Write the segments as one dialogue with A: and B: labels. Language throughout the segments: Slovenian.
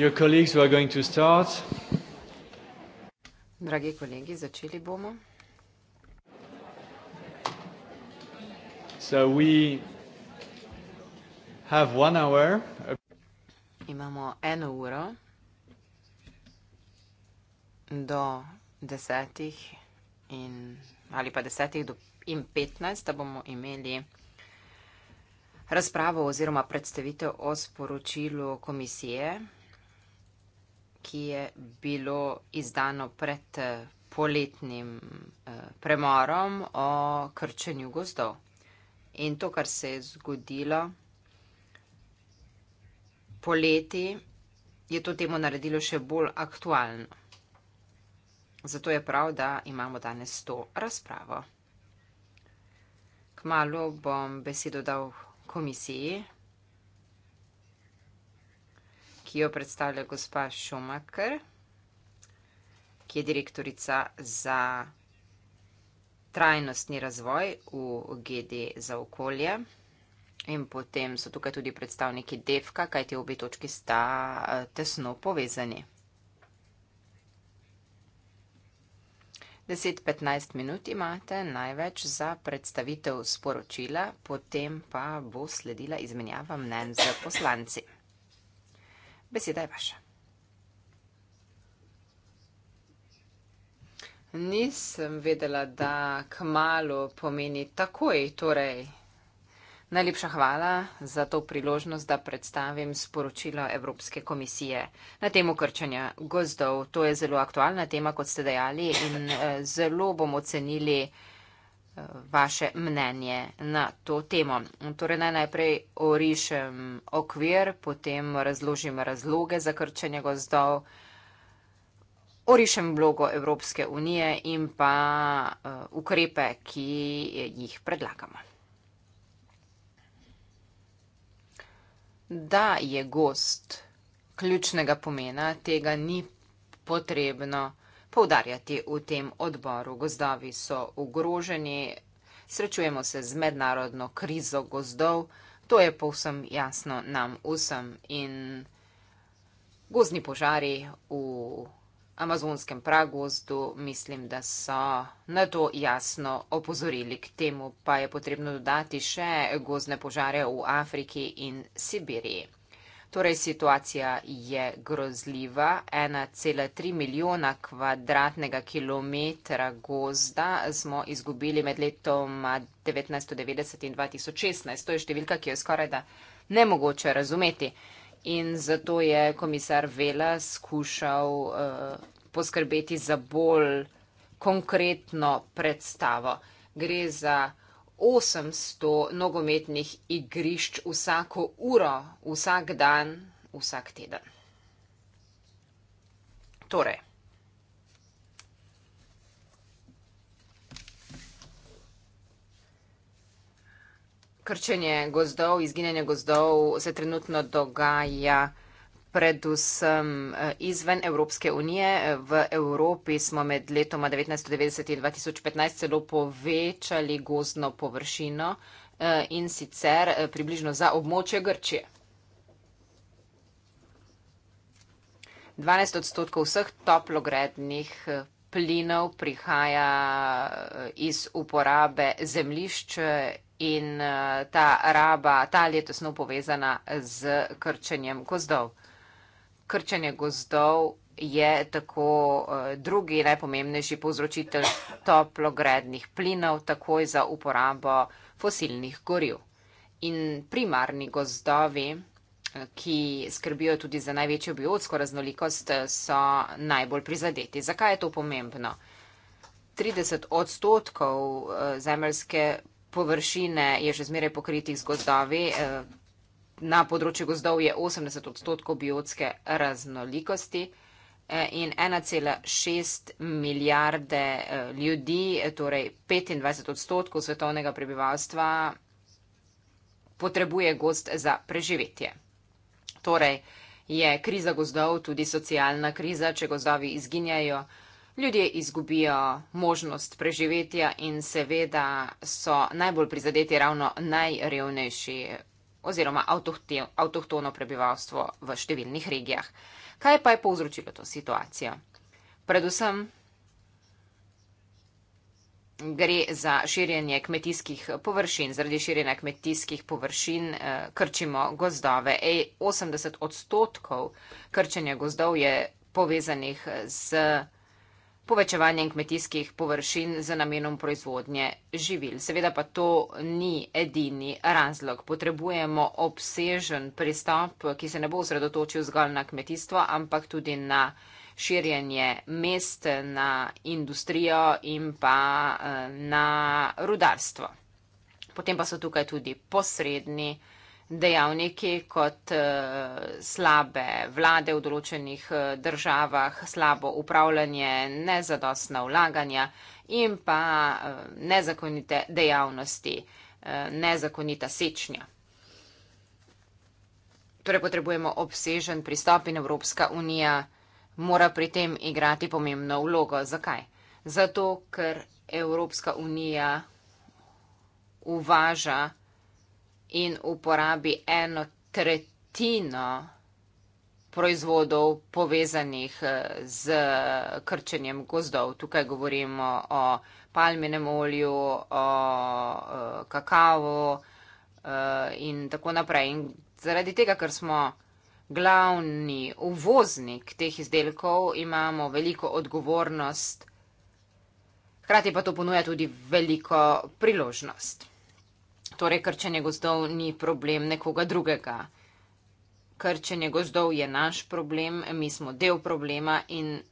A: Dear colleagues, we are going to start.
B: Dragi kolegi, začeli bomo.
A: So we have one hour.
B: Imamo eno uro do desetih in, ali pa desetih do, in petnajst, da bomo imeli razpravo oziroma predstavitev o sporočilu komisije ki je bilo izdano pred eh, poletnim eh, premorom o krčenju gozdov. In to, kar se je zgodilo poleti, je to temu naredilo še bolj aktualno. Zato je prav, da imamo danes to razpravo. Kmalo bom besedo dal komisiji, ki jo predstavlja gospa Šumaker, ki je direktorica za trajnostni razvoj v GD za okolje. In potem so tukaj tudi predstavniki DEFKA, kaj te obe točki sta eh, tesno povezani. 10-15 minut imate največ za predstavitev sporočila, potem pa bo sledila izmenjava mnen z poslanci. Beseda je vaša. Nisem vedela, da kmalo pomeni takoj, torej. Najlepša hvala za to priložnost, da predstavim sporočilo Evropske komisije na temo krčanja gozdov. To je zelo aktualna tema, kot ste dejali, in eh, zelo bomo ocenili, vaše mnenje na to temo. Torej naj najprej orišem okvir, potem razložim razloge za krčenje gozdov, orišem vlogo Evropske unije in pa eh, ukrepe, ki jih predlagamo. Da je gost ključnega pomena, tega ni potrebno poudarjati v tem odboru. Gozdovi so ogroženi, srečujemo se z mednarodno krizo gozdov, to je povsem jasno nam vsem in gozni požari v amazonskem pragozdu, mislim, da so na to jasno opozorili. K temu pa je potrebno dodati še gozne požare v Afriki in Sibiriji. Torej, situacija je grozljiva. 1,3 milijona kvadratnega kilometra gozda smo izgubili med letoma 1990 in 2016. To je številka, ki jo je skoraj da nemogoče razumeti. In zato je komisar Vela skušal uh, poskrbeti za bolj konkretno predstavo. Gre za 800 nogometnih igrišč vsako uro, vsak dan, vsak teden. Torej. Krčenje gozdov, izginjanje gozdov se trenutno dogaja predvsem eh, izven Evropske unije. V Evropi smo med letoma 1990 in 2015 celo povečali gozdno površino eh, in sicer eh, približno za območje Grčije. 12 odstotkov vseh toplogrednih plinov prihaja iz uporabe zemlišč in ta raba, ta letosno povezana z krčenjem gozdov krčenje gozdov je tako eh, drugi najpomembnejši povzročitelj toplogrednih plinov takoj za uporabo fosilnih goriv. In primarni gozdovi, eh, ki skrbijo tudi za največjo biotsko raznolikost, eh, so najbolj prizadeti. Zakaj je to pomembno? 30 odstotkov zemljske površine je že zmeraj pokritih z gozdovi, na področju gozdov je 80 odstotkov biotske raznolikosti e, in 1,6 milijarde e, ljudi, e, torej 25 odstotkov svetovnega prebivalstva, potrebuje gost za preživetje. Torej je kriza gozdov tudi socialna kriza, če gozdovi izginjajo, ljudje izgubijo možnost preživetja in seveda so najbolj prizadeti ravno najrevnejši oziroma avtohtono prebivalstvo v številnih regijah. Kaj pa je povzročilo to situacijo? Predvsem gre za širjenje kmetijskih površin. Zaradi širjenja kmetijskih površin eh, krčimo gozdove. Ej, 80 odstotkov krčenja gozdov je povezanih z povečevanjem kmetijskih površin za namenom proizvodnje živil. Seveda pa to ni edini razlog. Potrebujemo obsežen pristop, ki se ne bo osredotočil zgolj na kmetijstvo, ampak tudi na širjenje mest, na industrijo in pa eh, na rudarstvo. Potem pa so tukaj tudi posredni dejavniki kot eh, slabe vlade v določenih eh, državah, slabo upravljanje, nezadostna vlaganja in pa eh, nezakonite dejavnosti, nezakonita sečnja. Torej potrebujemo obsežen pristop in Evropska unija mora pri tem igrati pomembno vlogo. Zakaj? Zato, ker Evropska unija uvaža in uporabi eno tretjino proizvodov povezanih eh, z krčenjem gozdov. Tukaj govorimo o palminem olju, o eh, kakavu eh, in tako naprej. In zaradi tega, ker smo glavni uvoznik teh izdelkov, imamo veliko odgovornost, hkrati pa to ponuja tudi veliko priložnost torej krčenje gozdov ni problem nekoga drugega. Krčenje gozdov je naš problem, mi smo del problema in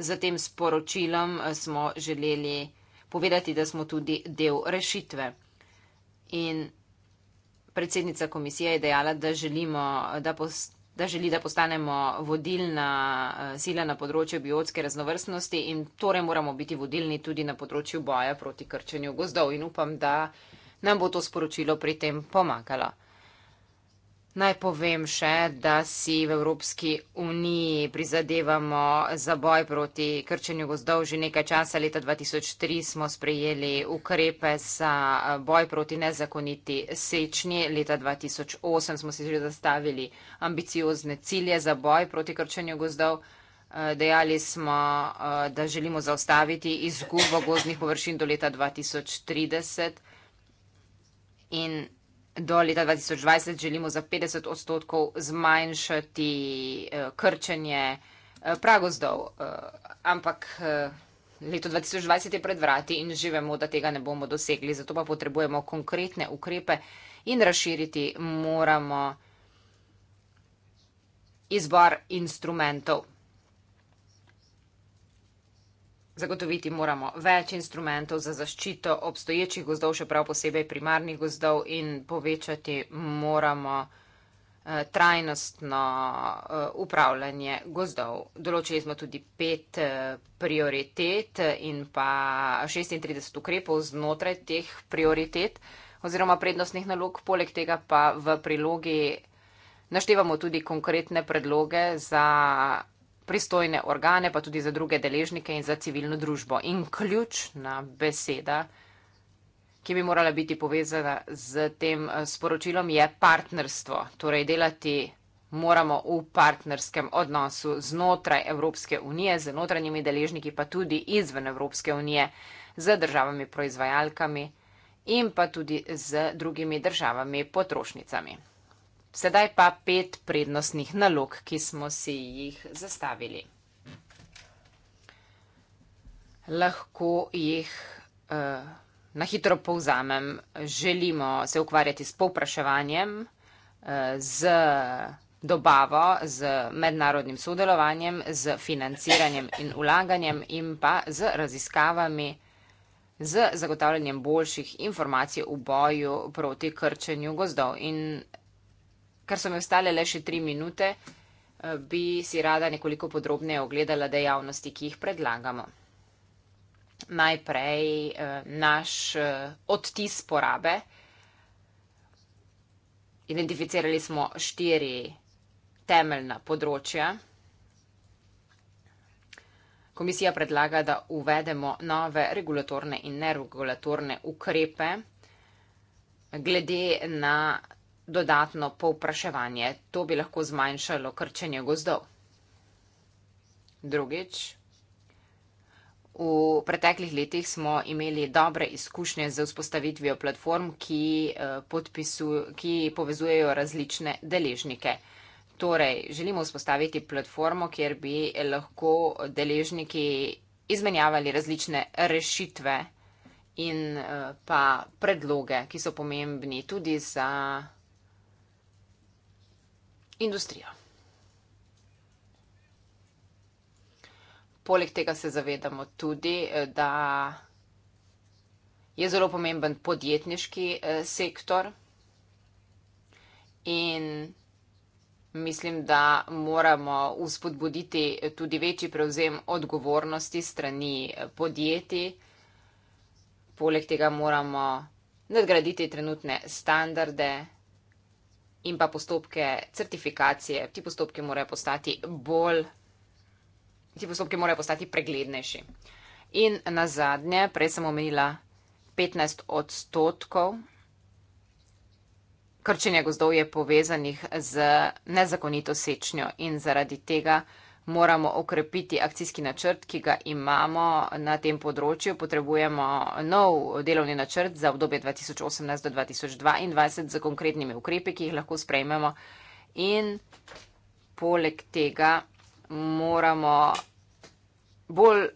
B: za tem sporočilom eh, smo želeli povedati, da smo tudi del rešitve. In predsednica komisije je dejala, da želimo, da postavljamo da želi, da postanemo vodilna eh, sila na področju biotske raznovrstnosti in torej moramo biti vodilni tudi na področju boja proti krčenju gozdov in upam, da nam bo to sporočilo pri tem pomagalo. Naj povem še, da si v Evropski uniji prizadevamo za boj proti krčenju gozdov. Že nekaj časa, leta 2003, smo sprejeli ukrepe za eh, boj proti nezakoniti sečnji. Leta 2008 smo si že zastavili ambiciozne cilje za boj proti krčenju gozdov. Eh, dejali smo, eh, da želimo zaustaviti izgubo gozdnih površin do leta 2030 do leta 2020 želimo za 50 odstotkov zmanjšati eh, krčenje eh, pragozdov. Eh, ampak leto 2020 je pred vrati in živemo, da tega ne bomo dosegli. Zato pa potrebujemo konkretne ukrepe in razširiti moramo izbor instrumentov. Zagotoviti moramo več instrumentov za zaščito obstoječih gozdov, še prav posebej primarnih gozdov in povečati moramo eh, trajnostno eh, upravljanje gozdov. Določili smo tudi pet eh, prioritet in pa 36 ukrepov znotraj teh prioritet oziroma prednostnih nalog. Poleg tega pa v prilogi naštevamo tudi konkretne predloge za pristojne organe, pa tudi za druge deležnike in za civilno družbo. In ključna beseda, ki bi morala biti povezana z tem eh, sporočilom, je partnerstvo. Torej, delati moramo v partnerskem odnosu znotraj Evropske unije, z notranjimi deležniki, pa tudi izven Evropske unije, z državami proizvajalkami in pa tudi z drugimi državami potrošnicami. Sedaj pa pet prednostnih nalog, ki smo si jih zastavili. Lahko jih uh, na hitro povzamem. Želimo se ukvarjati s povpraševanjem, uh, z dobavo, z mednarodnim sodelovanjem, z financiranjem in ulaganjem in pa z raziskavami, z zagotavljanjem boljših informacij v boju proti krčenju gozdov in ker so mi ostale le še tri minute, eh, bi si rada nekoliko podrobneje ogledala dejavnosti, ki jih predlagamo. Najprej eh, naš eh, odtis porabe. Identificirali smo štiri temeljna področja. Komisija predlaga, da uvedemo nove regulatorne in neregulatorne ukrepe glede na dodatno povpraševanje. To bi lahko zmanjšalo krčenje gozdov. Drugič, v preteklih letih smo imeli dobre izkušnje z vzpostavitvijo platform, ki, eh, podpisu, ki povezujejo različne deležnike. Torej, želimo vzpostaviti platformo, kjer bi lahko deležniki izmenjavali različne rešitve in eh, pa predloge, ki so pomembni tudi za industrijo. Poleg tega se zavedamo tudi, eh, da je zelo pomemben podjetniški eh, sektor in mislim, da moramo uspodbuditi eh, tudi večji prevzem odgovornosti strani podjetij. Poleg tega moramo nadgraditi trenutne standarde in pa postopke certifikacije, ti postopki morajo postati bolj, ti postopki morajo postati preglednejši. In na zadnje, prej sem omenila 15 odstotkov krčenja gozdov je povezanih z nezakonito sečnjo in zaradi tega moramo okrepiti akcijski načrt, ki ga imamo na tem področju. Potrebujemo nov delovni načrt za obdobje 2018 do 2022 z konkretnimi ukrepi, ki jih lahko sprejmemo. In poleg tega moramo bolj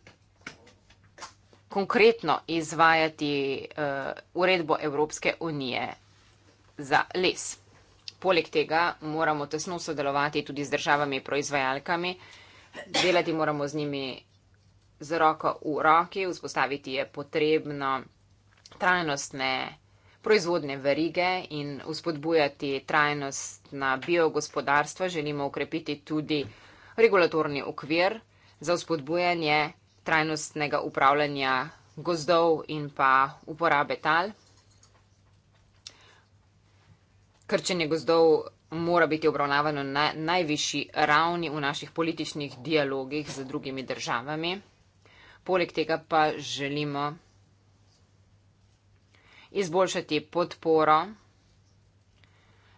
B: konkretno izvajati uh, uredbo Evropske unije za les. Poleg tega moramo tesno sodelovati tudi z državami proizvajalkami, delati moramo z njimi z roko v roki, vzpostaviti je potrebno trajnostne proizvodne verige in vzpodbujati trajnostna biogospodarstva. Želimo ukrepiti tudi regulatorni okvir za vzpodbujanje trajnostnega upravljanja gozdov in pa uporabe tal. krčenje gozdov mora biti obravnavano na najvišji ravni v naših političnih dialogih z drugimi državami. Poleg tega pa želimo izboljšati podporo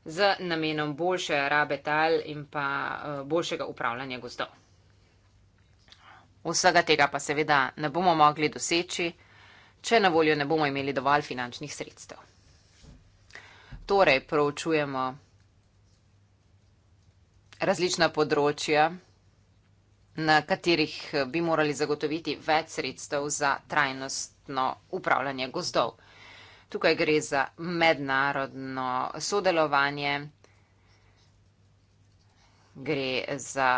B: z namenom boljše rabe tal in pa eh, boljšega upravljanja gozdov. Vsega tega pa seveda ne bomo mogli doseči, če na voljo ne bomo imeli dovolj finančnih sredstev torej proučujemo različna področja, na katerih eh, bi morali zagotoviti več sredstev za trajnostno upravljanje gozdov. Tukaj gre za mednarodno sodelovanje, gre za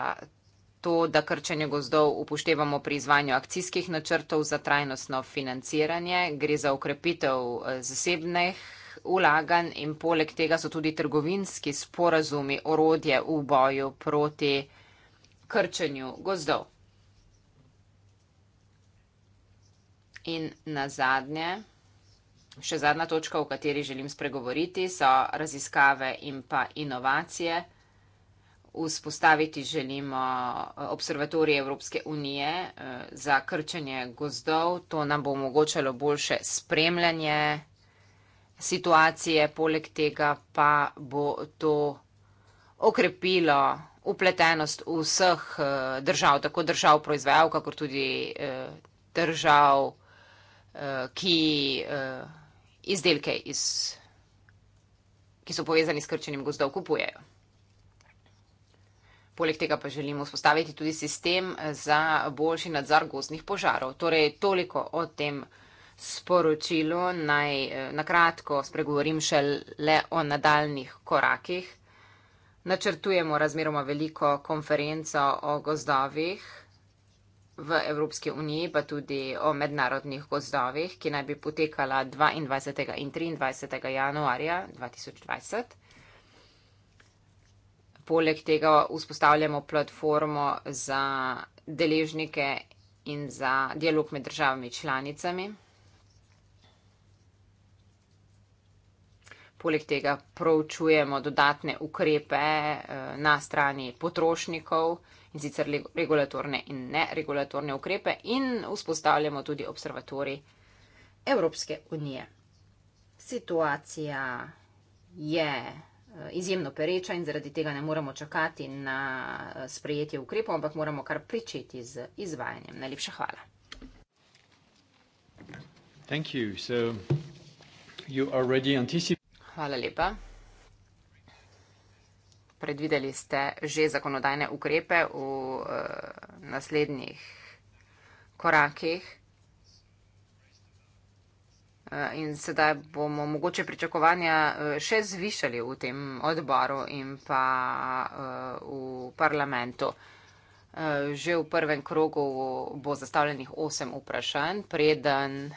B: to, da krčenje gozdov upoštevamo pri izvanju akcijskih načrtov za trajnostno financiranje, gre za ukrepitev eh, zasebnih vlaganj in poleg tega so tudi trgovinski sporazumi orodje v boju proti krčenju gozdov. In na zadnje, še zadnja točka, o kateri želim spregovoriti, so raziskave in pa inovacije. Vzpostaviti želimo eh, observatorije Evropske unije eh, za krčenje gozdov. To nam bo omogočalo boljše spremljanje situacije, poleg tega pa bo to okrepilo upletenost vseh eh, držav, tako držav proizvajal, kakor tudi eh, držav, eh, ki izdelke, iz, ki so povezani s krčenjem gozdov, kupujejo. Poleg tega pa želimo spostaviti tudi sistem za boljši nadzor gozdnih požarov. Torej, toliko o tem sporočilu, naj eh, na kratko spregovorim še le o nadaljnih korakih. Načrtujemo razmeroma veliko konferenco o gozdovih v Evropski uniji, pa tudi o mednarodnih gozdovih, ki naj bi potekala 22. in 23. januarja 2020. Poleg tega vzpostavljamo platformo za deležnike in za dialog med državami članicami. poleg tega proučujemo dodatne ukrepe eh, na strani potrošnikov in sicer regulatorne in neregulatorne ukrepe in vzpostavljamo tudi observatori Evropske unije. Situacija je eh, izjemno pereča in zaradi tega ne moremo čakati na eh, sprejetje ukrepov, ampak moramo kar pričeti z izvajanjem. Najlepša hvala.
A: Thank you. So you already anticipate.
B: Hvala lepa. Predvideli ste že zakonodajne ukrepe v uh, naslednjih korakih. Eh, in sedaj bomo mogoče pričakovanja eh, še zvišali v tem odboru in pa v parlamentu. Že v prvem krogu bo zastavljenih osem vprašanj, preden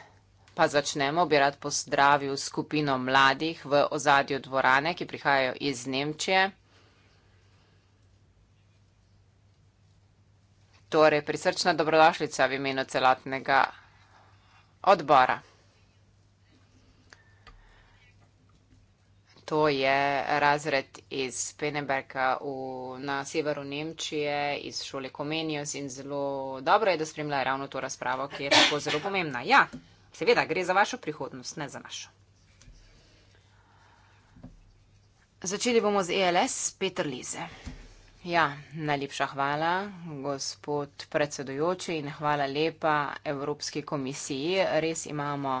B: Pa začnemo, bi rad pozdravil skupino mladih v ozadju dvorane, ki prihajajo iz Nemčije. Torej, prisrčna dobrodošlica v imenu celotnega odbora. To je razred iz Peneberga na severu Nemčije, iz šole Comenius in zelo dobro je, da spremlja ravno to razpravo, ki je tako zelo pomembna. Ja. Seveda gre za vašo prihodnost, ne za našo. Začeli bomo z ELS, Peter Lize. Ja, najlepša hvala, gospod predsedujoči in hvala lepa Evropski komisiji. Res imamo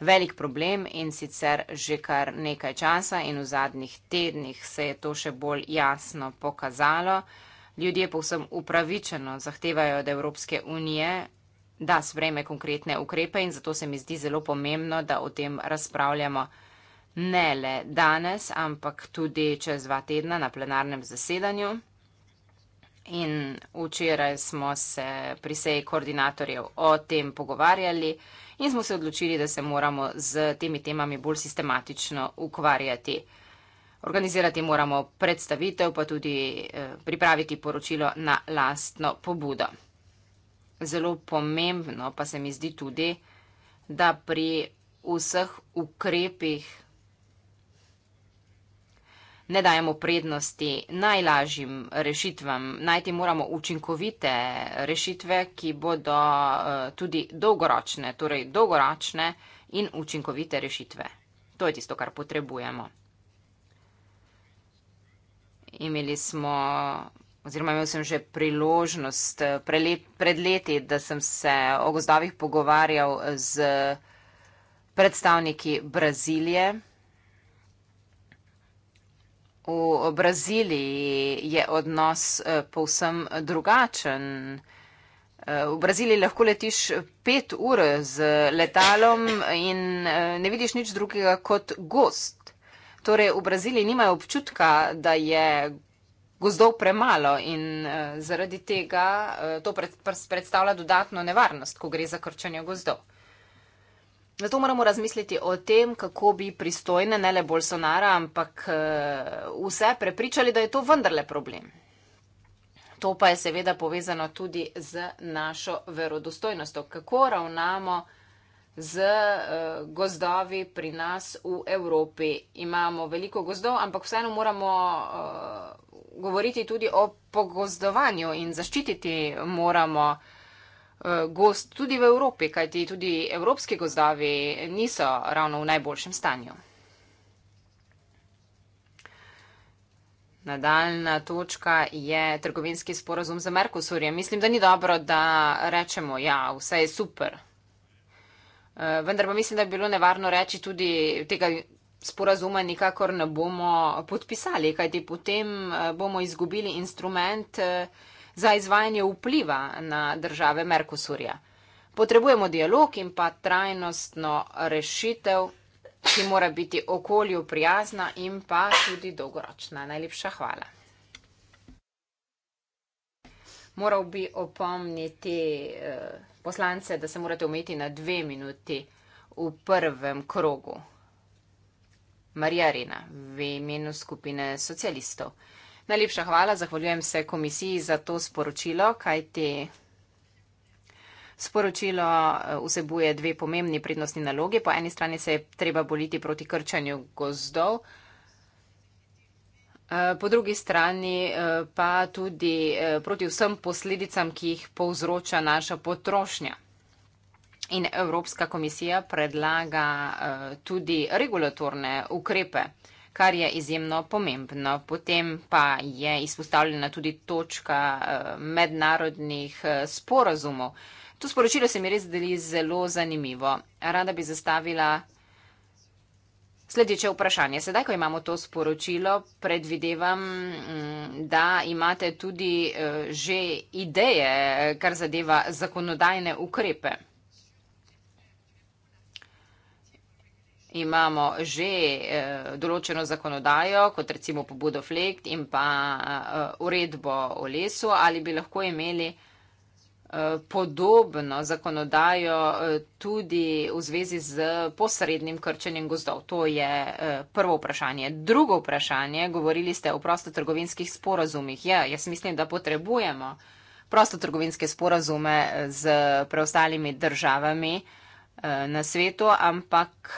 B: velik problem in sicer že kar nekaj časa in v zadnjih tednih se je to še bolj jasno pokazalo. Ljudje povsem upravičeno zahtevajo od Evropske unije da sprejme konkretne ukrepe in zato se mi zdi zelo pomembno, da o tem razpravljamo ne le danes, ampak tudi čez dva tedna na plenarnem zasedanju. In včeraj smo se pri seji koordinatorjev o tem pogovarjali in smo se odločili, da se moramo z temi temami bolj sistematično ukvarjati. Organizirati moramo predstavitev, pa tudi eh, pripraviti poročilo na lastno pobudo zelo pomembno, pa se mi zdi tudi, da pri vseh ukrepih ne dajemo prednosti najlažjim rešitvam. Najti moramo učinkovite rešitve, ki bodo eh, tudi dolgoročne, torej dolgoročne in učinkovite rešitve. To je tisto, kar potrebujemo. Imeli smo oziroma imel sem že priložnost eh, prelep, pred leti, da sem se o gozdovih pogovarjal z predstavniki Brazilije. V Braziliji je odnos eh, povsem drugačen. Eh, v Braziliji lahko letiš pet ur z letalom in ne vidiš nič drugega kot gost. Torej, v Braziliji nimajo občutka, da je gozdov premalo in uh, zaradi tega uh, to pred, pred, predstavlja dodatno nevarnost, ko gre za krčanje gozdov. Zato moramo razmisliti o tem, kako bi pristojne, ne le Bolsonara, ampak uh, vse prepričali, da je to vendarle problem. To pa je seveda povezano tudi z našo verodostojnostjo. Kako ravnamo z uh, gozdovi pri nas v Evropi? Imamo veliko gozdov, ampak vseeno moramo. Uh, govoriti tudi o pogozdovanju in zaščititi moramo eh, gost tudi v Evropi, kajti tudi evropski gozdavi niso ravno v najboljšem stanju. Nadaljna točka je trgovinski sporazum za Merkosurje. Mislim, da ni dobro, da rečemo, ja, vse je super. Eh, vendar pa mislim, da bi bilo nevarno reči tudi tega sporazuma nikakor ne bomo podpisali, kajti potem eh, bomo izgubili instrument eh, za izvajanje vpliva na države Merkosurja. Potrebujemo dialog in pa trajnostno rešitev, ki mora biti okolju prijazna in pa tudi dolgoročna. Najlepša hvala. Moral bi opomniti eh, poslance, da se morate umeti na dve minuti v prvem krogu. Marija Rena v imenu skupine socialistov. Najlepša hvala, zahvaljujem se komisiji za to sporočilo, kaj te sporočilo eh, vsebuje dve pomembni prednostni nalogi. Po eni strani se je treba boliti proti krčanju gozdov, eh, po drugi strani eh, pa tudi proti vsem posledicam, ki jih povzroča naša potrošnja. In Evropska komisija predlaga eh, tudi regulatorne ukrepe, kar je izjemno pomembno. Potem pa je izpostavljena tudi točka eh, mednarodnih eh, sporazumov. To sporočilo se mi res deli zelo zanimivo. Rada bi zastavila sledeče vprašanje. Sedaj, ko imamo to sporočilo, predvidevam, mm, da imate tudi že ideje, kar zadeva zakonodajne ukrepe. imamo že eh, določeno zakonodajo, kot recimo pobudo Flekt in pa eh, uredbo o lesu, ali bi lahko imeli eh, podobno zakonodajo tudi v zvezi z posrednim krčenjem gozdov. To je prvo vprašanje. Drugo vprašanje, govorili ste o prostotrgovinskih sporazumih. Ja, jaz mislim, da potrebujemo prostotrgovinske sporazume z preostalimi državami na svetu, ampak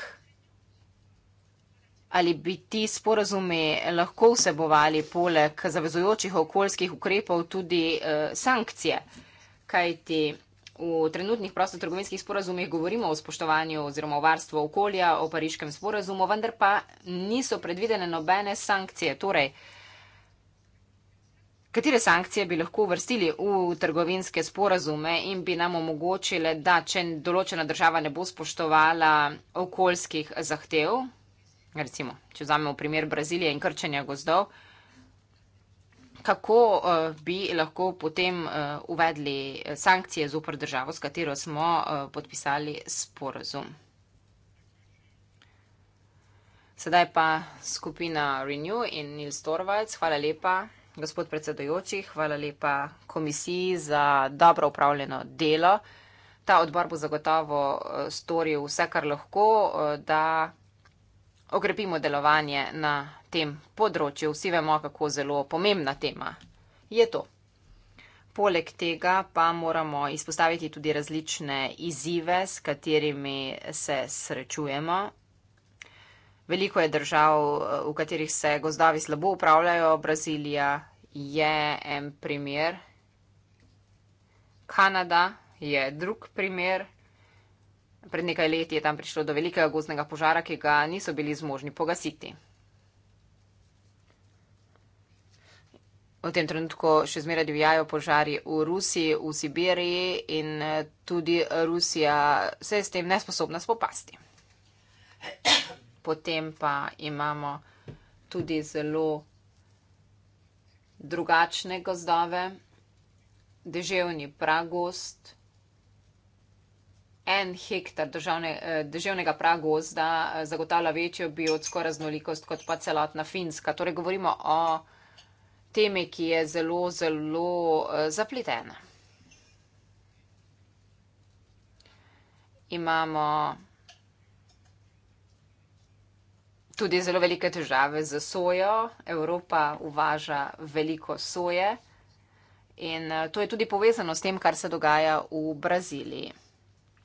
B: Ali bi ti sporazumi lahko vsebovali poleg zavezujočih okoljskih ukrepov tudi eh, sankcije? Kaj ti v trenutnih prostotrgovinskih sporazumih govorimo o spoštovanju oziroma o varstvu okolja, o pariškem sporazumu, vendar pa niso predvidene nobene sankcije. Torej, katere sankcije bi lahko vrstili v trgovinske sporazume in bi nam omogočile, da če določena država ne bo spoštovala okoljskih zahtev? recimo, če vzamemo primer Brazilije in krčenja gozdov, kako eh, bi lahko potem eh, uvedli eh, sankcije z upr državo, s katero smo podpisali sporazum. Sedaj pa skupina Renew in Nils Torvalds. Hvala lepa, gospod predsedojoči, hvala lepa komisiji za dobro upravljeno delo. Ta odbor bo zagotovo storil vse, kar lahko, da okrepimo delovanje na tem področju. Vsi vemo, kako zelo pomembna tema je to. Poleg tega pa moramo izpostaviti tudi različne izzive, s katerimi se srečujemo. Veliko je držav, v katerih se gozdavi slabo upravljajo. Brazilija je en primer. Kanada je drug primer. Pred nekaj leti je tam prišlo do velikega gozdnega požara, ki ga niso bili zmožni pogasiti. V tem trenutku še zmeraj divjajo požari v Rusiji, v Sibiriji in eh, tudi Rusija se je s tem nesposobna spopasti. Potem pa imamo tudi zelo drugačne gozdove, deževni pragost en hektar državnega eh, pragozda eh, zagotavlja večjo biotsko raznolikost kot pa celotna Finska. Torej govorimo o teme, ki je zelo, zelo eh, zapletena. Imamo tudi zelo velike težave z sojo. Evropa uvaža veliko soje. In to je tudi povezano s tem, kar se dogaja v Braziliji.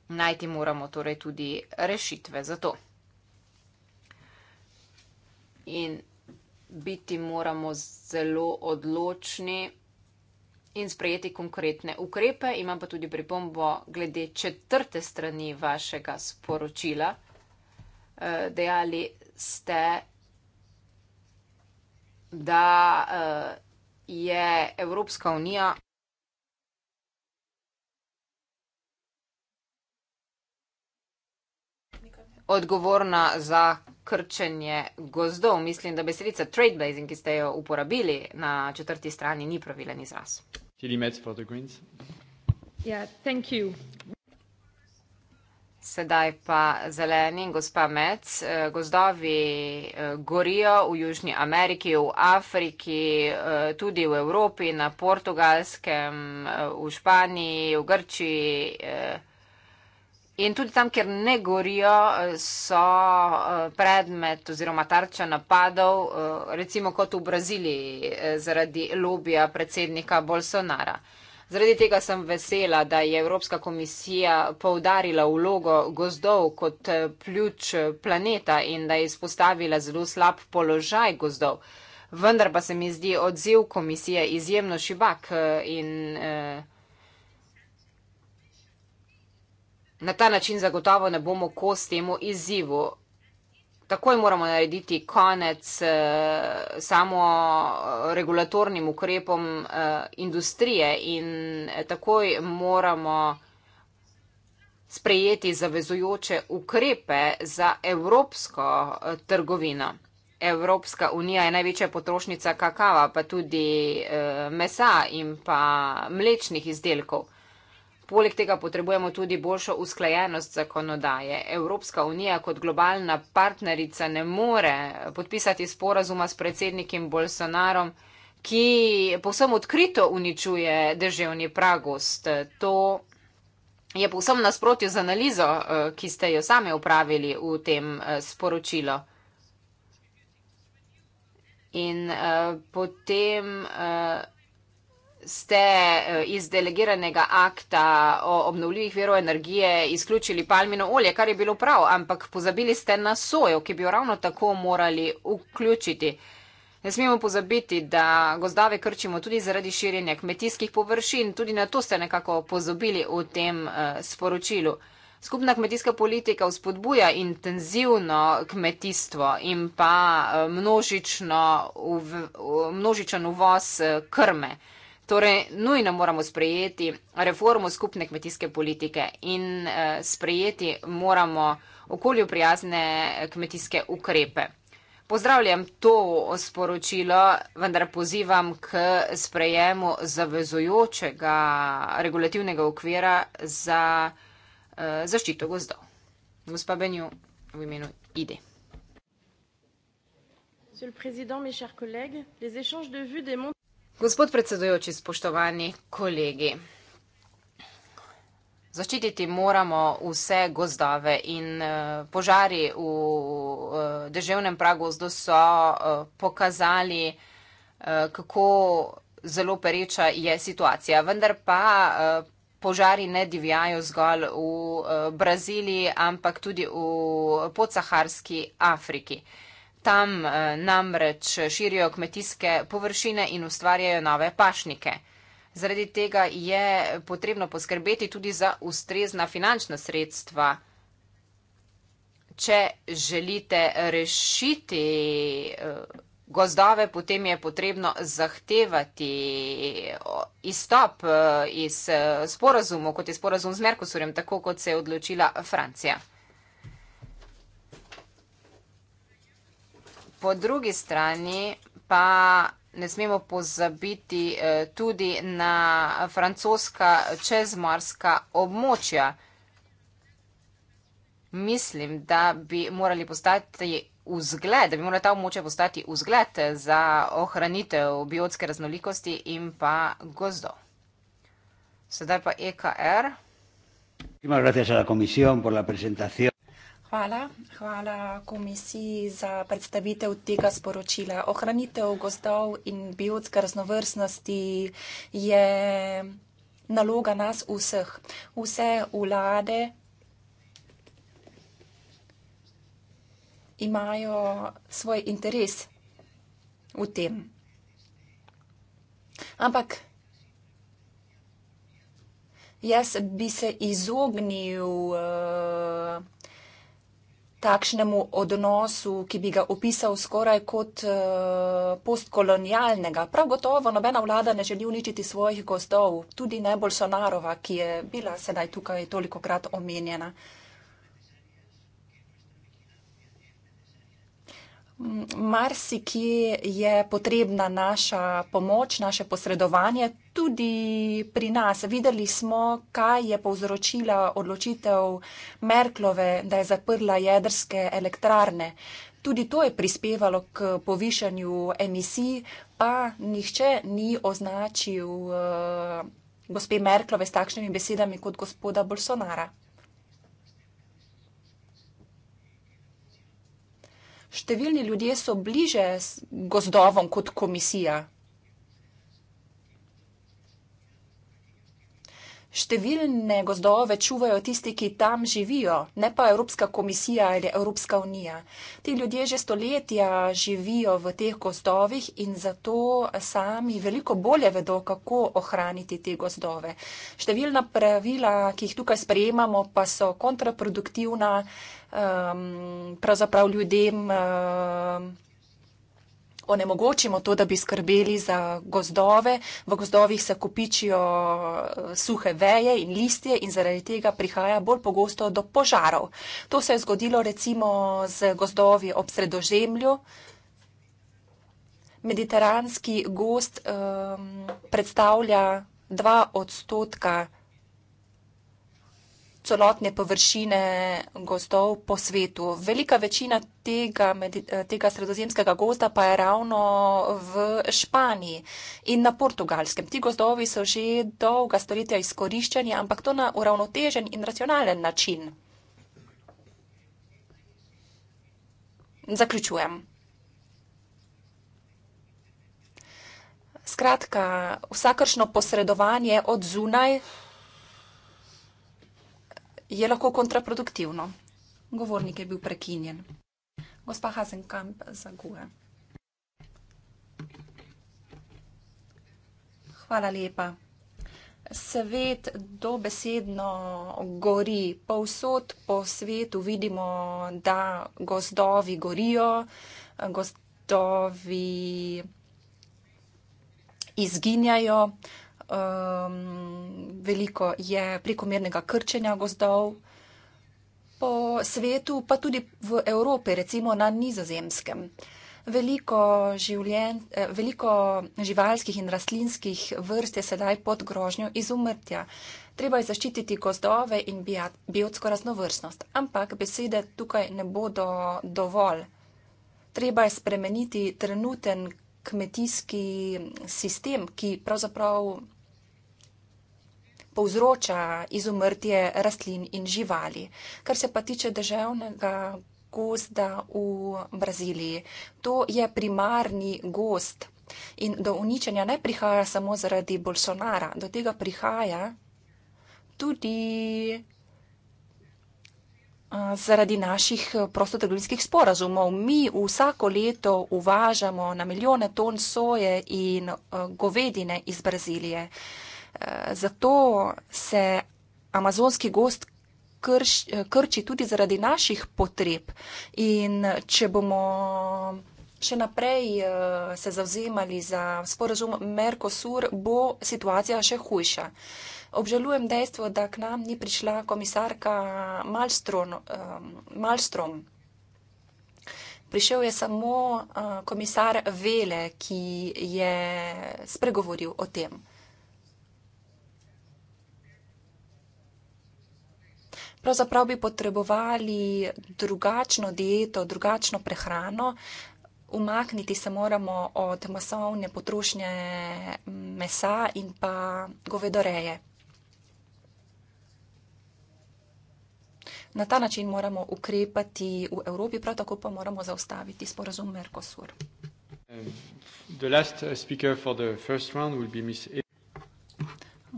B: Najti moramo torej tudi rešitve za to. In biti moramo zelo odločni in sprejeti konkretne ukrepe. Imam pa tudi pripombo glede četrte strani vašega sporočila. Eh, dejali ste, da eh, je Evropska unija. odgovorna za krčenje gozdov. Mislim, da besedica trade blazing, ki ste jo uporabili na četrti strani, ni pravilen izraz.
C: Yeah,
B: Sedaj pa zeleni, gospa Mec. Eh, gozdovi eh, gorijo v Južni Ameriki, v Afriki, eh, tudi v Evropi, na Portugalskem, v Španiji, v Grčiji. In tudi tam, kjer ne gorijo, eh, so eh, predmet oziroma tarča napadov, eh, recimo kot v Braziliji, zaradi lobija predsednika Bolsonara. Zaradi tega sem vesela, da je Evropska komisija poudarila vlogo gozdov kot ključ planeta in da je izpostavila zelo slab položaj gozdov. Vendar pa se mi zdi odziv komisije izjemno šibak in. Eh, na ta način zagotovo ne bomo kos temu izzivu. Takoj moramo narediti konec eh, samo eh, regulatornim ukrepom eh, industrije in eh, takoj moramo sprejeti zavezujoče ukrepe za evropsko eh, trgovino. Evropska unija je največja potrošnica kakava, pa tudi eh, mesa in pa mlečnih izdelkov. Poleg tega potrebujemo tudi boljšo usklajenost zakonodaje. Evropska unija kot globalna partnerica ne more podpisati sporazuma s predsednikom Bolsonarom, ki povsem odkrito uničuje državni pragost. To je povsem nasprotju z analizo, eh, ki ste jo sami upravili v tem eh, sporočilo. In uh, potem. Uh, ste eh, iz delegiranega akta o obnovljivih verov energije izključili palmino olje, kar je bilo prav, ampak pozabili ste na sojo, ki bi jo ravno tako morali vključiti. Ne smemo pozabiti, da gozdave krčimo tudi zaradi širjenja kmetijskih površin, tudi na to ste nekako pozabili v tem eh, sporočilu. Skupna kmetijska politika vzpodbuja intenzivno kmetijstvo in pa eh, množičen uvoz krme. Torej, nujno moramo sprejeti reformo skupne kmetijske politike in eh, sprejeti moramo okolju prijazne eh, kmetijske ukrepe. Pozdravljam to sporočilo, vendar pozivam k sprejemu zavezujočega regulativnega okvira za eh, zaščito gozdov. Gospa Benju, v imenu IDE.
D: Monsieur le Président, mes chers collègues, les échanges de vues démontrent.
B: Gospod predsedujoči, spoštovani kolegi. Zaščititi moramo vse gozdove in eh, požari v eh, deževnem pragozdu so eh, pokazali, kako zelo pereča je situacija. Vendar pa požari ne divjajo zgolj v Braziliji, ampak tudi v podsaharski Afriki. Tam eh, namreč širijo kmetijske površine in ustvarjajo nove pašnike. Zaradi tega je potrebno poskrbeti tudi za ustrezna finančna sredstva. Če želite rešiti eh, gozdove, potem je potrebno zahtevati izstop eh, iz sporazumu, kot je sporazum z Merkusurjem, tako kot se je odločila Francija. po drugi strani pa ne smemo pozabiti eh, tudi na francoska čezmarska območja. Mislim, da bi morali postati vzgled, da bi morala ta območja postati vzgled za ohranitev biotske raznolikosti in pa gozdo. Sedaj pa EKR.
E: Muchísimas gracias a la Comisión por la presentación.
C: Hvala. Hvala komisiji za predstavitev tega sporočila. Ohranitev gozdov in biotske raznovrstnosti je naloga nas vseh. Vse vlade imajo svoj interes v tem. Ampak jaz bi se izognil uh, takšnemu odnosu, ki bi ga opisal skoraj kot eh, postkolonialnega. Prav gotovo nobena vlada ne želi uničiti svojih gozdov, tudi ne Bolsonarova, ki je bila sedaj tukaj toliko krat omenjena. Marsikje je potrebna naša pomoč, naše posredovanje, tudi pri nas. Videli smo, kaj je povzročila odločitev Merklove, da je zaprla jedrske elektrarne. Tudi to je prispevalo k povišanju emisij, pa nihče ni označil uh, gospe Merklove s takšnimi besedami kot gospoda Bolsonara. Številni ljudje so bliže gozdovom kot komisija. številne gozdove čuvajo tisti, ki tam živijo, ne pa Evropska komisija ali Evropska unija. Ti ljudje že stoletja živijo v teh gozdovih in zato sami veliko bolje vedo, kako ohraniti te gozdove. Številna pravila, ki jih tukaj sprejemamo, pa so kontraproduktivna, um, pravzaprav ljudem. Um, onemogočimo to, da bi skrbeli za gozdove. V gozdovih se kopičijo eh, suhe veje in listje in zaradi tega prihaja bolj pogosto do požarov. To se je zgodilo recimo z gozdovi ob sredozemlju. Mediteranski gost um, ehm, predstavlja dva odstotka celotne površine gozdov po svetu. Velika večina tega, tega sredozemskega gozda pa je ravno v Španiji in na portugalskem. Ti gozdovi so že dolga stoletja izkoriščeni, ampak to na uravnotežen in racionalen način. Zaključujem. Skratka, vsakršno posredovanje od zunaj je lahko kontraproduktivno. Govornik je bil prekinjen. Gospa Hasenkamp za GUE. Hvala lepa. Svet dobesedno gori. Povsod po svetu vidimo, da gozdovi gorijo, gozdovi izginjajo. Uh, um, veliko je prekomernega krčenja gozdov po svetu, pa tudi v Evropi, recimo na nizozemskem. Veliko, življen, eh, veliko živalskih in rastlinskih vrst je sedaj pod grožnjo izumrtja. Treba je zaščititi gozdove in biotsko raznovrstnost, ampak besede tukaj ne bodo dovolj. Treba je spremeniti trenuten kmetijski sistem, ki pravzaprav povzroča izumrtje rastlin in živali. Kar se pa tiče državnega gozda v Braziliji, to je primarni gost in do uničenja ne prihaja samo zaradi Bolsonara, do tega prihaja tudi zaradi naših eh, prostotrgovinskih sporazumov. Mi vsako leto uvažamo na milijone ton soje in eh, govedine iz Brazilije. Zato se amazonski gost krš, krči tudi zaradi naših potreb. In če bomo še naprej eh, se zavzemali za sporozum Merkosur, bo situacija še hujša. Obžalujem dejstvo, da k nam ni prišla komisarka Malstrom. Eh, Malstrom. Prišel je samo eh, komisar Vele, ki je spregovoril o tem. pravzaprav bi potrebovali drugačno dieto, drugačno prehrano. Umakniti se moramo od masovne potrošnje mm, mesa in pa govedoreje. Na ta način moramo ukrepati v Evropi, prav tako pa moramo zaustaviti sporazum Mercosur. Uh,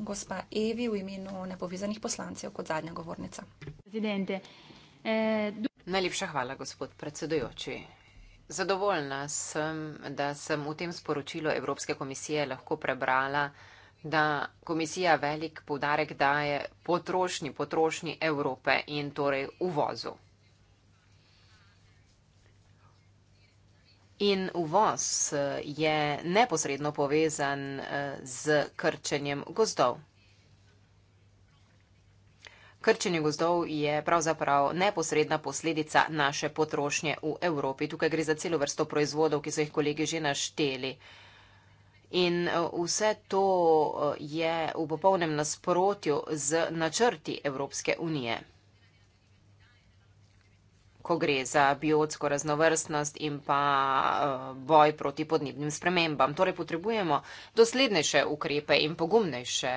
C: gospa Evi v imenu nepovezanih poslancev kot zadnja govornica. Eh, Najlepša hvala, gospod
B: predsedujoči. Zadovoljna sem, da sem v tem sporočilu Evropske komisije lahko prebrala, da komisija velik povdarek daje potrošnji, potrošnji Evrope in torej uvozu. In uvoz eh, je neposredno povezan eh, z krčenjem gozdov. Krčenje gozdov je pravzaprav neposredna posledica naše potrošnje v Evropi. Tukaj gre za celo vrsto proizvodov, ki so jih kolegi že našteli. In eh, vse to je v popolnem nasprotju z načrti Evropske unije ko gre za biotsko raznovrstnost in pa eh, boj proti podnebnim spremembam. Torej potrebujemo doslednejše ukrepe in pogumnejše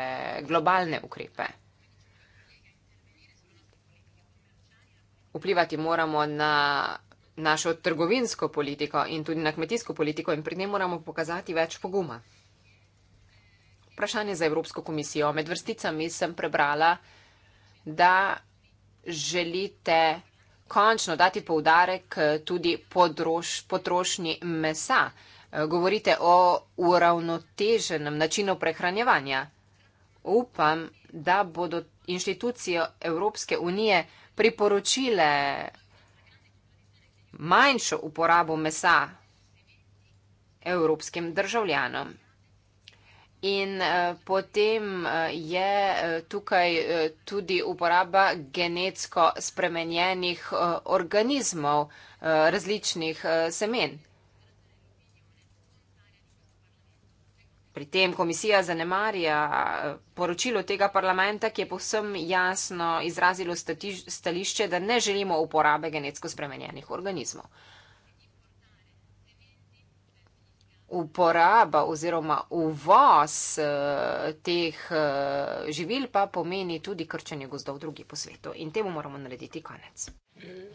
B: globalne ukrepe. Vplivati moramo na našo trgovinsko politiko in tudi na kmetijsko politiko in pri njej moramo pokazati več poguma. Vprašanje za Evropsko komisijo. Med vrsticami sem prebrala, da želite končno dati poudarek eh, tudi podroš, potrošnji mesa. Eh, govorite o uravnoteženem načinu prehranjevanja. Upam, da bodo inštitucije Evropske unije priporočile manjšo uporabo mesa evropskim državljanom. In eh, potem eh, je eh, tukaj tudi uporaba genetsko spremenjenih organizmov različnih semen. Pri tem komisija zanemarja poročilo tega parlamenta, ki je povsem jasno izrazilo stališče, da ne želimo uporabe genetsko spremenjenih organizmov. uporaba oziroma uvoz eh, teh eh, živil pa pomeni tudi krčenje gozdov drugi po svetu in temu moramo narediti konec.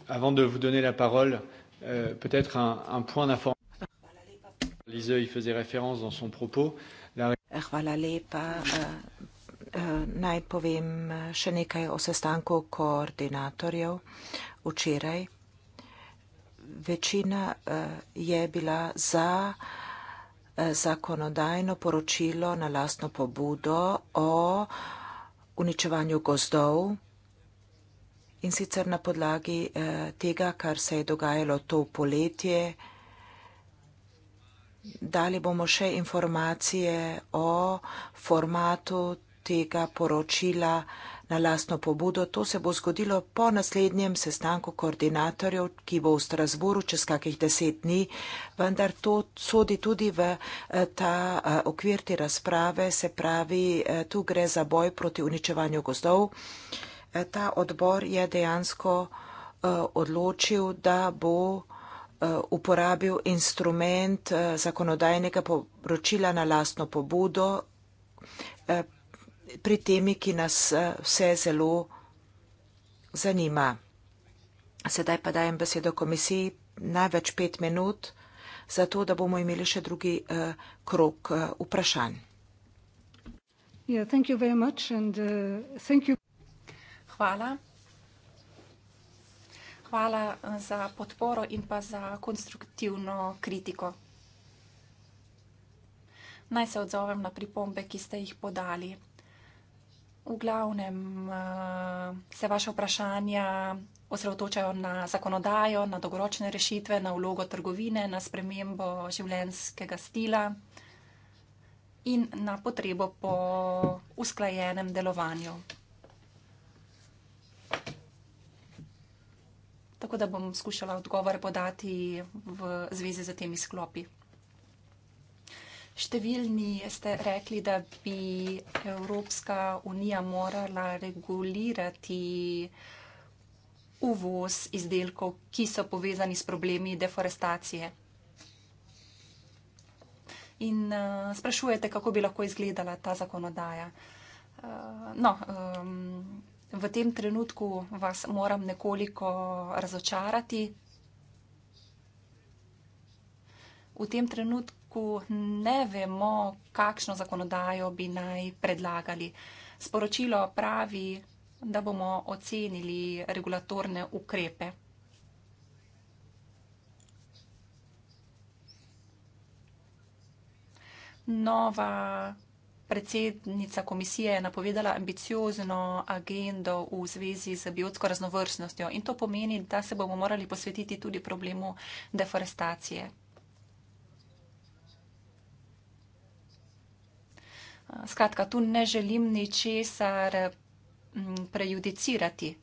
A: Avant de vous donner la parole, eh, peut-être un, un point d'information. Liseu, il faisait référence dans son propos. La... Hvala lepa. Naj povem še
D: nekaj o sestanku koordinatorjev včeraj. Večina je bila za Eh, zakonodajno poročilo na lastno pobudo o uničevanju gozdov in sicer na podlagi eh, tega, kar se je dogajalo to poletje. Dali bomo še informacije o formatu tega poročila, ki je na lastno pobudo. To se bo zgodilo po naslednjem sestanku koordinatorjev, ki bo v Strasboru čez kakih deset dni, vendar to sodi tudi v eh, ta eh, okvir te razprave, se pravi, eh, tu gre za boj proti uničevanju gozdov. Ta odbor je dejansko odločil, da bo uporabil instrument zakonodajnega poročila na lastno pobudo, pri temi, ki nas eh, vse zelo zanima. Sedaj pa dajem besedo komisiji največ pet minut, zato da bomo imeli še drugi uh, eh, krok uh, eh, vprašanj.
E: Yeah, and, uh,
C: Hvala. Hvala za podporo in pa za konstruktivno kritiko. Naj se odzovem na pripombe, ki ste jih podali. V glavnem eh, se vaše vprašanja osredotočajo na zakonodajo, na dolgoročne rešitve, na vlogo trgovine, na spremembo življenjskega stila in na potrebo po usklajenem delovanju. Tako da bom skušala odgovore podati v zvezi z temi sklopi. Številni ste rekli, da bi Evropska unija morala regulirati uvoz izdelkov, ki so povezani s problemi deforestacije. In uh, sprašujete, kako bi lahko izgledala ta zakonodaja. Uh, no, um, v tem trenutku vas moram nekoliko razočarati. V tem trenutku trenutku ne vemo, kakšno zakonodajo bi naj predlagali. Sporočilo pravi, da bomo ocenili regulatorne ukrepe. Nova predsednica komisije je napovedala ambiciozno agendo v zvezi z biotsko raznovrstnostjo in to pomeni, da se bomo morali posvetiti tudi problemu deforestacije. Skratka, tu ne želim ničesar mm, prejudicirati,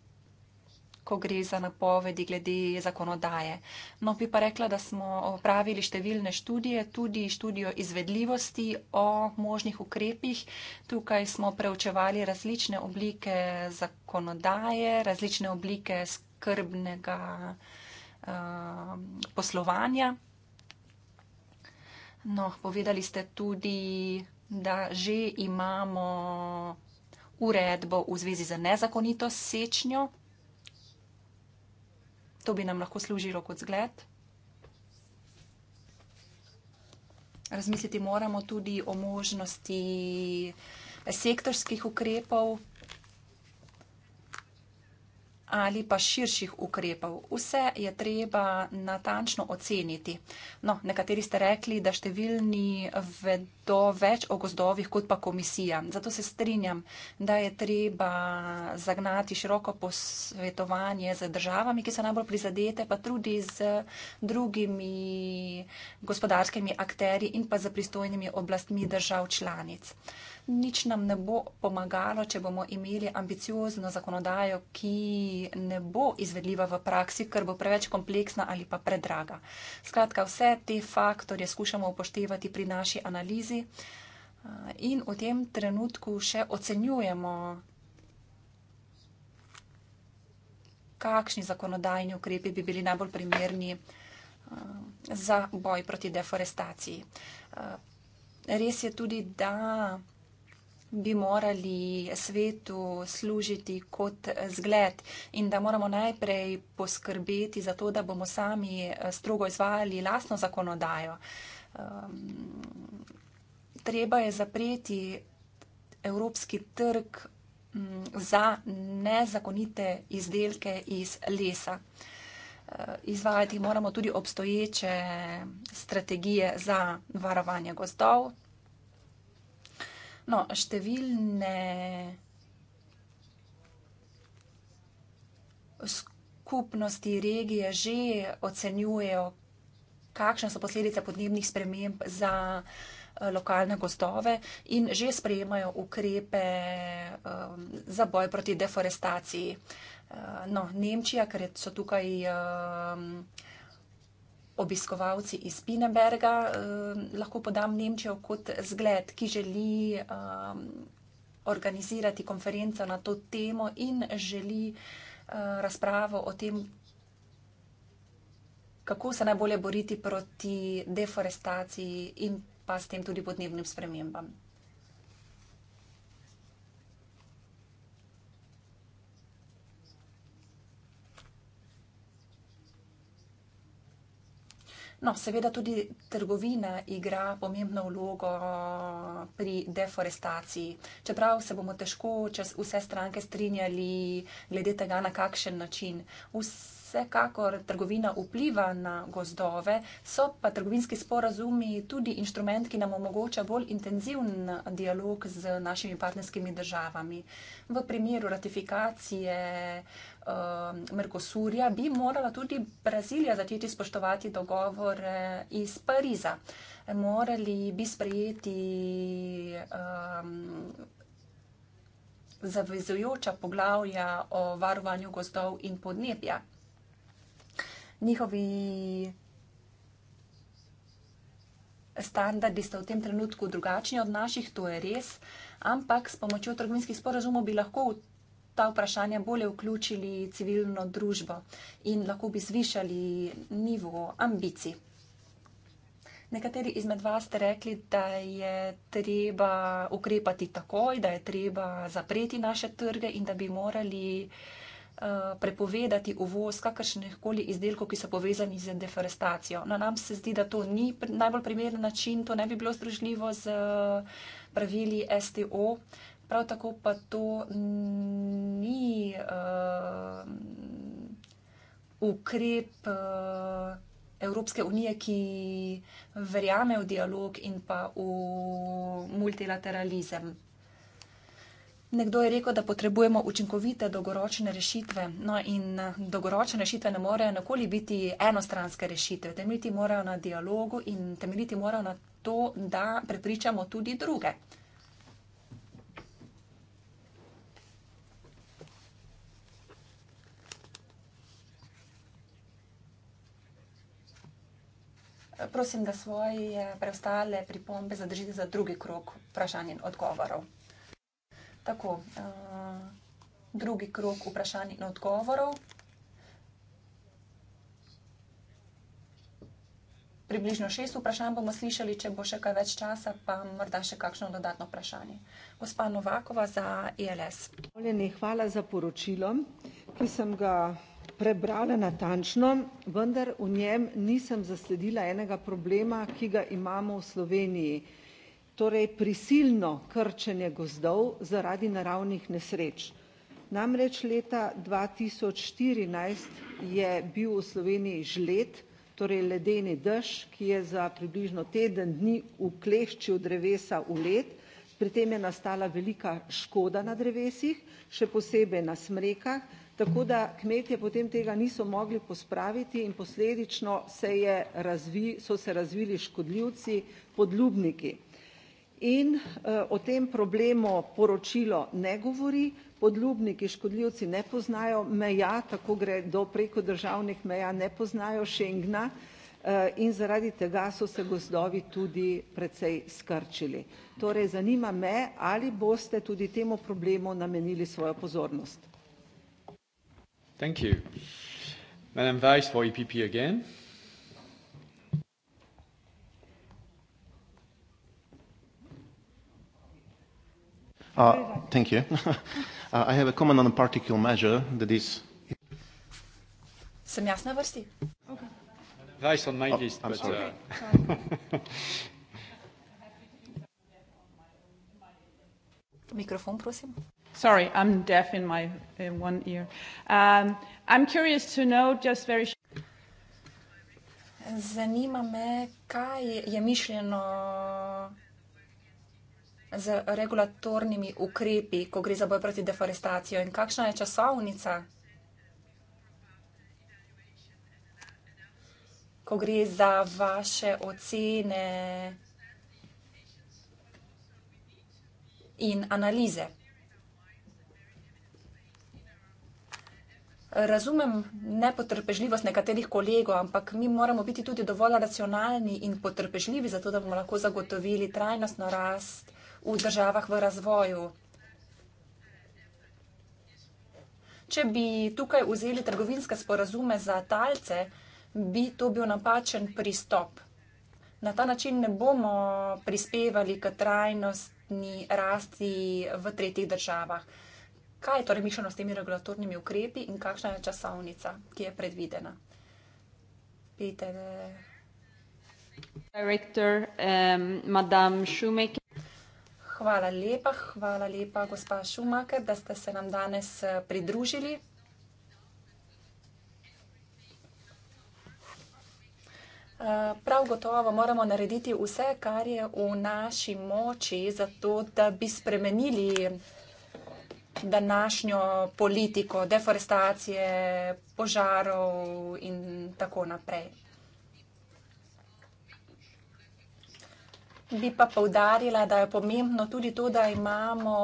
C: ko gre za napovedi glede zakonodaje. No, bi pa rekla, da smo opravili številne študije, tudi študijo izvedljivosti o možnih ukrepih. Tukaj smo preučevali različne oblike zakonodaje, različne oblike skrbnega uh, poslovanja. No, povedali ste tudi da že imamo uredbo v zvezi z nezakonito sečnjo. To bi nam lahko služilo kot zgled. Razmisliti moramo tudi o možnosti sektorskih ukrepov ali pa širših ukrepov. Vse je treba natančno oceniti. No, nekateri ste rekli, da številni vedo več o gozdovih kot pa komisija. Zato se strinjam, da je treba zagnati široko posvetovanje z državami, ki so najbolj prizadete, pa tudi z drugimi gospodarskimi akteri in pa z pristojnimi oblastmi držav članic nič nam ne bo pomagalo, če bomo imeli ambiciozno zakonodajo, ki ne bo izvedljiva v praksi, ker bo preveč kompleksna ali pa predraga. Skratka, vse te faktorje skušamo upoštevati pri naši analizi eh, in v tem trenutku še ocenjujemo, kakšni zakonodajni ukrepi bi bili najbolj primerni eh, za boj proti deforestaciji. Eh, res je tudi, da bi morali svetu služiti kot zgled in da moramo najprej poskrbeti za to, da bomo sami eh, strogo izvajali lasno zakonodajo. Ehm, treba je zapreti evropski trg mm, za nezakonite izdelke iz lesa. Eh, izvajati moramo tudi obstoječe strategije za varovanje gozdov. No, številne skupnosti, regije že ocenjujejo, kakšne so posledice podnebnih sprememb za eh, lokalne gostove in že sprejemajo ukrepe eh, za boj proti deforestaciji. Eh, no, Nemčija, ker so tukaj vsega, obiskovalci iz Pinneberga eh, lahko podam Nemčijo kot zgled, ki želi eh, organizirati konferenco na to temo in želi eh, razpravo o tem, kako se najbolje boriti proti deforestaciji in pa s tem tudi podnebnim spremembam. No, seveda tudi trgovina igra pomembno vlogo pri deforestaciji. Čeprav se bomo težko, če vse stranke strinjali glede tega, na kakšen način. Vse vsekakor trgovina vpliva na gozdove, so pa trgovinski sporazumi tudi instrument, ki nam omogoča bolj intenzivn dialog z našimi partnerskimi državami. V primeru ratifikacije uh, Mercosurja bi morala tudi Brazilija začeti spoštovati dogovore iz Pariza. Morali bi sprejeti. Um, Zavezujoča poglavja o varovanju gozdov in podnebja njihovi standardi so v tem trenutku drugačni od naših, to je res, ampak s pomočjo trgovinskih sporazumov bi lahko v ta vprašanja bolje vključili civilno družbo in lahko bi zvišali nivo ambicij. Nekateri izmed vas ste rekli, da je treba ukrepati takoj, da je treba zapreti naše trge in da bi morali uh, Eh, prepovedati uvoz kakršnih koli izdelkov, ki so povezani z deforestacijo. Na no, nam se zdi, da to ni najbolj primeren način, to ne bi bilo združljivo z eh, pravili STO. Prav tako pa to ni uh, ukrep uh, Evropske unije, ki verjame v dialog in pa v multilateralizem. Nekdo je rekel, da potrebujemo učinkovite dolgoročne rešitve. No in eh, dolgoročne rešitve ne morejo nikoli biti enostranske rešitve. Temeljiti morajo na dialogu in temeljiti morajo na to, da prepričamo tudi druge. Prosim, da svoje preostale pripombe zadržite za drugi krok vprašanj in odgovorov. Tako, uh, drugi krok vprašanj in odgovorov. Približno šest vprašanj bomo slišali, če bo še kaj več časa, pa morda še kakšno dodatno vprašanje. Gospa Novakova za ILS.
E: E hvala za poročilo, ki sem ga prebrala natančno, vendar v njem nisem zasledila enega problema, ki ga imamo v Sloveniji. Uh, torej prisilno krčenje gozdov zaradi naravnih nesreč. Namreč leta dva tisoč štirinajst je bil v Sloveniji žled, torej ledeni dež, ki je za približno teden dni ukleščil drevesa v led, pri tem je nastala velika škoda na drevesih, še posebej na smrekah, tako da kmetje potem tega niso mogli pospraviti in posledično se je so se razvili škodljivci, podlubniki in eh, o tem problemu poročilo ne govori. Podlubniki, škodljivci ne poznajo meja, tako gre do preko državnih meja, ne poznajo Schengna eh, in zaradi tega so se gozdovi tudi precej skrčili. Torej zanima me, ali boste tudi temu problemu namenili svojo pozornost.
A: Thank you. Madam Vice for EPP again.
E: Uh, thank you. uh, I have a comment on a particle
A: measure that is.
C: Sem jaz na vrsti? Okay.
A: Nice on my oh, list, I'm but, sorry. Uh,
C: Mikrofon, prosim. Sorry, I'm deaf in my in one ear. Um, I'm curious to know just very. Zanima me, kaj je mišljeno z regulatornimi ukrepi, ko gre za boj proti deforestacijo in kakšna je časovnica, ko gre za vaše ocene in analize. Razumem nepotrpežljivost nekaterih kolegov, ampak mi moramo biti tudi dovolj racionalni in potrpežljivi, zato da bomo lahko zagotovili trajnostno rast v državah v razvoju. Če bi tukaj vzeli trgovinske sporazume za talce, bi to bil napačen pristop. Na ta način ne bomo prispevali k trajnostni rasti v tretjih državah. Kaj je torej mišljeno s temi regulatornimi ukrepi in kakšna je časovnica, ki je predvidena? Peter. Eh. Direktor, um, eh, madam Šumek. Hvala lepa, hvala lepa, gospa Šumaker, da ste se nam danes eh, pridružili. Eh, prav gotovo moramo narediti vse, kar je v naši moči, zato da bi spremenili današnjo politiko deforestacije, požarov in tako naprej. Bi pa povdarila, da je pomembno tudi to, da imamo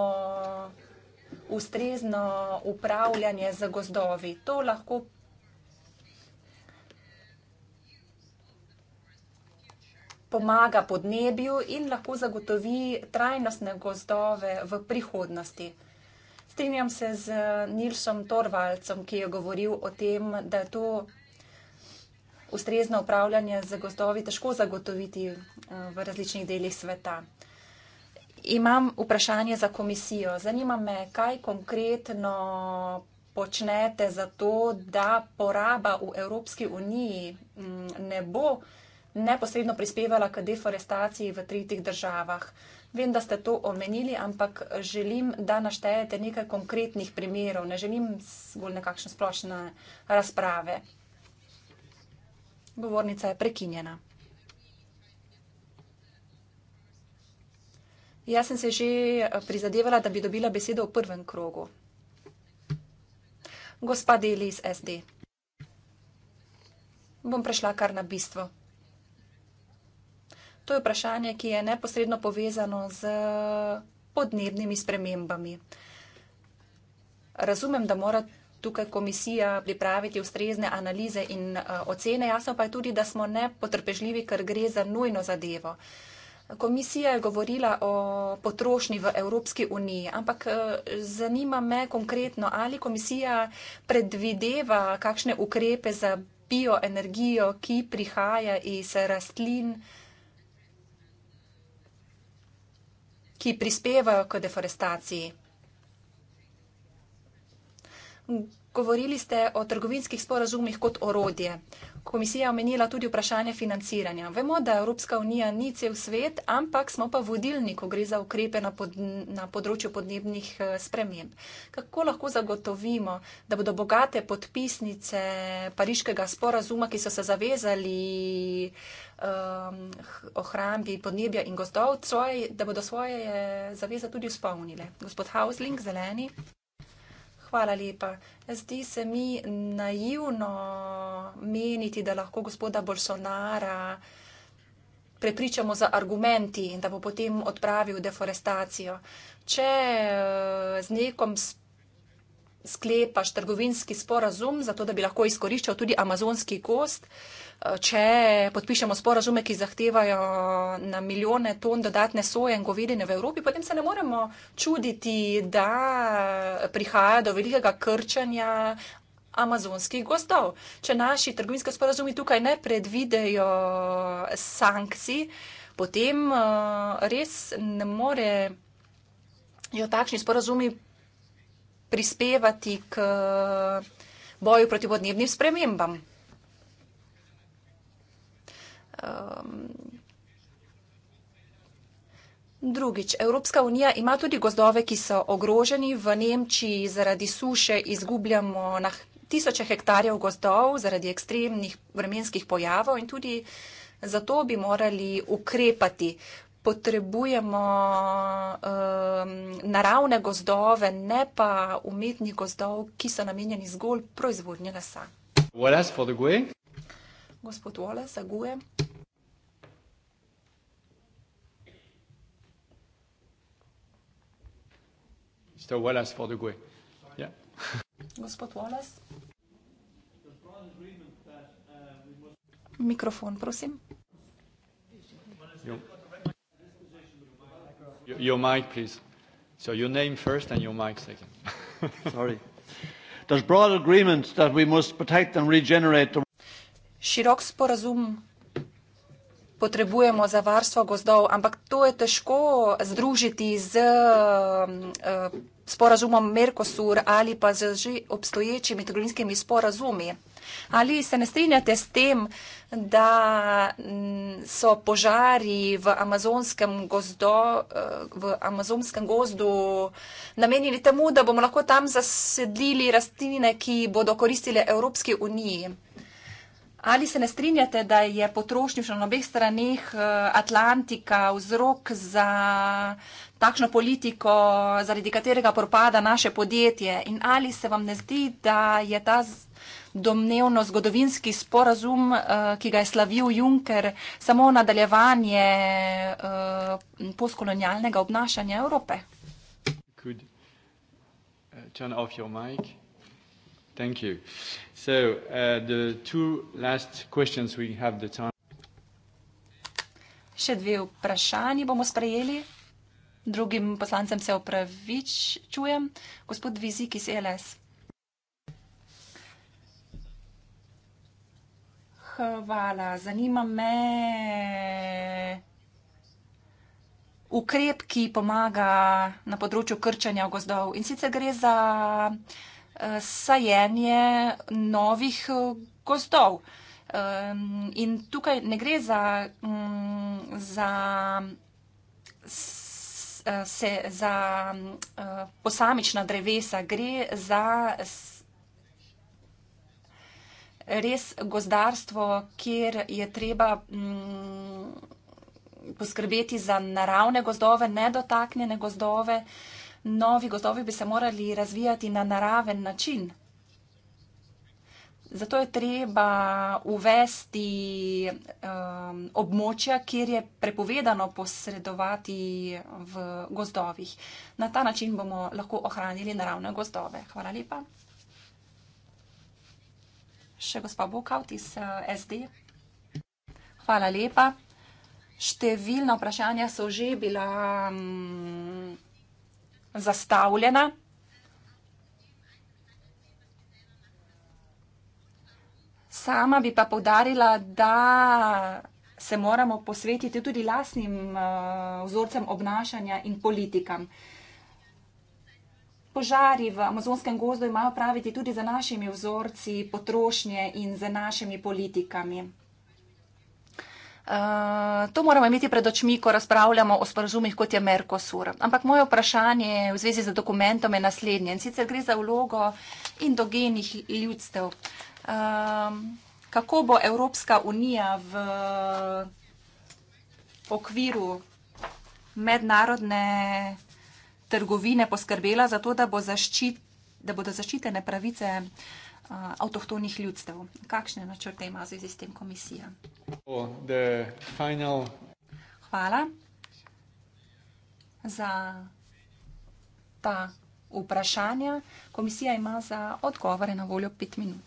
C: ustrezno upravljanje z gozdovi. To lahko pomaga podnebju in lahko zagotovi trajnostne gozdove v prihodnosti. Strinjam se z Nilsom Torvalcem, ki je govoril o tem, da je to nekaj, ustrezno upravljanje z gozdovi težko zagotoviti eh, v različnih delih sveta. Imam vprašanje za komisijo. Zanima me, kaj konkretno počnete za to, da poraba v Evropski uniji mm, ne bo neposredno prispevala k deforestaciji v tretjih državah. Vem, da ste to omenili, ampak želim, da naštejete nekaj konkretnih primerov. Ne želim zgolj nekakšne splošne razprave. Govornica je prekinjena. Jaz sem se že prizadevala, da bi dobila besedo v prvem krogu. Gospa Deli iz SD. Bom prešla kar na bistvo. To je vprašanje, ki je neposredno povezano z podnebnimi spremembami. Razumem, da mora tukaj komisija pripraviti ustrezne analize in eh, ocene. Jasno pa je tudi, da smo ne potrpežljivi, ker gre za nujno zadevo. Komisija je govorila o potrošnji v Evropski uniji, ampak eh, zanima me konkretno, ali komisija predvideva kakšne ukrepe za bioenergijo, ki prihaja iz rastlin, ki prispevajo k deforestaciji. Govorili ste o trgovinskih sporazumih kot orodje. Komisija je omenila tudi vprašanje financiranja. Vemo, da Evropska unija ni cel svet, ampak smo pa vodilni, ko gre za ukrepe na, pod, na področju podnebnih eh, sprememb. Kako lahko zagotovimo, da bodo bogate podpisnice pariškega sporazuma, ki so se zavezali um, ohrambi podnebja in gozdov, da bodo svoje zaveze tudi izpolnile? Gospod Hausling, zeleni. Hvala lepa. Zdi se mi naivno meniti, da lahko gospoda Bolsonara prepričamo z argumenti in da bo potem odpravil deforestacijo. Če eh, z nekom sklepaš trgovinski sporazum, zato da bi lahko izkoriščal tudi amazonski gost, če podpišemo sporazume, ki zahtevajo na milijone ton dodatne soje in govedine v Evropi, potem se ne moremo čuditi, da prihaja do velikega krčanja. Amazonskih gozdov. Če naši trgovinski sporazumi tukaj ne predvidejo sankcij, potem eh, res ne morejo takšni sporazumi prispevati k eh, boju proti podnebnim spremembam. Um, Drugič, Evropska unija ima tudi gozdove, ki so ogroženi. V Nemčiji zaradi suše izgubljamo na tisoče hektarjev gozdov zaradi ekstremnih vremenskih pojavov in tudi zato bi morali ukrepati. Potrebujemo um, naravne gozdove, ne pa umetnih gozdov, ki so namenjeni zgolj proizvodnje lesa. Gospod Wallace, zaguje.
A: Mr. Wallace for the GUE. Sorry. Yeah.
C: Gospod Wallace. Mikrofon, prosim.
A: Your, your mic, please. So your name first and your mic second. Sorry. There's broad agreement that we must protect and regenerate the...
C: Širok sporazum potrebujemo za varstvo gozdov, ampak to je težko združiti z um, eh, sporazumom Merkosur ali pa z že obstoječimi trgovinskimi sporazumi. Ali se ne strinjate s tem, da mm, so požari v amazonskem, gozdo, eh, v amazonskem gozdu namenjeni temu, da bomo lahko tam zasedlili rastline, ki bodo koristile Evropski uniji? Ali se ne strinjate, da je potrošništvo na obeh straneh eh, Atlantika vzrok za takšno politiko, zaradi katerega propada naše podjetje? In ali se vam ne zdi, da je ta domnevno zgodovinski sporazum, eh, ki ga je slavil Juncker, samo nadaljevanje eh, postkolonialnega obnašanja Evrope?
A: Good. Turn off your mic. Thank you. So uh, the two last questions we have the time.
C: Še dve vprašanji bomo sprejeli. Drugim poslancem se opravičujem. Gospod Vizik iz e LS. Hvala. Zanima me ukrep, ki pomaga na področju krčanja gozdov. In sicer gre za uh, sajenje novih eh, gozdov. In tukaj ne gre za, mm, za, eh, se, za eh, posamična drevesa, gre za res gozdarstvo, kjer je treba mm, poskrbeti za naravne gozdove, nedotaknjene gozdove novi gozdovi bi se morali razvijati na naraven način. Zato je treba uvesti um, območja, kjer je prepovedano posredovati v gozdovih. Na ta način bomo lahko ohranili naravne gozdove. Hvala lepa. Še gospa Bokaut iz uh, SD. Hvala lepa. Številna vprašanja so že bila. Um, zastavljena. Sama bi pa povdarila, da se moramo posvetiti tudi lasnim eh, vzorcem obnašanja in politikam. Požari v amazonskem gozdu imajo praviti tudi za našimi vzorci potrošnje in za našimi politikami. Eh, to moramo imeti pred očmi, ko razpravljamo o sporazumih, kot je Merkosur. Ampak moje vprašanje v zvezi z dokumentom je naslednje. In sicer gre za vlogo indogenih ljudstev. Um, kako bo Evropska unija v okviru mednarodne trgovine poskrbela za to, da, bo zaščit, da bodo zaščitene pravice uh, Eh, avtohtonih ljudstev. Kakšne načrte ima v zvezi s tem komisija?
A: Oh, final...
C: Hvala za ta vprašanja. Komisija ima za odgovore na voljo pet minut.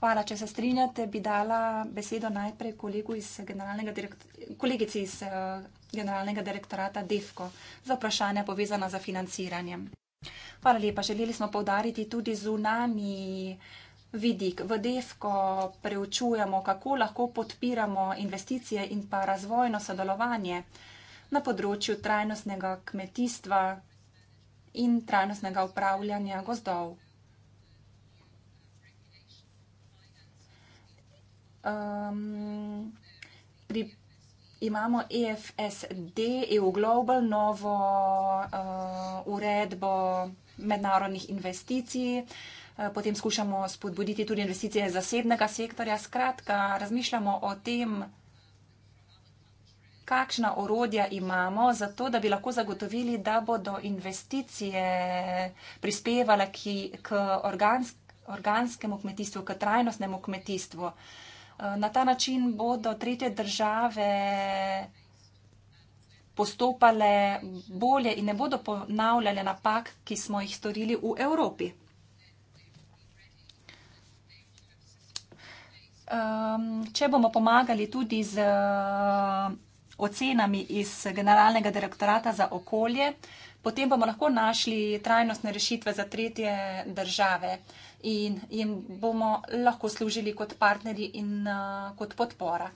C: Hvala, če se strinjate, bi dala besedo najprej kolegu iz generalnega direktorja, kolegici iz eh, generalnega direktorata DEFKO za vprašanja povezana za financiranjem. Hvala lepa. Želeli smo povdariti tudi zunami vidik. V DEFKO preučujemo, kako lahko podpiramo investicije in pa razvojno sodelovanje na področju trajnostnega kmetijstva in trajnostnega upravljanja gozdov. Um, pri imamo EFSD, EU Global, novo uh, uredbo mednarodnih investicij, uh, potem skušamo spodbuditi tudi investicije zasebnega sektorja. Skratka, razmišljamo o tem, kakšna orodja imamo, zato da bi lahko zagotovili, da bodo investicije prispevale k organskemu kmetijstvu, k trajnostnemu kmetijstvu. Uh, Eh, na ta način bodo tretje države postopale bolje in ne bodo ponavljale napak, ki smo jih storili v Evropi. Ehm, če bomo pomagali tudi z ocenami iz Generalnega direktorata za okolje, potem bomo lahko našli trajnostne rešitve za tretje države in jim bomo lahko služili kot partnerji in uh, kot podpora.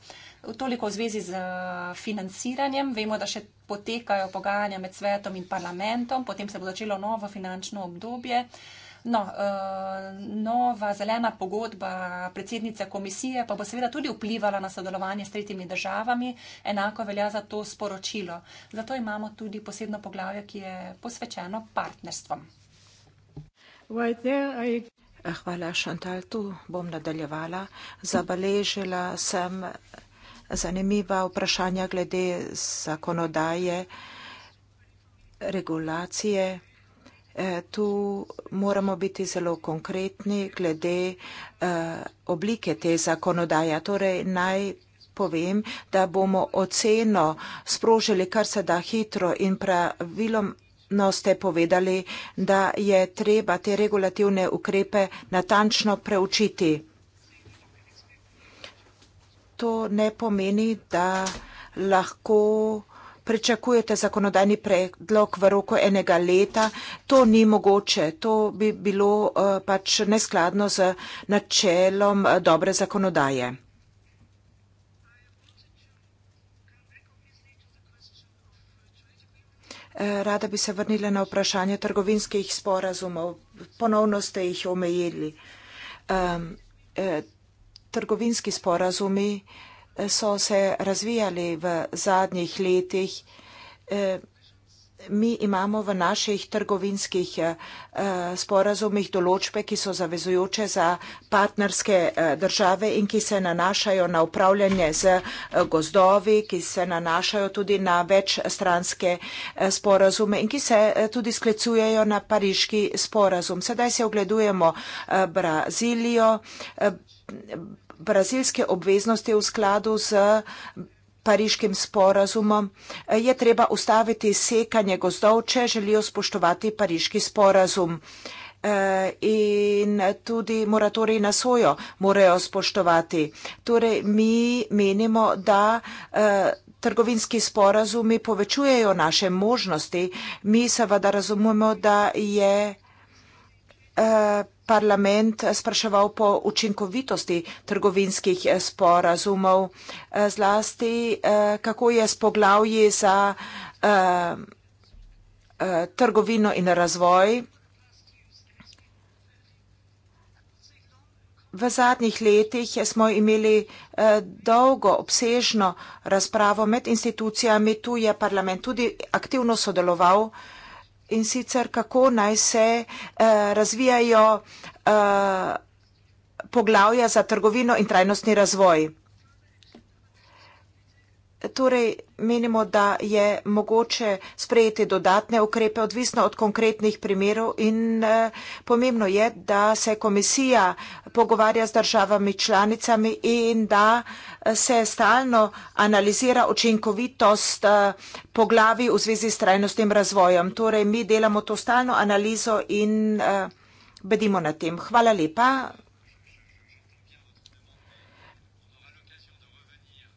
C: Toliko v zvezi z uh, financiranjem. Vemo, da še potekajo pogajanja med svetom in parlamentom, potem se bo začelo novo finančno obdobje. Uh, No, eh, nova zelena pogodba predsednice komisije pa bo seveda tudi vplivala na sodelovanje s tretjimi državami, enako velja za to sporočilo. Zato imamo tudi posebno poglavje, ki je posvečeno partnerstvom. Eh,
D: hvala, Šantal. Tu bom nadaljevala. Zabeležila sem zanimiva vprašanja glede zakonodaje, regulacije. E, tu moramo biti zelo konkretni glede e, oblike te zakonodaje. Torej, naj povem, da bomo oceno sprožili kar se da hitro in pravilom. No, ste povedali, da je treba te regulativne ukrepe natančno preučiti. To ne pomeni, da lahko pričakujete zakonodajni predlog v roku enega leta. To ni mogoče. To bi bilo eh, pač neskladno z načelom eh, dobre zakonodaje. Eh, rada bi se vrnila na vprašanje trgovinskih sporazumov. Ponovno ste jih omejili. Ehm, trgovinski sporazumi so se razvijali v zadnjih letih. E, mi imamo v naših trgovinskih e, sporazumih določbe, ki so zavezujoče za partnerske e, države in ki se nanašajo na upravljanje z gozdovi, ki se nanašajo tudi na večstranske sporazume in ki se tudi sklecujejo na pariški sporazum. Sedaj se ogledujemo Brazilijo brazilske obveznosti v skladu z pariškim sporazumom, je treba ustaviti sekanje gozdov, če želijo spoštovati pariški sporazum. E, in tudi moratori na sojo morajo spoštovati. Torej, mi menimo, da e, trgovinski sporazumi povečujejo naše možnosti. Mi seveda razumemo, da je. Eh, parlament spraševal po učinkovitosti trgovinskih eh, sporazumov, eh, zlasti kako je s poglavji za trgovino in razvoj. V zadnjih letih smo imeli dolgo, obsežno razpravo med institucijami, tu je parlament tudi aktivno sodeloval in in sicer kako naj se uh, razvijajo uh, poglavja za trgovino in trajnostni razvoj. Torej, menimo, da je mogoče sprejeti dodatne ukrepe, odvisno od konkretnih primerov in eh, pomembno je, da se komisija pogovarja z državami članicami in da eh, se stalno analizira učinkovitost eh, poglavi v zvezi s trajnostnim razvojem. Torej, mi delamo to stalno analizo in eh, bedimo na tem. Hvala lepa.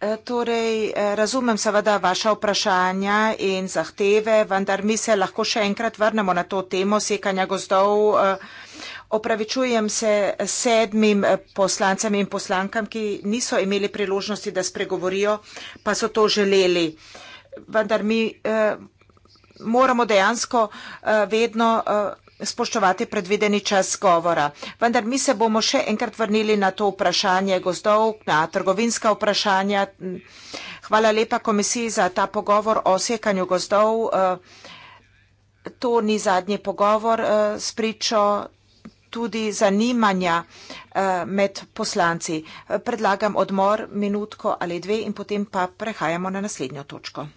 D: E, torej, e, razumem seveda vaša vprašanja in zahteve, vendar mi se lahko še enkrat vrnemo na to temo sekanja gozdov. E, opravičujem se sedmim poslancem in poslankam, ki niso imeli priložnosti, da spregovorijo, pa so to želeli. Vendar mi eh, moramo dejansko eh, vedno. Eh, spoštovati predvideni čas govora. Vendar mi se bomo še enkrat vrnili na to vprašanje gozdov, na trgovinska vprašanja. Hvala lepa komisiji za ta pogovor o sekanju gozdov. Eh, to ni zadnji pogovor eh, s pričo tudi zanimanja eh, med poslanci. Predlagam odmor minutko ali dve in potem pa prehajamo na naslednjo točko.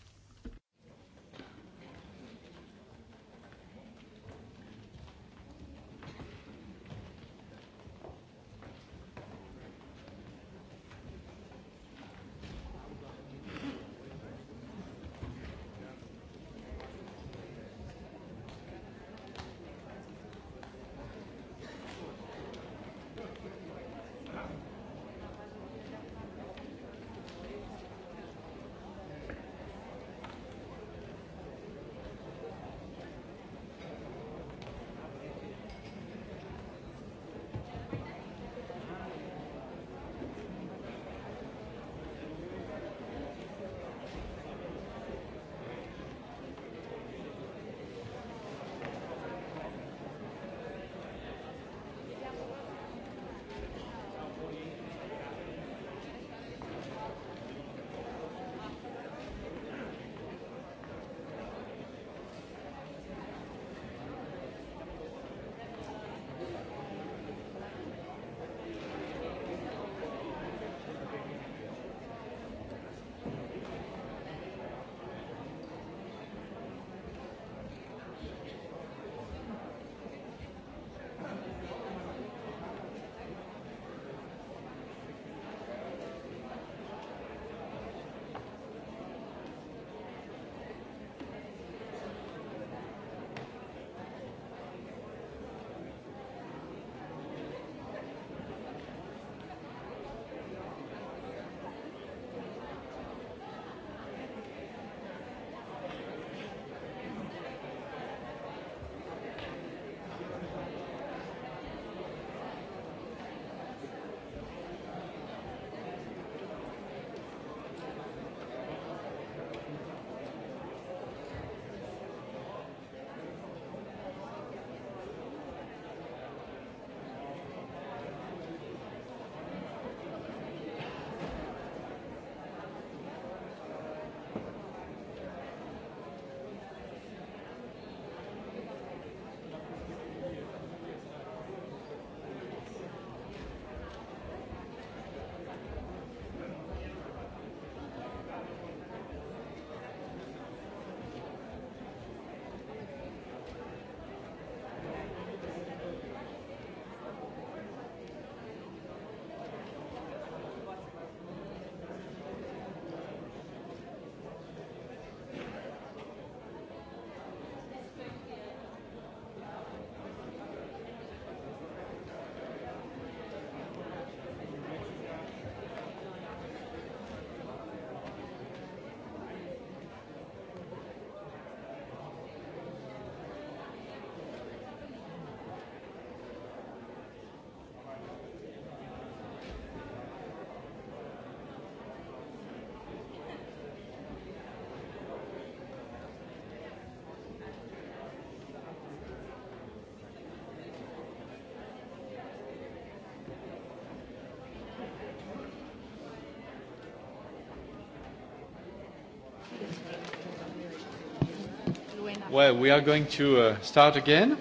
A: Well, we are going to, uh, start again.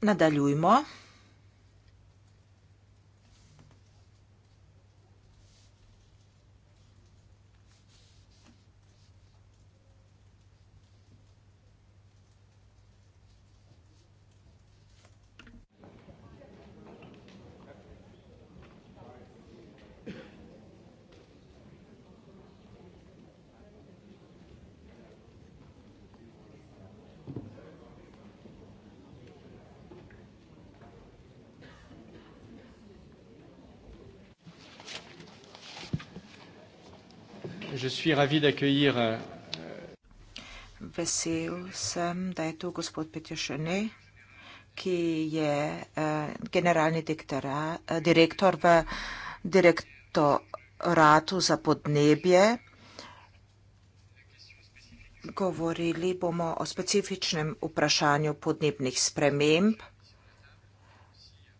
D: Nadaljujmo.
A: Je suis ravi d'accueillir euh,
D: Vesel sem, da je tu gospod Petješeni, ki je uh, generalni diktora, uh, eh, direktor v direktoratu za podnebje. Govorili bomo o specifičnem vprašanju podnebnih sprememb.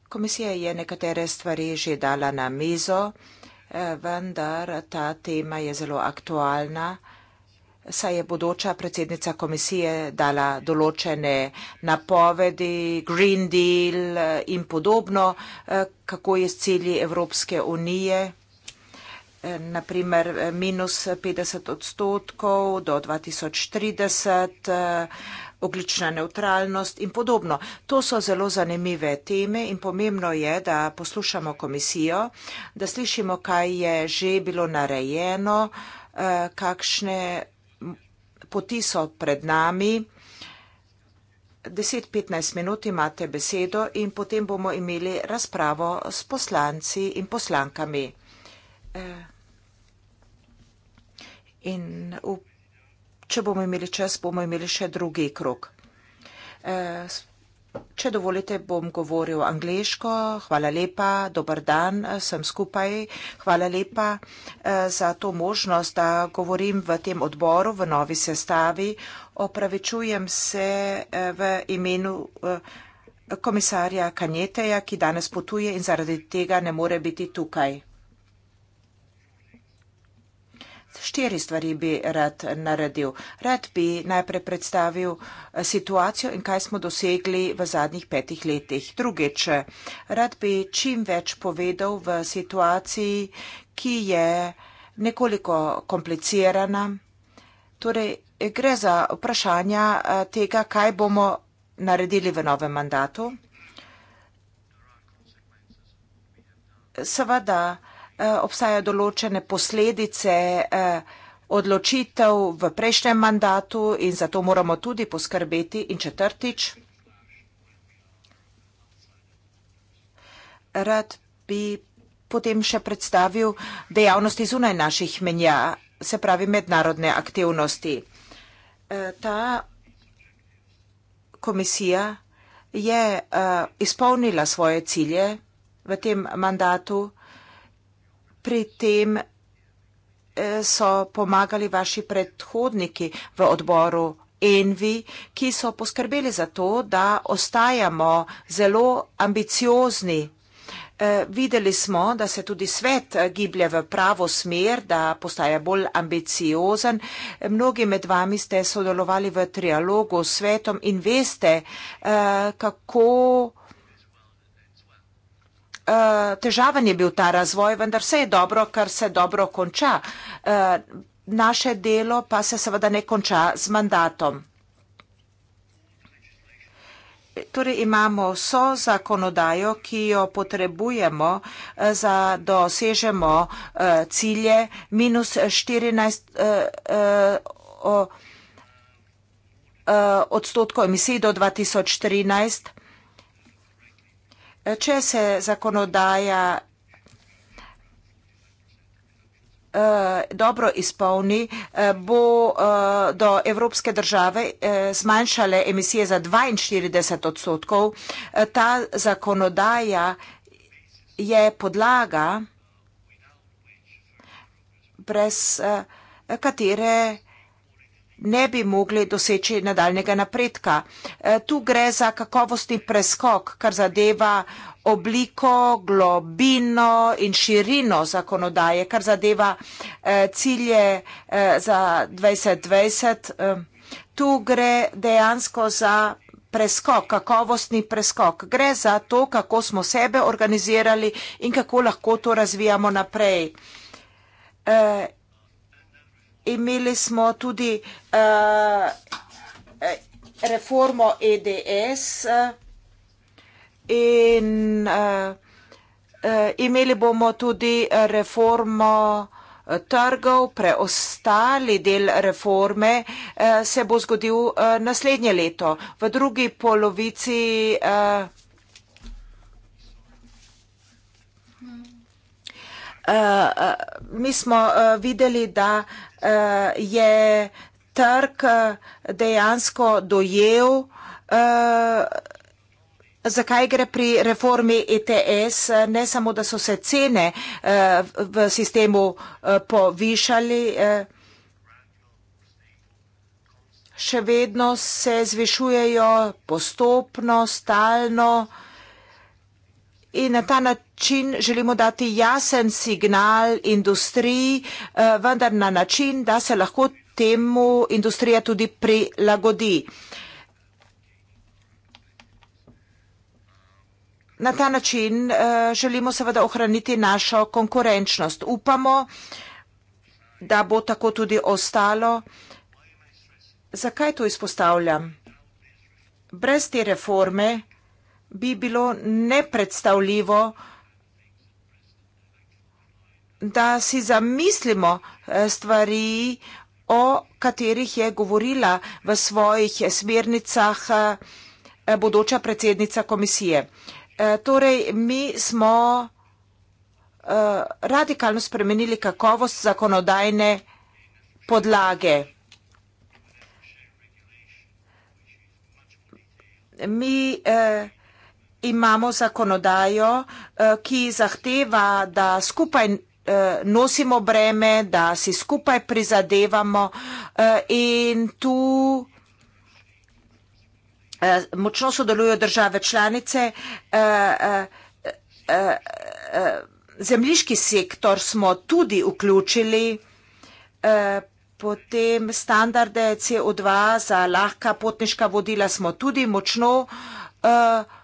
D: Komisija je nekatere stvari že dala na mizo. Uh, Eh, vendar ta tema je zelo aktualna, saj je bodoča predsednica komisije dala določene napovedi, Green Deal eh, in podobno, eh, kako je s cilji Evropske unije naprimer minus 50 odstotkov do 2030, oglična neutralnost in podobno. To so zelo zanimive teme in pomembno je, da poslušamo komisijo, da slišimo, kaj je že bilo narejeno, eh, kakšne poti so pred nami. 10-15 minut imate besedo in potem bomo imeli razpravo s poslanci in poslankami. Eh, in upam, Če bomo imeli čas, bomo imeli še drugi krok. Eh, če dovolite, bom govoril angliško. Hvala lepa, dober dan, eh, sem skupaj. Hvala lepa eh, za to možnost, da govorim v tem odboru, v novi sestavi. Opravičujem se v imenu komisarja Kanjeteja, ki danes potuje in zaradi tega ne more biti tukaj. Štiri stvari bi rad naredil. Rad bi najprej predstavil eh, situacijo in kaj smo dosegli v zadnjih petih letih. Drugič, rad bi čim več povedal v situaciji, ki je nekoliko komplicirana. Torej, gre za vprašanja eh, tega, kaj bomo naredili v novem mandatu. Seveda, Eh, obstajajo določene posledice eh, odločitev v prejšnjem mandatu in zato moramo tudi poskrbeti. In četrtič, rad bi potem še predstavil dejavnosti zunaj naših menja, se pravi mednarodne aktivnosti. Eh, ta komisija je izpolnila svoje cilje v tem mandatu pri tem eh, so pomagali vaši predhodniki v odboru Envi, ki so poskrbeli za to, da ostajamo zelo ambiciozni. Eh, videli smo, da se tudi svet eh, giblje v pravo smer, da postaja bolj ambiciozen. Mnogi med vami ste sodelovali v trialogu s svetom in veste, kako Eh, težaven je bil ta razvoj, vendar vse je dobro, kar se dobro konča. Eh, naše delo pa se seveda ne konča z mandatom. Torej imamo vso zakonodajo, ki jo potrebujemo, eh, za dosežemo cilje minus 14 odstotkov emisij do 2013 če se zakonodaja eh, dobro izpolni, eh, bo eh, do Evropske države zmanjšale emisije za 42 odstotkov. Ta zakonodaja je podlaga, brez katere ne bi mogli doseči nadaljnega napredka. E, tu gre za kakovostni preskok, kar zadeva obliko, globino in širino zakonodaje, kar zadeva e, cilje e, za 2020. Tu gre dejansko za preskok, kakovostni preskok. Gre za to, kako smo sebe organizirali in kako lahko to razvijamo naprej imeli smo tudi uh, reformo EDS uh, eh, in uh, uh, imeli bomo tudi reformo trgov, preostali del reforme uh, se bo zgodil uh, naslednje leto, v drugi polovici. Uh, Uh, uh, mi smo uh, videli, da uh, uh, je trg eh, dejansko dojel, uh, zakaj gre pri reformi ETS. Ne samo, da so se cene uh, v sistemu uh, povišali, uh, še vedno se zvišujejo postopno, stalno. Uh, In na ta način želimo dati jasen signal industriji, eh, vendar na način, da se lahko temu industrija tudi prilagodi. Na ta način eh, želimo seveda ohraniti našo konkurenčnost. Upamo, da bo tako tudi ostalo. Zakaj to izpostavljam? Brez te reforme, bi bilo nepredstavljivo, da si zamislimo eh, stvari, o katerih je govorila v svojih smernicah eh, bodoča predsednica komisije. Eh, torej, mi smo radikalno spremenili kakovost zakonodajne podlage. Mi eh, imamo zakonodajo, eh, ki zahteva, da skupaj eh, nosimo breme, da si skupaj prizadevamo eh, in tu močno sodelujo države članice. Zemljiški sektor smo tudi vključili, potem standarde CO2 za lahka potniška vodila smo tudi močno vključili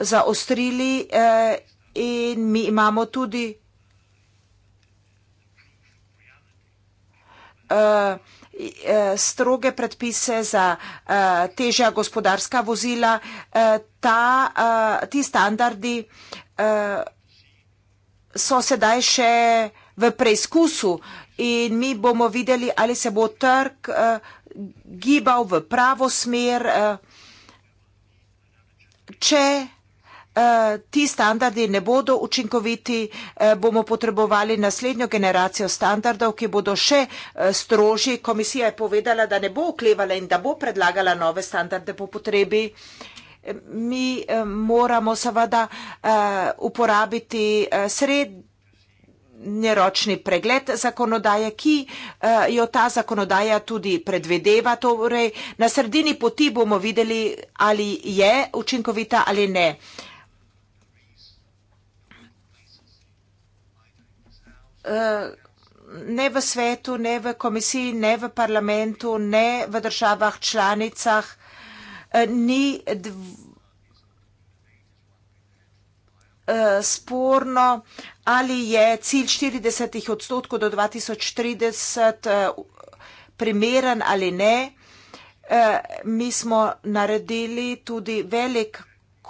D: zaostrili eh, in mi imamo tudi eh, eh, stroge predpise za težja gospodarska vozila. Ti standardi so sedaj še v preizkusu in mi bomo videli, ali se bo trg gibal v pravo smer, če vsega, Eh, ti standardi ne bodo učinkoviti, eh, bomo potrebovali naslednjo generacijo standardov, ki bodo še eh, strožji. Komisija je povedala, da ne bo oklevala in da bo predlagala nove standarde po potrebi. Mi moramo seveda uporabiti srednjeročni pregled zakonodaje, ki jo ta zakonodaja tudi predvedeva. Torej, na sredini poti bomo videli, ali je učinkovita ali ne. Torej, Eh, ne v svetu, ne v komisiji, ne v parlamentu, ne v državah članicah eh, ni eh, sporno, ali je cilj 40 odstotkov do 2030 primeren ali ne. Mi smo naredili tudi velik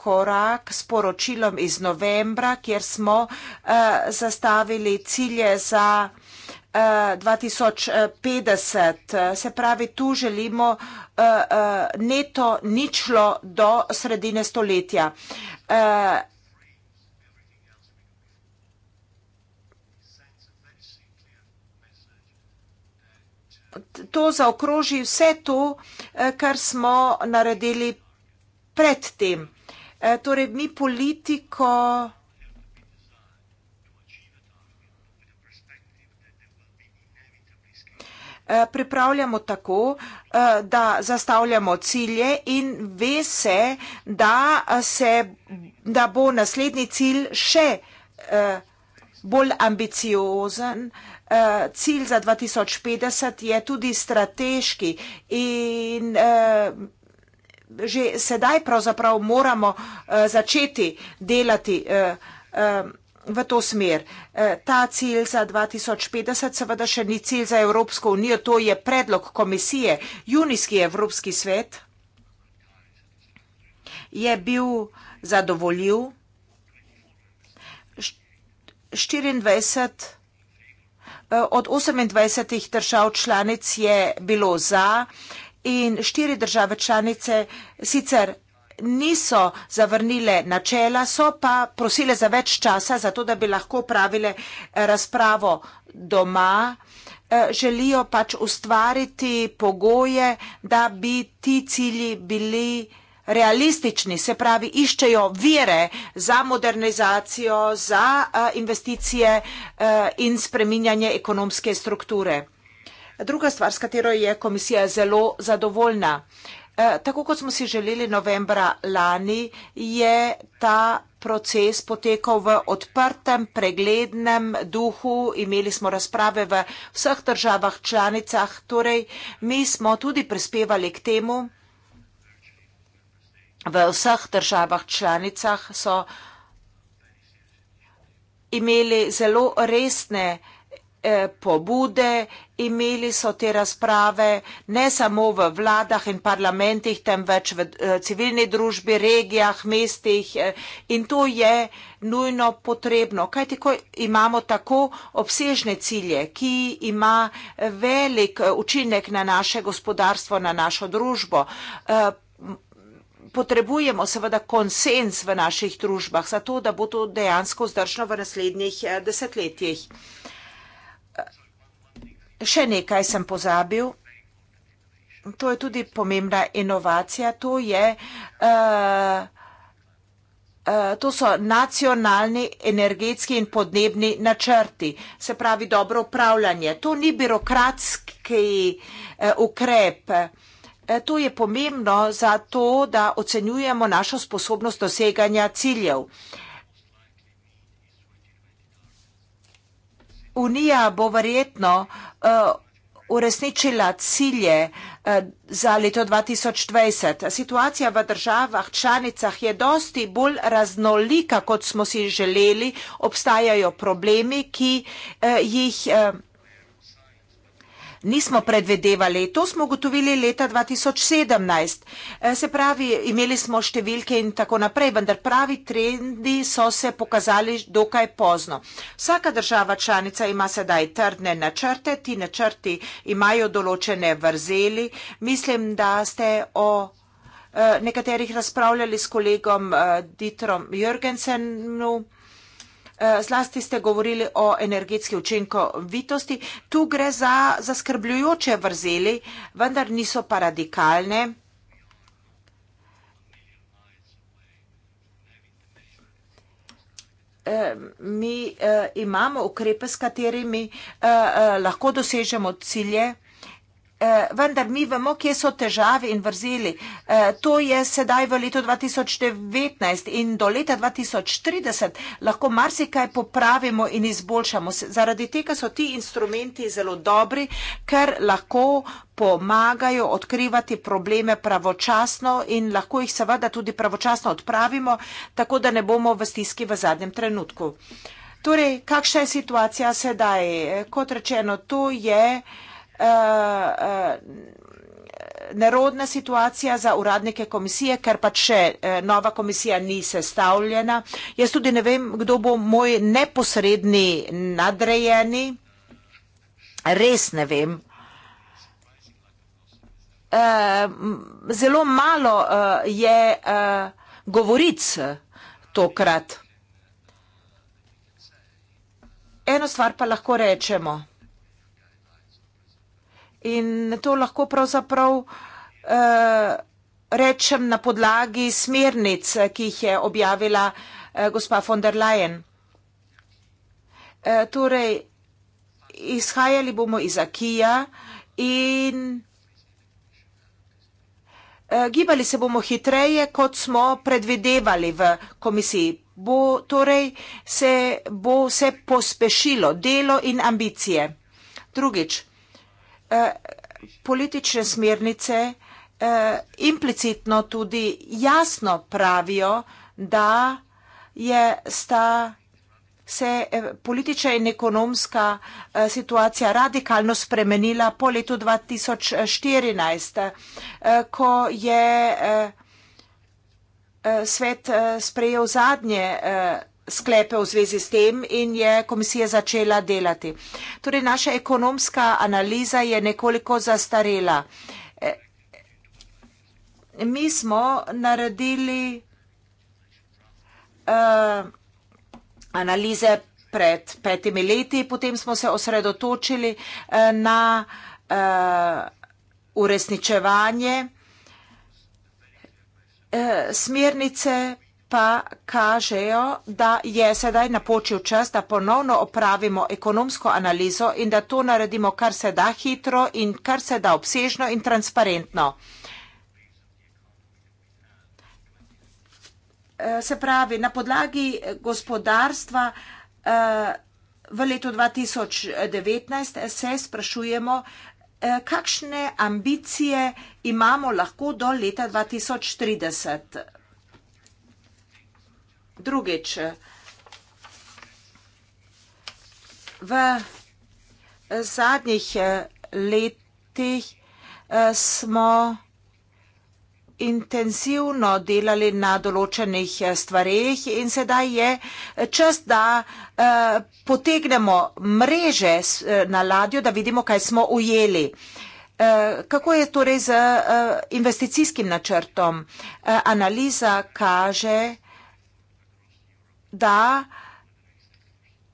D: korak s poročilom iz novembra, kjer smo uh, zastavili cilje za uh, eh, 2050. Se pravi, tu želimo uh, uh, neto ničlo do sredine stoletja. Uh, To zaokroži vse to, kar smo naredili predtem. Uh, Eh, torej mi politiko eh, pripravljamo tako, eh, da zastavljamo cilje in ve se, da, se, da bo naslednji cilj še bolj ambiciozen. Cilj za 2050 je tudi strateški in že sedaj pravzaprav moramo eh, začeti delati eh, eh, v to smer. Ta cilj za 2050 seveda še ni cilj za Evropsko unijo, to je predlog komisije. Junijski Evropski svet je bil zadovoljiv 24 od 28 držav članic je bilo za in štiri države članice sicer niso zavrnile načela, so pa prosile za več časa, zato da bi lahko pravile eh, razpravo doma. Eh, želijo pač ustvariti pogoje, da bi ti cilji bili realistični, se pravi, iščejo vire za modernizacijo, za eh, investicije in spreminjanje ekonomske strukture. Druga stvar, s katero je komisija zelo zadovoljna. E, tako kot smo si želeli novembra lani, je ta proces potekal v odprtem, preglednem duhu. Imeli smo razprave v vseh državah članicah, torej mi smo tudi prispevali k temu. V vseh državah članicah so imeli zelo resne. Eh, pobude, imeli so te razprave ne samo v vladah in parlamentih, temveč v eh, civilni družbi, regijah, mestih eh, in to je nujno potrebno, kajti ko imamo tako obsežne cilje, ki ima velik učinek na naše gospodarstvo, na našo družbo, Potrebujemo seveda konsens v naših družbah, zato da bo to dejansko zdržno v naslednjih desetletjih. Še nekaj sem pozabil. To je tudi pomembna inovacija. To, je, uh, uh, to so nacionalni energetski in podnebni načrti, se pravi dobro upravljanje. To ni birokratski uh, ukrep. To je pomembno zato, da ocenjujemo našo sposobnost doseganja ciljev. Uh, Unija bo verjetno eh, uresničila cilje eh, za leto 2020. Situacija v državah članicah je dosti bolj raznolika, kot smo si želeli. Obstajajo problemi, ki eh, jih nismo predvedevali. To smo ugotovili leta 2017. Eh, se pravi, imeli smo številke in tako naprej, vendar pravi trendi so se pokazali dokaj pozno. Vsaka država članica ima sedaj trdne načrte, ti načrti imajo določene vrzeli. Mislim, da ste o eh, nekaterih razpravljali s kolegom eh, Ditrom Jürgensenom. Eh, zlasti ste govorili o energetski učinkovitosti. Tu gre za zaskrbljujoče vrzeli, vendar niso pa radikalne. Eh, mi eh, imamo ukrepe, s katerimi lahko dosežemo cilje. Eh, vendar mi vemo, kje so težave in vrzeli. Eh, to je sedaj v letu 2019 in do leta 2030 lahko marsikaj popravimo in izboljšamo. Zaradi tega so ti instrumenti zelo dobri, ker lahko pomagajo odkrivati probleme pravočasno in lahko jih seveda tudi pravočasno odpravimo, tako da ne bomo v stiski v zadnjem trenutku. Torej, kakšna je situacija sedaj? Eh, kot rečeno, to je. Eh, eh, nerodna situacija za uradnike komisije, ker pa še eh, nova komisija ni sestavljena. Jaz tudi ne vem, kdo bo moj neposredni nadrejeni. Res ne vem. Zelo malo je govoric tokrat. Eno stvar pa lahko rečemo in to lahko pravzaprav eh, rečem na podlagi smernic, eh, ki jih je objavila eh, gospa von der Leyen. Torej, izhajali bomo iz Akija in gibali se bomo hitreje, kot smo predvidevali v komisiji. Bo, torej, se bo se pospešilo delo in ambicije. Drugič, politične smernice eh, implicitno tudi jasno pravijo, da je sta se eh, politična in ekonomska eh, situacija radikalno spremenila po letu 2014, ko je svet sprejel zadnje sklepe v zvezi s tem in je komisija začela delati. Torej, naša ekonomska analiza je nekoliko zastarela. E, mi smo naredili uh, analize pred petimi leti, potem smo se osredotočili uh, na uh, uresničevanje uh, smernice pa kažejo, da je sedaj napočil čas, da ponovno opravimo ekonomsko analizo in da to naredimo kar se da hitro in kar se da obsežno in transparentno. Eh, se pravi, na podlagi gospodarstva eh, v letu 2019 se sprašujemo, eh, kakšne ambicije imamo lahko do leta 2030 drugič, v zadnjih eh, letih eh, smo intenzivno delali na določenih eh, stvarih in sedaj je čas, da potegnemo mreže na ladjo, da vidimo, kaj smo ujeli. Kako je torej z investicijskim načrtom? Analiza kaže, da je da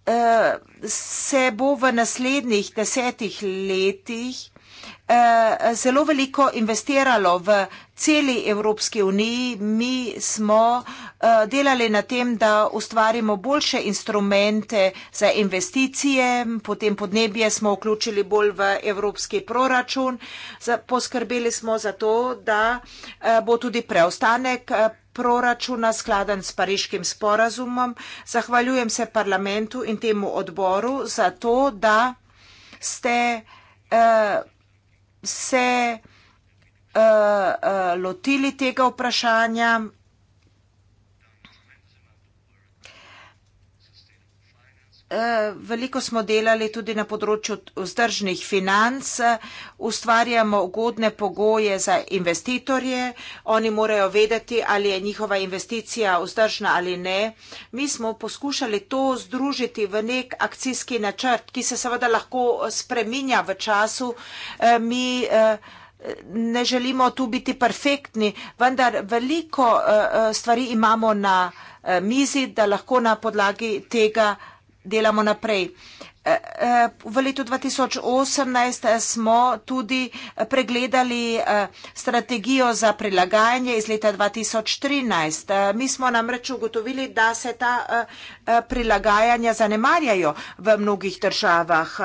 D: eh, se bo v naslednjih desetih letih eh, zelo veliko investiralo v celi Evropski uniji. Mi smo eh, delali na tem, da ustvarimo boljše instrumente za investicije, potem podnebje smo vključili bolj v evropski proračun, poskrbeli smo za to, da bo tudi preostanek proračuna skladen s pariškim sporazumom. Zahvaljujem se parlamentu in temu odboru za to, da ste uh, se uh, uh, lotili tega vprašanja Eh, veliko smo delali tudi na področju vzdržnih financ, ustvarjamo ugodne pogoje za investitorje, oni morajo vedeti, ali je njihova investicija vzdržna ali ne. Mi smo poskušali to združiti v nek akcijski načrt, ki se seveda lahko spreminja v času. Eh, mi eh, ne želimo tu biti perfektni, vendar veliko stvari imamo na mizi, da lahko na podlagi tega delamo naprej. Eh, eh, v letu 2018 smo tudi pregledali eh, strategijo za prilagajanje iz leta 2013. Mi smo namreč ugotovili, da se ta prilagajanja zanemarjajo v mnogih državah.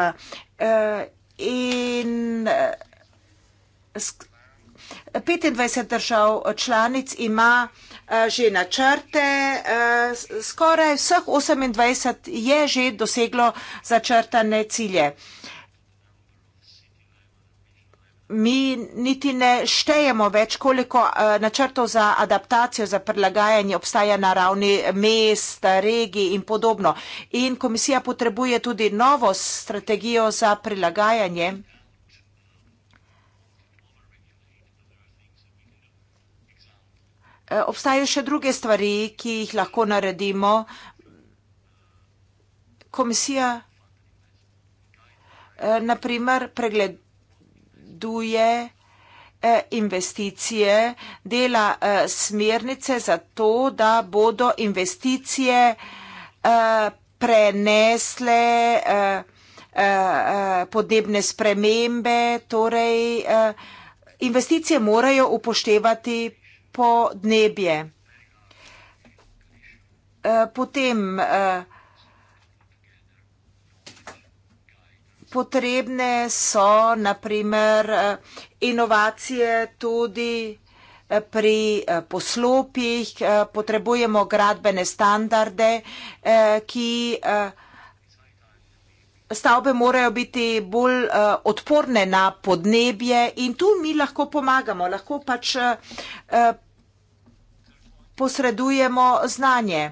D: In 25 držav članic ima Eh, že načrte. Eh, skoraj vseh 28 je že doseglo začrtane cilje. Mi niti ne štejemo več, koliko eh, načrtov za adaptacijo, za prilagajanje obstaja na ravni mest, regij in podobno. In komisija potrebuje tudi novo strategijo za prilagajanje. Eh, obstajajo še druge stvari, ki jih lahko naredimo. Komisija eh, naprimer pregleduje eh, investicije, dela smernice za to, da bodo investicije prenesle podnebne spremembe, torej investicije morajo upoštevati podnebje. E, potem e, potrebne so naprimer e, inovacije tudi pri poslopih, potrebujemo gradbene standarde, ki potrebujemo stavbe morajo biti bolj uh, odporne na podnebje in tu mi lahko pomagamo, lahko pač uh, posredujemo znanje.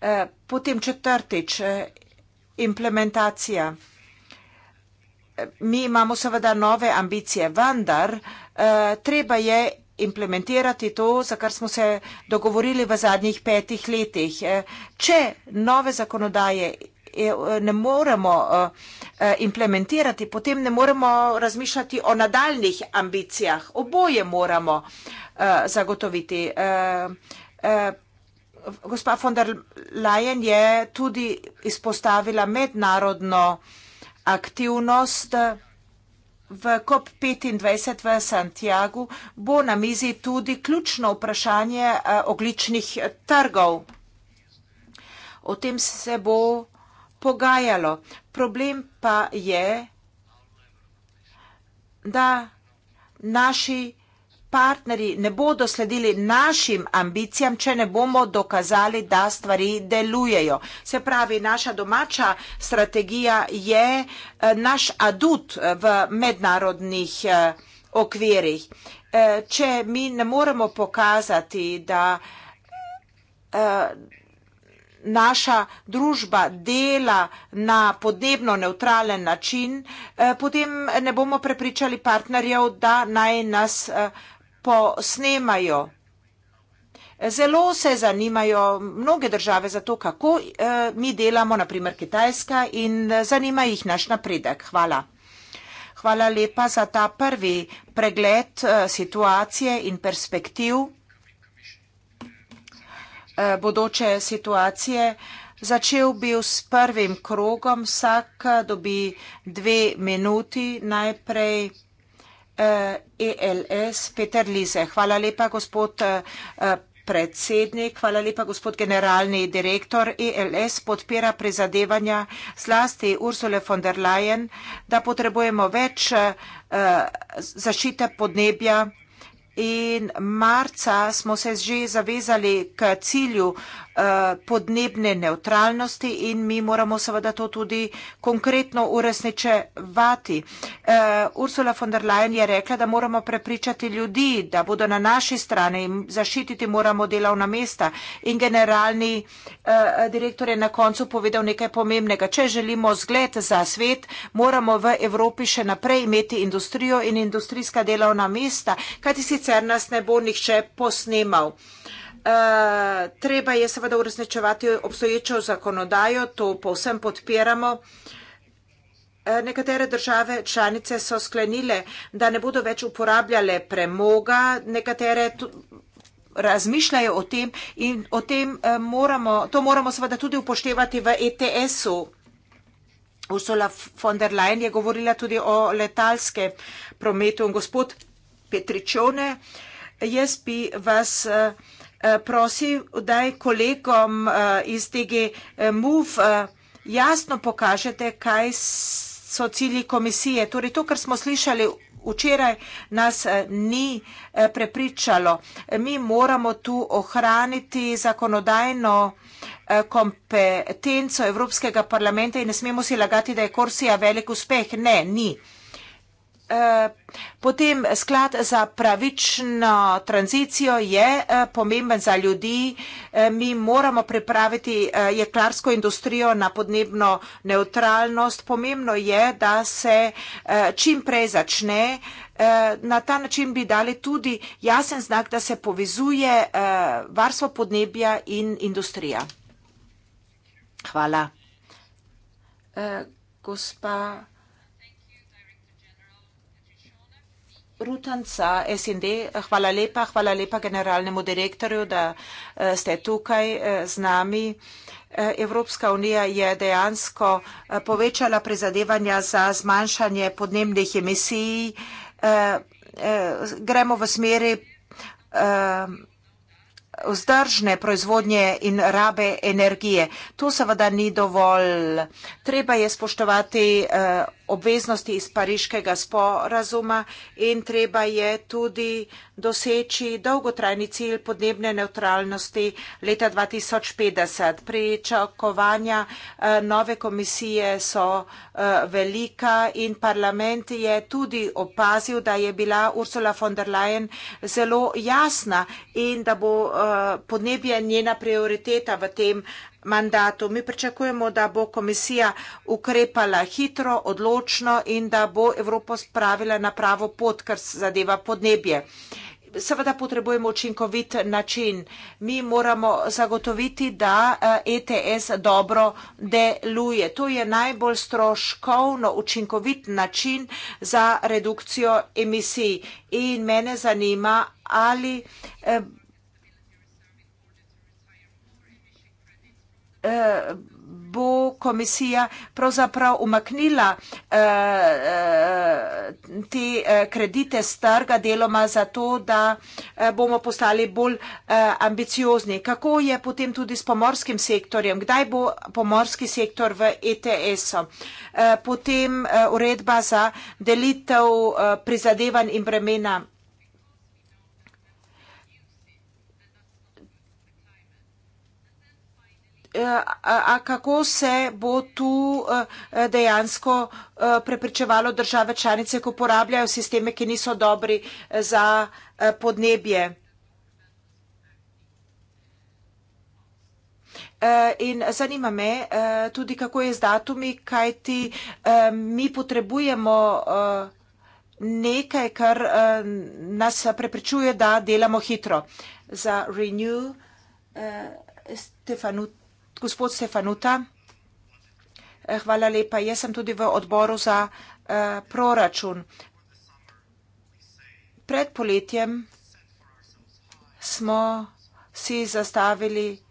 D: Uh, potem četrtič, uh, implementacija. Mi imamo seveda nove ambicije, vendar uh, treba je implementirati to, za kar smo se dogovorili v zadnjih petih letih. Uh, če nove zakonodaje E, ne moremo e, e, implementirati, potem ne moremo razmišljati o nadaljnih ambicijah. Oboje moramo zagotoviti. Gospa von der Leyen je tudi izpostavila mednarodno aktivnost v COP25 v Santiago, bo na mizi tudi ključno vprašanje ogličnih trgov. O tem se bo vprašanje pogajalo. Problem pa je, da naši partnerji ne bodo sledili našim ambicijam, če ne bomo dokazali, da stvari delujejo. Se pravi, naša domača strategija je eh, naš adut eh, v mednarodnih eh, okvirih. Če mi ne moremo pokazati, da naša družba dela na podnebno neutralen način, eh, potem ne bomo prepričali partnerjev, da naj nas eh, posnemajo. Zelo se zanimajo mnoge države za to, kako eh, mi delamo, naprimer Kitajska, in zanima jih naš napredek. Hvala. Hvala lepa za ta prvi pregled situacije in perspektiv. Eh, bodoče situacije. Začel bi s prvim krogom, vsak eh, dobi dve minuti, najprej eh, ELS Peter Lize. Hvala lepa, gospod eh, predsednik, hvala lepa, gospod generalni direktor. ELS podpira prizadevanja zlasti Ursule von der Leyen, da potrebujemo več eh, zašite podnebja in marca smo se že zavezali k cilju Eh, podnebne neutralnosti in mi moramo seveda to tudi konkretno uresničevati. Eh, Ursula von der Leyen je rekla, da moramo prepričati ljudi, da bodo na naši strani in zaščititi moramo delavna mesta. In generalni eh, direktor je na koncu povedal nekaj pomembnega. Če želimo zgled za svet, moramo v Evropi še naprej imeti industrijo in industrijska delavna mesta, kajti sicer nas ne bo nihče posnemal. Eh, treba je seveda uresničevati obstoječo zakonodajo, to povsem podpiramo. Eh, nekatere države članice so sklenile, da ne bodo več uporabljale premoga, nekatere razmišljajo o tem in o tem eh, moramo, to moramo seveda tudi upoštevati v ETS-u. Ursula von der Leyen je govorila tudi o letalskem prometu in gospod Petričone, jaz bi vas uh, Eh, prosil, da je kolegom eh, iz DG eh, MUF jasno pokažete, kaj so cilji komisije. Torej, to, kar smo slišali včeraj, nas ni prepričalo. Mi moramo tu ohraniti zakonodajno kompetenco Evropskega parlamenta in ne smemo si lagati, da je Korsija velik uspeh. Ne, ni. Potem sklad za pravično tranzicijo je eh, pomemben za ljudi. Eh, mi moramo pripraviti eh, jeklarsko industrijo na podnebno neutralnost. Pomembno je, da se čim prej začne. Na ta način bi dali tudi jasen znak, da se povezuje varstvo podnebja in industrija. Hvala. Gospa. Rutanca, SND, hvala lepa, hvala lepa generalnemu direktorju, da eh, ste tukaj eh, z nami. Eh, Evropska unija je dejansko povečala prizadevanja za zmanjšanje podnebnih emisij. Gremo v smeri vzdržne proizvodnje in rabe energije. To seveda ni dovolj. Treba je spoštovati eh, obveznosti iz pariškega sporazuma in treba je tudi doseči dolgotrajni cilj podnebne neutralnosti leta 2050. Pričakovanja eh, nove komisije so eh, velika in parlament je tudi opazil, da je bila Ursula von der Leyen zelo jasna in da bo eh, podnebje njena prioriteta v tem. Mandatu. Mi pričakujemo, da bo komisija ukrepala hitro, odločno in da bo Evropo spravila na pravo pot, kar zadeva podnebje. Uh, Seveda potrebujemo učinkovit način. Mi moramo zagotoviti, da ETS eh, e dobro deluje. To je najbolj stroškovno učinkovit način za redukcijo emisij. In mene zanima, ali eh, eh bo komisija pravzaprav umaknila eh, eh te eh, kredite starga deloma zato, da eh, bomo postali bolj eh, ambiciozni. Kako je potem tudi s pomorskim sektorjem? Kdaj bo pomorski sektor v ETS-u? Eh, potem eh, uredba za delitev eh, prizadevanj in bremena. Eh, a kako se bo tu eh, dejansko eh, preprečevalo države članice, ko porabljajo sisteme, ki niso dobri za podnebje. In zanima me tudi, kako je z datumi, kaj ti mi potrebujemo nekaj, kar nas preprečuje, da delamo hitro. Za Renew, Stefanu Tudor. Gospod Stefanuta, eh, hvala lepa. Jaz sem tudi v odboru za eh, proračun. Pred poletjem smo si zastavili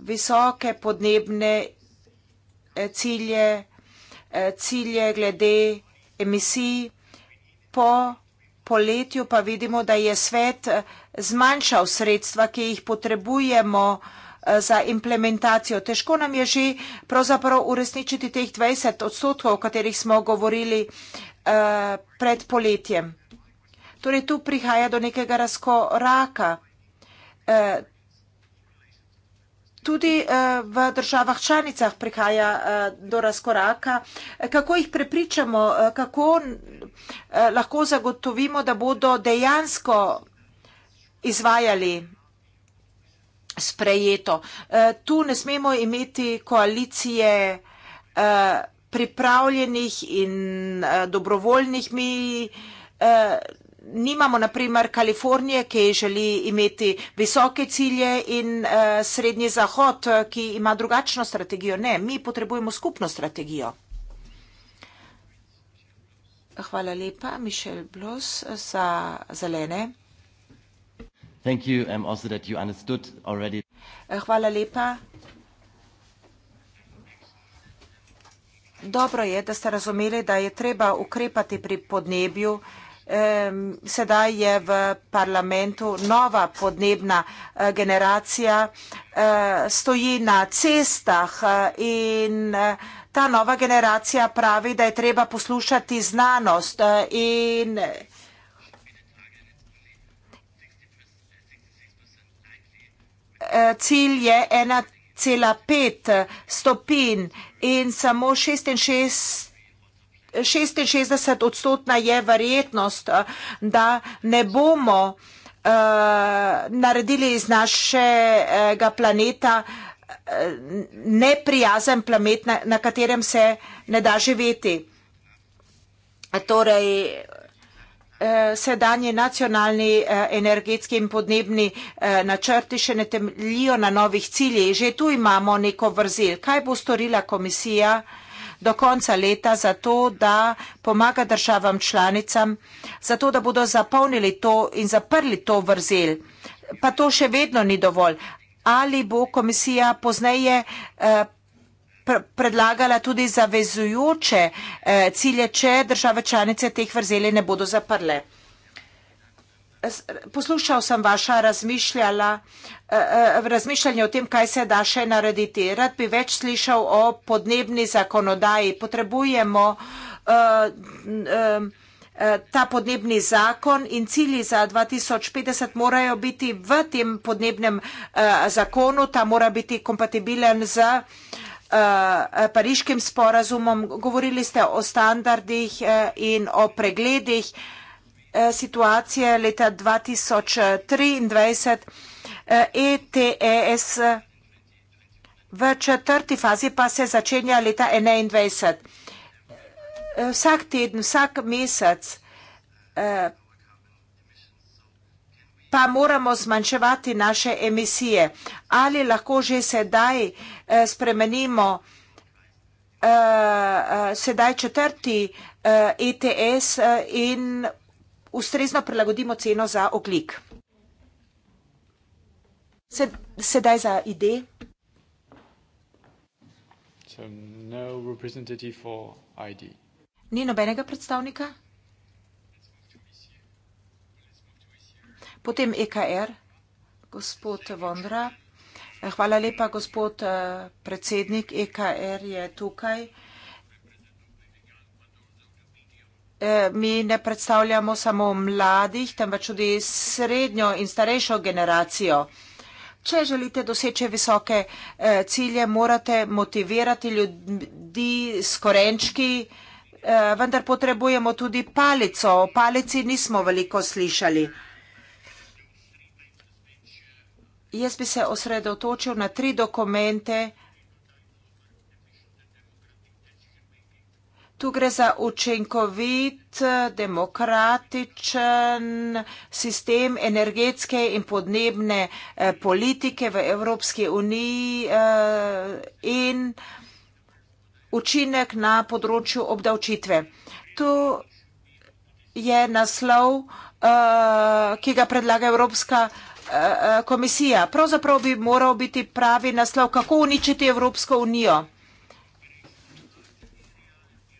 D: visoke podnebne eh, cilje, cilje glede emisij. Po poletju pa vidimo, da je svet zmanjšal sredstva, ki jih potrebujemo za Eh, za implementacijo. Težko nam je že pravzaprav uresničiti teh 20 odstotkov, o katerih smo govorili eh, pred poletjem. Torej tu prihaja do nekega razkoraka. Eh, tudi v državah članicah prihaja do razkoraka. Kako jih prepričamo, kako lahko zagotovimo, da bodo dejansko izvajali sprejeto. Eh, tu ne smemo imeti koalicije eh, pripravljenih in eh, dobrovoljnih. Mi nimamo naprimer Kalifornije, ki želi imeti visoke cilje in srednji zahod, ki ima drugačno strategijo. Ne, mi potrebujemo skupno strategijo. Hvala lepa, Mišel Blos, za zelene.
A: Um,
D: eh, hvala lepa. Dobro je, da ste razumeli, da je treba ukrepati pri podnebju. Sedaj je v parlamentu nova podnebna eh, generacija, eh, stoji na cestah in ta nova generacija pravi, da je treba poslušati znanost in znanost. cilj je 1,5 stopin in samo 66. 66 odstotna je verjetnost, da ne bomo uh, naredili iz našega planeta eh, neprijazen planet, na, na katerem se ne da živeti. Torej, Eh, sedanje nacionalni eh, energetski in podnebni eh, načrti še ne temljijo na novih ciljih. Že tu imamo neko vrzel. Kaj bo storila komisija do konca leta za to, da pomaga državam članicam, za to, da bodo zapolnili to in zaprli to vrzel? Pa to še vedno ni dovolj. Ali bo komisija pozneje pr predlagala tudi zavezujoče eh, cilje, če države članice teh vrzeli ne bodo zaprle. Poslušal sem vaša eh, eh, razmišljanja o tem, kaj se da še narediti. Rad bi več slišal o podnebni zakonodaji. Potrebujemo eh, ta podnebni zakon in cilji za 2050 morajo biti v tem podnebnem zakonu. Ta mora biti kompatibilen z Eh, pariškim sporazumom, govorili ste o standardih eh, in o pregledih eh, situacije leta 2023. ETS e e v četrti fazi pa se začenja leta 2021. Vsak teden, vsak mesec pa moramo zmanjševati naše emisije. Ali lahko že sedaj eh, spremenimo eh, eh, sedaj četrti ETS e in ustrezno prilagodimo ceno za oglik? Sedaj za ide. No Ni nobenega predstavnika? Potem EKR, gospod Vondra. Hvala lepa, gospod eh, predsednik. EKR je tukaj. Eh, mi ne predstavljamo samo mladih, temveč tudi srednjo in starejšo generacijo. Če želite doseči visoke eh, cilje, morate motivirati ljudi s korenčki, vendar potrebujemo tudi palico. O palici nismo veliko slišali jaz bi se osredotočil na tri dokumente. Tu gre za učinkovit, demokratičen sistem energetske in podnebne eh, politike v Evropski uniji eh, in učinek na področju obdavčitve. Tu je naslov, eh, ki ga predlaga Evropska unija Eh, eh, komisija. Pravzaprav bi moral biti pravi naslov, kako uničiti Evropsko unijo.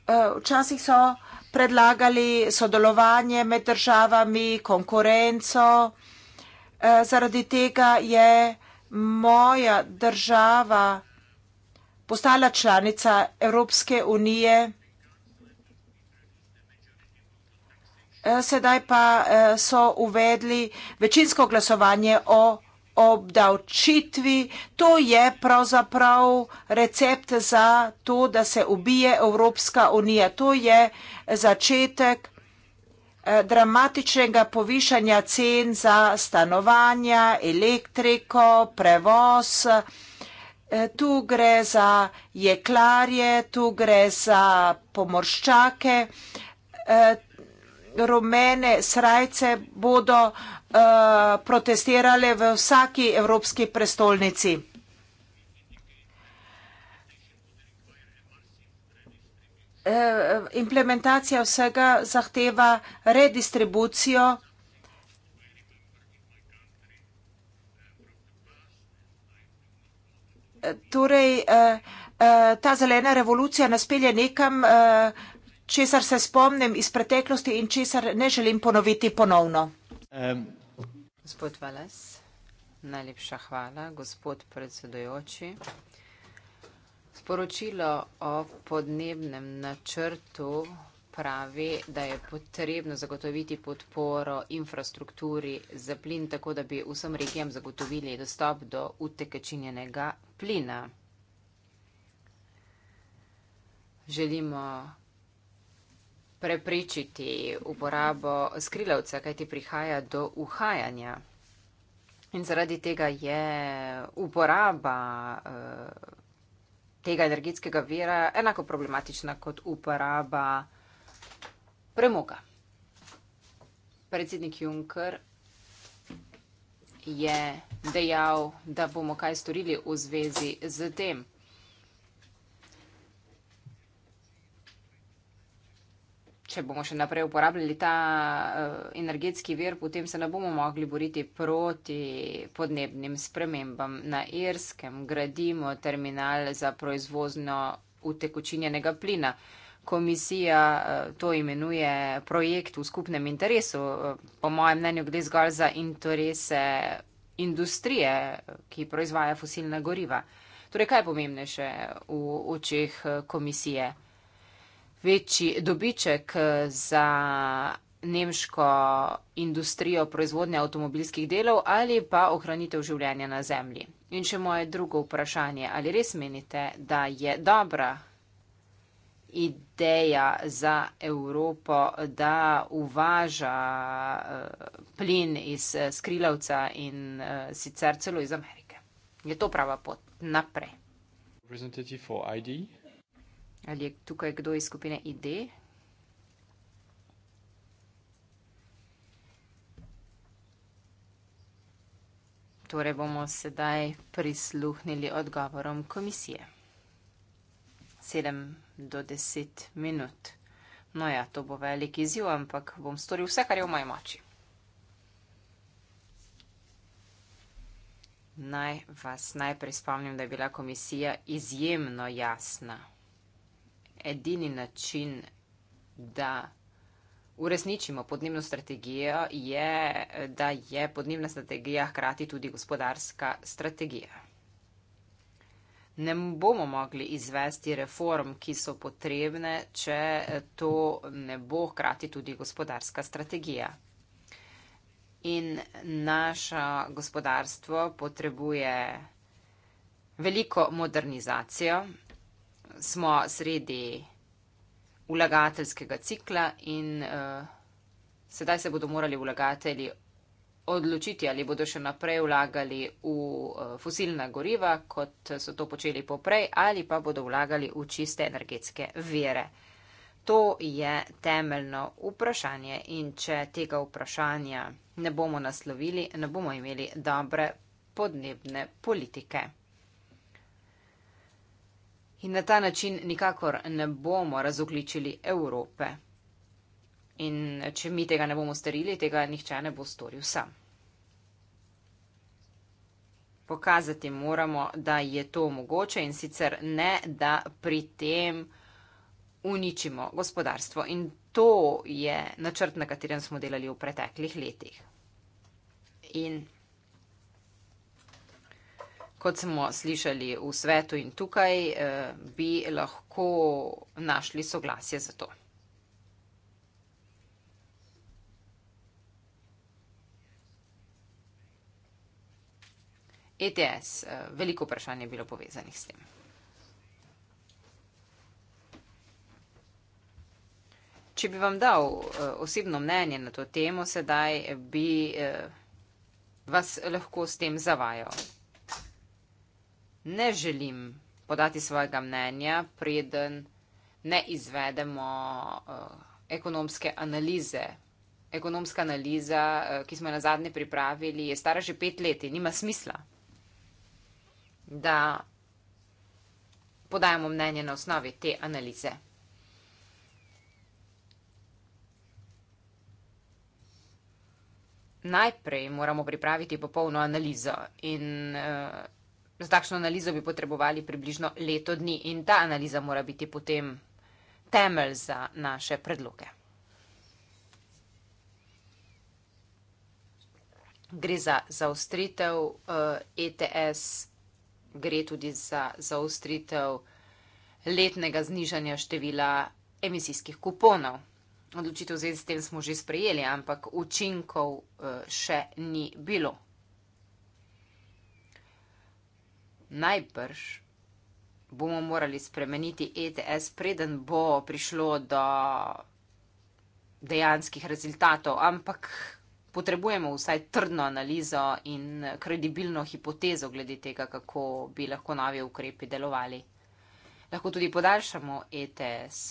D: Eh, včasih so predlagali sodelovanje med državami, konkurenco. Zaradi tega je moja država postala članica Evropske unije in Eh, sedaj pa eh, so uvedli večinsko glasovanje o obdavčitvi. To je pravzaprav recept za to, da se ubije Evropska unija. To je začetek eh, dramatičnega povišanja cen za stanovanja, elektriko, prevoz. Tu gre za jeklarje, tu gre za pomorščake rumene srajce bodo uh, protestirale v vsaki evropski prestolnici. Eh, implementacija vsega zahteva redistribucijo eh, torej, ta zelena revolucija naspelje nekam, česar se spomnim iz preteklosti in česar ne želim ponoviti ponovno.
B: Um. Gospod Vales, najlepša hvala, gospod predsedujoči. Sporočilo o podnebnem načrtu pravi, da je potrebno zagotoviti podporo infrastrukturi za plin, tako da bi vsem regijam zagotovili dostop do utekečinjenega plina. Želimo preprečiti uporabo skrilavca, kajti prihaja do uhajanja. In zaradi tega je uporaba eh, tega energetskega vira enako problematična kot uporaba premoga. Predsednik Juncker je dejal, da bomo kaj storili v zvezi z tem. če bomo še naprej uporabljali ta uh, energetski vir, potem se ne bomo mogli boriti proti podnebnim spremembam. Na Irskem gradimo terminal za proizvozno utekočinjenega plina. Komisija uh, to imenuje projekt v skupnem interesu. Uh, po mojem mnenju gre zgolj za interese industrije, ki proizvaja fosilna goriva. Torej, kaj je pomembnejše v očeh komisije? večji dobiček eh, za nemško industrijo proizvodnje avtomobilskih delov ali pa ohranitev življenja na zemlji. In še moje drugo vprašanje, ali res menite, da je dobra ideja za Evropo, da uvaža eh, plin iz eh, skrilavca in sicer celo iz Amerike? Je to prava pot naprej? Representative for ID. Ali je tukaj kdo iz skupine ID? Torej bomo sedaj prisluhnili odgovorom komisije. 7 do 10 minut. No ja, to bo velik izjiv, ampak bom storil vse, kar je v moji moči. Naj vas najprej spomnim, da je bila komisija izjemno jasna edini način, da uresničimo podnebno strategijo, je, da je podnebna strategija hkrati tudi gospodarska strategija. Ne bomo mogli izvesti reform, ki so potrebne, če to ne bo hkrati tudi gospodarska strategija. In naše gospodarstvo potrebuje veliko modernizacijo smo sredi vlagateljskega cikla in uh, sedaj se bodo morali vlagatelji odločiti, ali bodo še naprej vlagali v uh, fosilna goriva, kot so to počeli poprej, ali pa bodo vlagali v čiste energetske vere. To je temeljno vprašanje in če tega vprašanja ne bomo naslovili, ne bomo imeli dobre podnebne politike in na ta način nikakor ne bomo razokličili Evrope. In če mi tega ne bomo storili, tega nihče ne bo storil sam. Pokazati moramo, da je to mogoče in sicer ne, da pri tem uničimo gospodarstvo. In to je načrt, na katerem smo delali v preteklih letih. In kot smo slišali v svetu in tukaj, eh, bi lahko našli soglasje za to. ETS, eh, veliko vprašanje je bilo povezanih s tem. Če bi vam dal eh, osebno mnenje na to temo, sedaj bi vas lahko s tem zavajal ne želim podati svojega mnenja, preden ne izvedemo uh, ekonomske analize. Ekonomska analiza, uh, ki smo jo na zadnje pripravili, je stara že pet let in nima smisla, da podajamo mnenje na osnovi te analize. Najprej moramo pripraviti popolno analizo in uh, Za takšno analizo bi potrebovali približno leto dni in ta analiza mora biti potem temelj za naše predloge. Gre za zaostritev ETS, eh, e gre tudi za zaostritev letnega znižanja števila emisijskih kuponov. Odločitev v zvezi s tem smo že sprejeli, ampak učinkov eh, še ni bilo. najbrž bomo morali spremeniti ETS, preden bo prišlo do dejanskih rezultatov, ampak potrebujemo vsaj trdno analizo in kredibilno hipotezo glede tega, kako bi lahko novi ukrepi delovali. Lahko tudi podaljšamo ETS.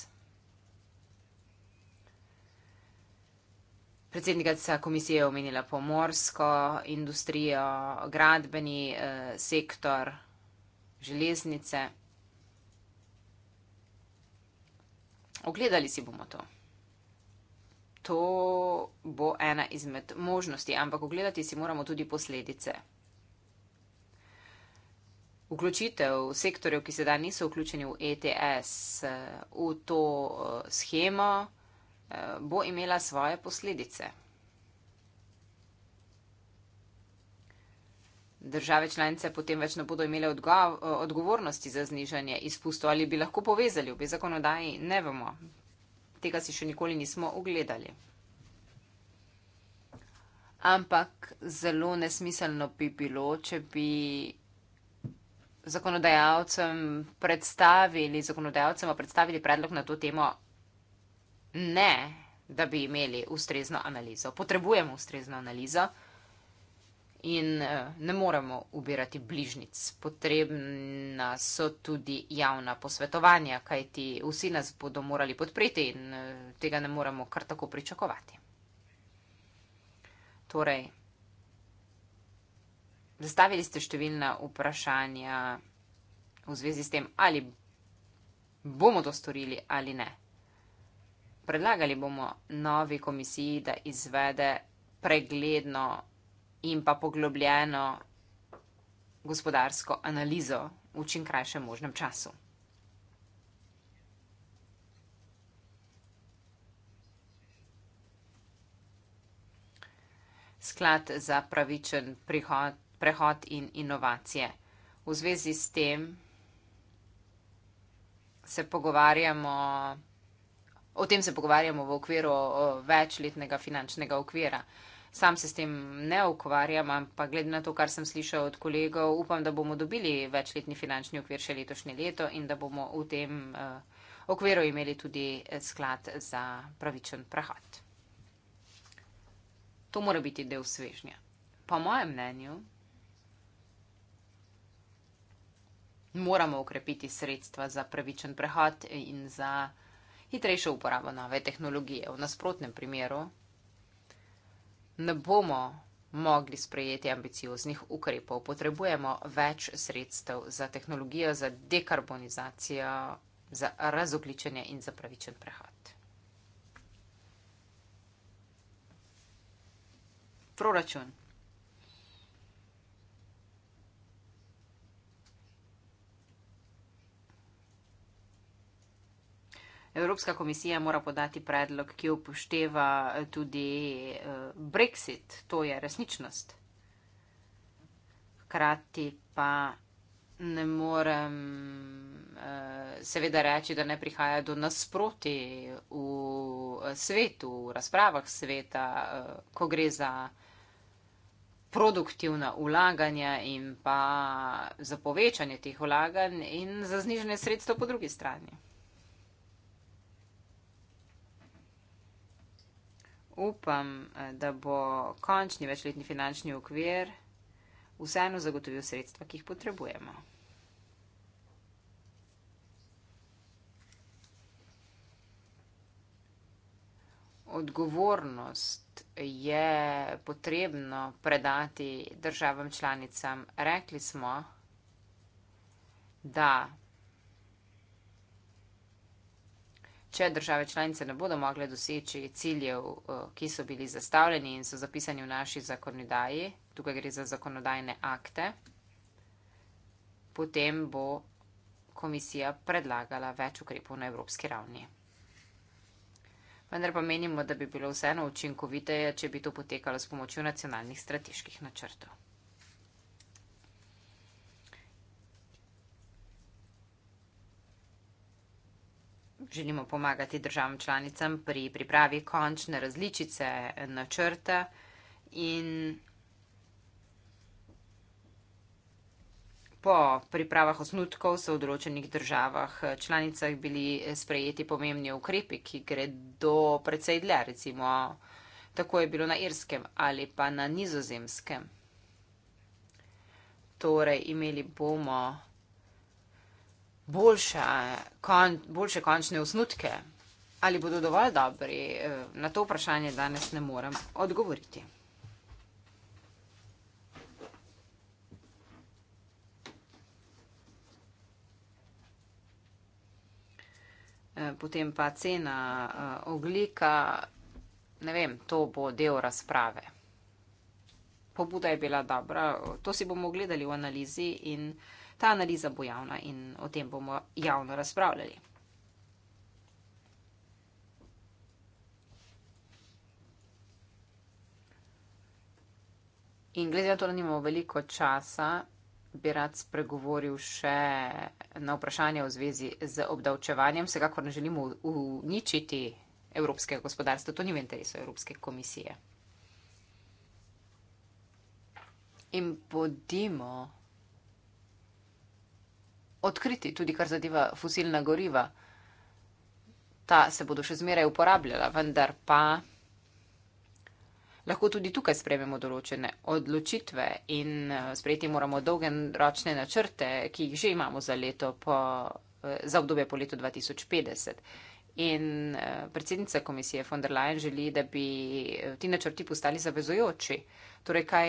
B: Predsednica komisije je omenila pomorsko industrijo, gradbeni eh, sektor, železnice. Ogledali si bomo to. To bo ena izmed možnosti, ampak ogledati si moramo tudi posledice. Vključitev sektorjev, ki sedaj niso vključeni v ETS, eh, v to eh, schemo. Eh, bo imela svoje posledice. Države članice potem več ne bodo imele eh, odgovornosti za znižanje izpustov ali bi lahko povezali obe zakonodaji, ne vemo. Tega si še nikoli nismo ogledali. Ampak zelo nesmiselno bi bilo, če bi zakonodajalcem predstavili, zakonodajalcem predstavili predlog na to temo ne, da bi imeli ustrezno analizo. Potrebujemo ustrezno analizo in eh, ne moremo ubirati bližnic. Potrebna so tudi javna posvetovanja, kajti vsi nas bodo morali podpreti in eh, tega ne moremo kar tako pričakovati. Torej, zastavili ste številna vprašanja v zvezi s tem, ali bomo to storili ali ne predlagali bomo novi komisiji, da izvede pregledno in pa poglobljeno gospodarsko analizo v čim krajšem možnem času. Sklad za pravičen prihod, prehod in inovacije. V zvezi s tem se pogovarjamo o O tem se pogovarjamo v okviru večletnega finančnega okvira. Sam se s tem ne ukvarjam, ampak glede na to, kar sem slišal od kolegov, upam, da bomo dobili večletni finančni okvir še letošnje leto in da bomo v tem e, okviru imeli tudi e, sklad za pravičen prehod. To mora biti del svežnja. Po mojem mnenju moramo ukrepiti sredstva za pravičen prehod in za hitrejšo uporabo nove tehnologije. V nasprotnem primeru ne bomo mogli sprejeti ambicioznih ukrepov. Potrebujemo več sredstev za tehnologijo, za dekarbonizacijo, za razogličenje in za pravičen prehod. Proračun. Evropska komisija mora podati predlog, ki upošteva eh, tudi eh, Brexit, to je resničnost. Hkrati pa ne morem eh, seveda reči, da ne prihaja do nasproti v svetu, v razpravah sveta, ko gre za produktivna ulaganja in pa za povečanje teh ulaganj in za znižanje sredstev po drugi strani. upam, eh, da bo končni večletni finančni okvir vseeno zagotovil sredstva, ki jih potrebujemo. Odgovornost je potrebno predati državam članicam. Rekli smo, da če države članice ne bodo mogle doseči ciljev, eh, ki so bili zastavljeni in so zapisani v naši zakonodaji, tukaj gre za zakonodajne akte, potem bo komisija predlagala več ukrepov na evropski ravni. Vendar pa menimo, da bi bilo vseeno učinkoviteje, če bi to potekalo s pomočjo nacionalnih strateških načrtov. želimo pomagati državam članicam pri pripravi končne različice načrta in Po pripravah osnutkov so v določenih državah članicah bili sprejeti pomembni ukrepi, ki gredo predvsej dlje, recimo tako je bilo na Irskem ali pa na Nizozemskem. Torej, imeli bomo boljše, kon, boljše končne osnutke. Ali bodo dovolj dobri, eh, na to vprašanje danes ne morem odgovoriti. Eh, potem pa cena eh, oglika, ne vem, to bo del razprave. Pobuda je bila dobra, to si bomo gledali v analizi in. Ta analiza bo javna in o tem bomo javno razpravljali. In glede na to, da nimamo veliko časa, bi rad spregovoril še na vprašanje v zvezi z obdavčevanjem. Vsekakor ne želimo uničiti evropskega gospodarstva, to ni v interesu Evropske komisije. In bodimo odkriti, tudi kar zadeva fosilna goriva. Ta se bodo še zmeraj uporabljala, vendar pa lahko tudi tukaj sprememo določene odločitve in eh, sprejeti moramo dolgenročne načrte, ki jih že imamo za, leto po, eh, za obdobje po letu 2050. In eh, predsednica komisije von der Leyen želi, da bi ti načrti postali zavezojoči. Torej, kaj,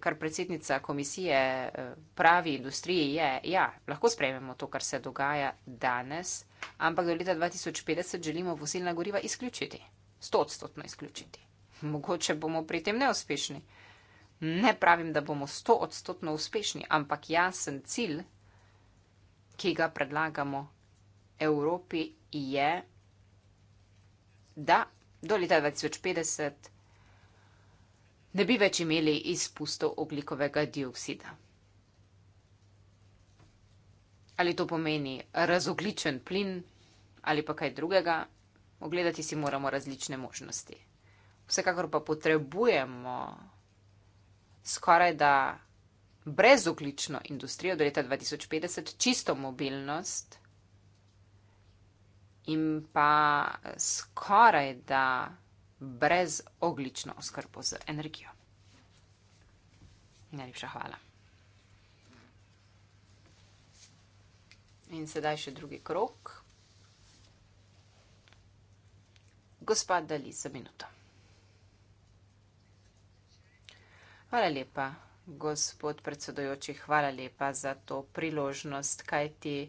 B: kar predsednica komisije eh, pravi industriji je, ja, lahko sprejmemo to, kar se dogaja danes, ampak do leta 2050 želimo fosilna goriva izključiti, stotstotno izključiti. Mogoče bomo pri tem neuspešni. Ne pravim, da bomo stotstotno uspešni, ampak jasen cilj, ki ga predlagamo Evropi, je, da do leta 2050 ne bi več imeli izpustov oglikovega dioksida. Ali to pomeni razogličen plin ali pa kaj drugega, ogledati si moramo različne možnosti. Vsekakor pa potrebujemo skoraj da brezoglično industrijo do leta 2050, čisto mobilnost in pa skoraj da brezoglično oskrbo z energijo. Najlepša hvala. In sedaj še drugi krok. Gospa Dali za minuto. Hvala lepa, gospod predsedojoči, hvala lepa za to priložnost, kaj ti je.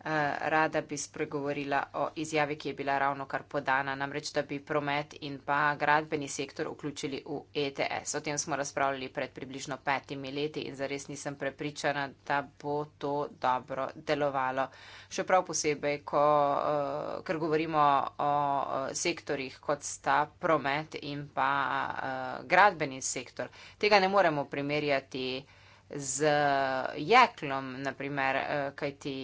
B: Eh, rada bi spregovorila o izjavi, ki je bila ravno kar podana, namreč, da bi promet in pa gradbeni sektor vključili v ETS. O tem smo razpravljali pred približno petimi leti in zares nisem prepričana, da bo to dobro delovalo. Še prav posebej, ko, eh, ker govorimo o eh, sektorjih, kot sta promet in pa gradbeni sektor. Tega ne moremo primerjati z jeklom, naprimer, eh, kaj ti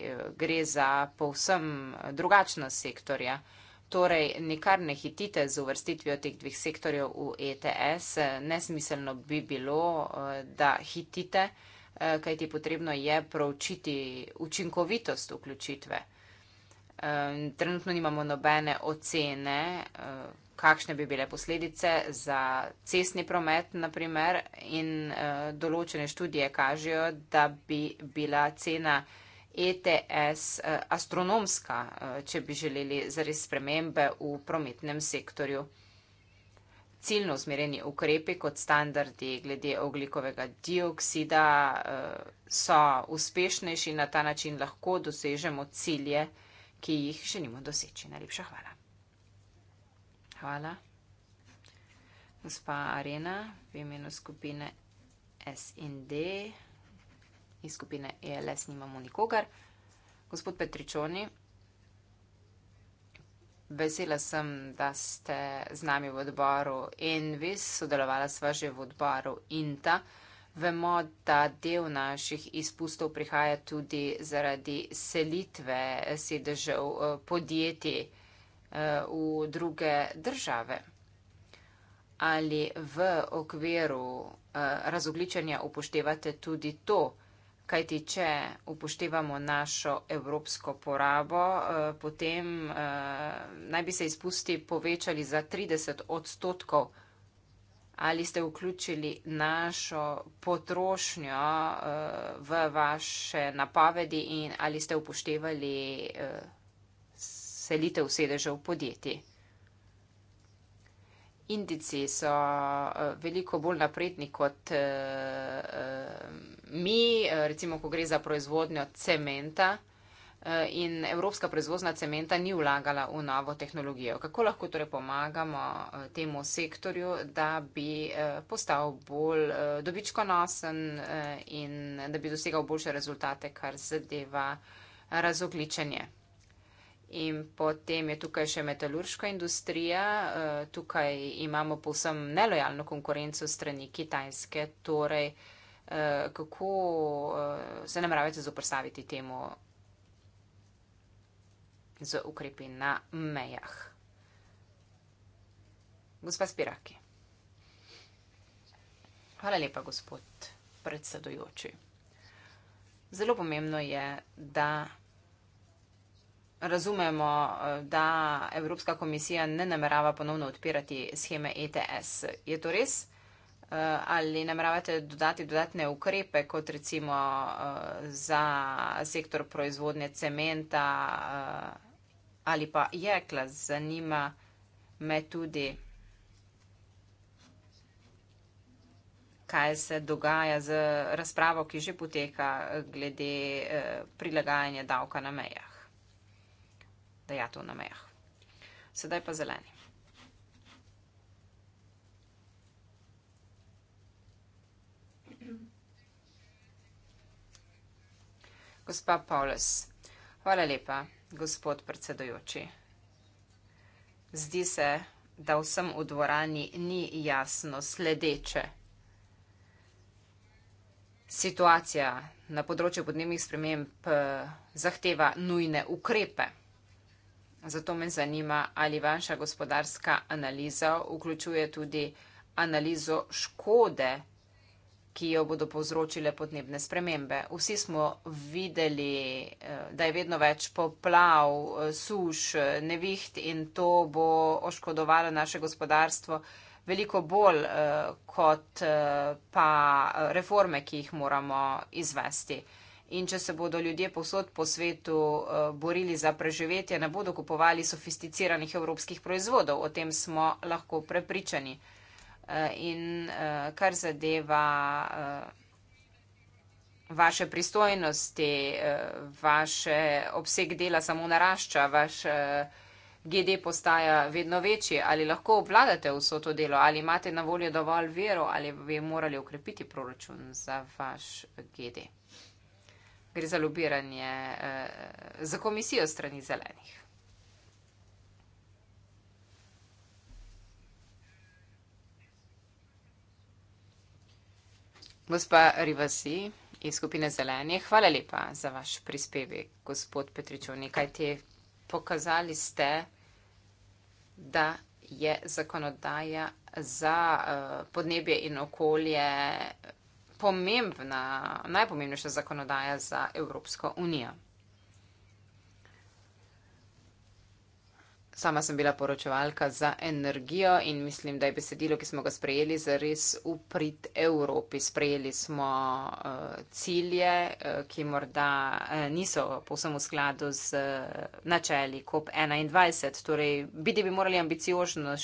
B: eh, gre za povsem drugačno sektorje. Torej, nikar ne hitite z uvrstitvijo teh dveh sektorjev v ETS. Nesmiselno bi bilo, eh, da hitite, kaj ti potrebno je proučiti učinkovitost vključitve. Trenutno nimamo nobene ocene, kakšne bi bile posledice za cestni promet, naprimer, in uh, določene študije kažejo, da bi bila cena ETS uh, eh, astronomska, uh, če bi želeli zares spremembe v prometnem sektorju. Ciljno usmerjeni ukrepi kot standardi glede oglikovega dioksida uh, so uspešnejši in na ta način lahko dosežemo cilje, ki jih želimo doseči. Najlepša hvala hvala. Gospa Arena v imenu skupine SND, iz skupine ELS nimamo nikogar. Gospod Petričoni, vesela sem, da ste z nami v odboru Envis, sodelovala sva že v odboru INTA. Vemo, da del naših izpustov prihaja tudi zaradi selitve sedežev eh, podjetij v druge države ali v okviru eh, razogličenja upoštevate tudi to, kajti če upoštevamo našo evropsko porabo, eh, potem eh, naj bi se izpusti povečali za 30 odstotkov. Ali ste vključili našo potrošnjo v vaše napovedi in ali ste upoštevali selitev sedežev podjetij. Indici so eh, veliko bolj napredni kot eh, eh, mi, recimo, ko gre za proizvodnjo cementa in evropska proizvodna cementa ni vlagala v novo tehnologijo. Kako lahko torej pomagamo temu sektorju, da bi postal bolj dobičkonosen in da bi dosegal boljše rezultate, kar zadeva razogličenje? In potem je tukaj še metalurška industrija. Eh, tukaj imamo povsem nelojalno konkurenco strani Kitajske. Torej, eh, kako eh, se namravate zoprstaviti temu z ukrepi na mejah? Gospa Spiraki. Hvala lepa, gospod predsedujoči. Zelo pomembno je, da Razumemo, eh, da Evropska komisija ne namerava ponovno odpirati scheme ETS. Je to res? Eh, ali nameravate dodati dodatne ukrepe, kot recimo eh, za sektor proizvodnje cementa ali pa jekla? Zanima me tudi, kaj se dogaja z razpravo, ki že poteka glede prilagajanja davka na mejah dejatev na mejah. Sedaj pa zeleni. Gospa Paulus, hvala lepa, gospod predsedojoči. Zdi se, da vsem v dvorani ni jasno sledeče. Situacija na področju podnebnih sprememb eh, zahteva nujne ukrepe. Zato me zanima, ali vaša gospodarska analiza vključuje tudi analizo škode, ki jo bodo povzročile podnebne spremembe. Vsi smo videli, eh, da je vedno več poplav, eh, suš, eh, neviht in to bo oškodovalo naše gospodarstvo veliko bolj kot pa reforme, ki jih moramo izvesti. In če se bodo ljudje povsod po svetu eh, borili za preživetje, ne bodo kupovali sofisticiranih evropskih proizvodov. O tem smo lahko prepričani. Eh, in eh, kar zadeva vaše pristojnosti, vaše obseg dela samo narašča, vaš GD postaja vedno večji. Ali lahko obvladate vso to delo? Ali imate na voljo dovolj vero? Ali bi morali ukrepiti proračun za vaš GD? gre za lobiranje eh, za komisijo strani zelenih. Gospa Rivasi iz skupine Zelenje, hvala lepa za vaš prispevek, gospod Petričovnik, kaj te pokazali ste, da je zakonodaja za uh, podnebje in okolje uh, pomembna, najpomembnejša zakonodaja za Evropsko unijo. Sama sem bila poročevalka za energijo in mislim, da je besedilo, ki smo ga sprejeli, zares uprit Evropi. Sprejeli smo uh, cilje, uh, ki morda uh, niso povsem v skladu z uh, načeli COP21. Torej, biti bi morali ambiciozno,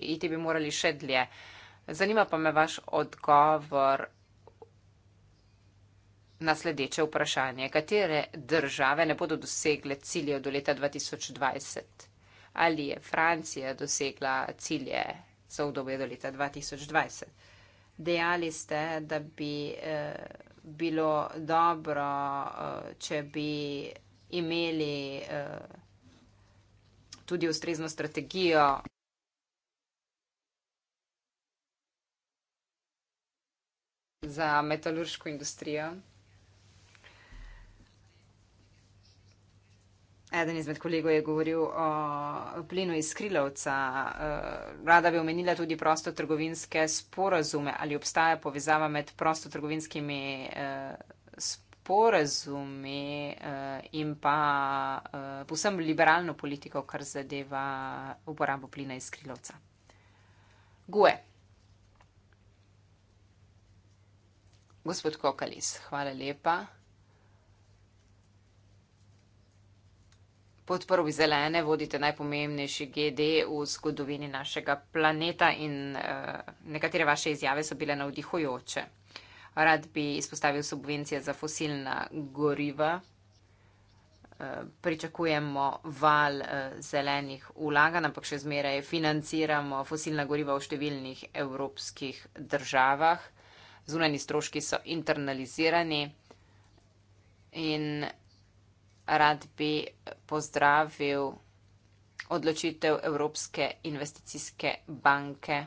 B: iti bi morali še dlje. Zanima pa me vaš odgovor, Nasledeče vprašanje, katere države ne bodo dosegle ciljev do leta 2020? Ali je Francija dosegla cilje za obdobje do leta 2020? Dejali ste, da bi eh, bilo dobro, eh, če bi imeli eh, tudi ustrezno strategijo. Za metalurško industrijo. Eden izmed kolegov je govoril o plinu iz Krilovca. Eh, rada bi omenila tudi prostotrgovinske sporazume. Ali obstaja povezava med prostotrgovinskimi eh, sporazumi eh, in pa posem liberalno politiko, kar zadeva uporabo plina iz Krilovca? Gue. Gospod Kokalis, hvala lepa. podprl zelene, vodite najpomembnejši GD v zgodovini našega planeta in uh, nekatere vaše izjave so bile navdihujoče. Rad bi izpostavil subvencije za fosilna goriva. Eh, pričakujemo val eh, zelenih vlaganj, ampak še zmeraj financiramo fosilna goriva v številnih evropskih državah. Zunani stroški so internalizirani in rad bi pozdravil odločitev Evropske investicijske banke.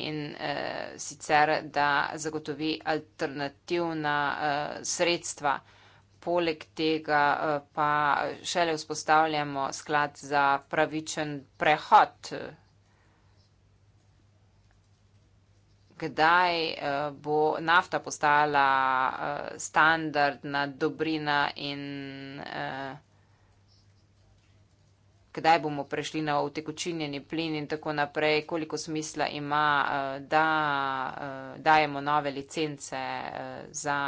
B: In e, sicer, da zagotovi alternativna e, sredstva. Poleg tega e, pa šele vzpostavljamo sklad za pravičen prehod kdaj eh, bo nafta postala eh, standardna dobrina in eh, kdaj bomo prešli na utekočinjeni plin in tako naprej, koliko smisla ima, da dajemo nove licence za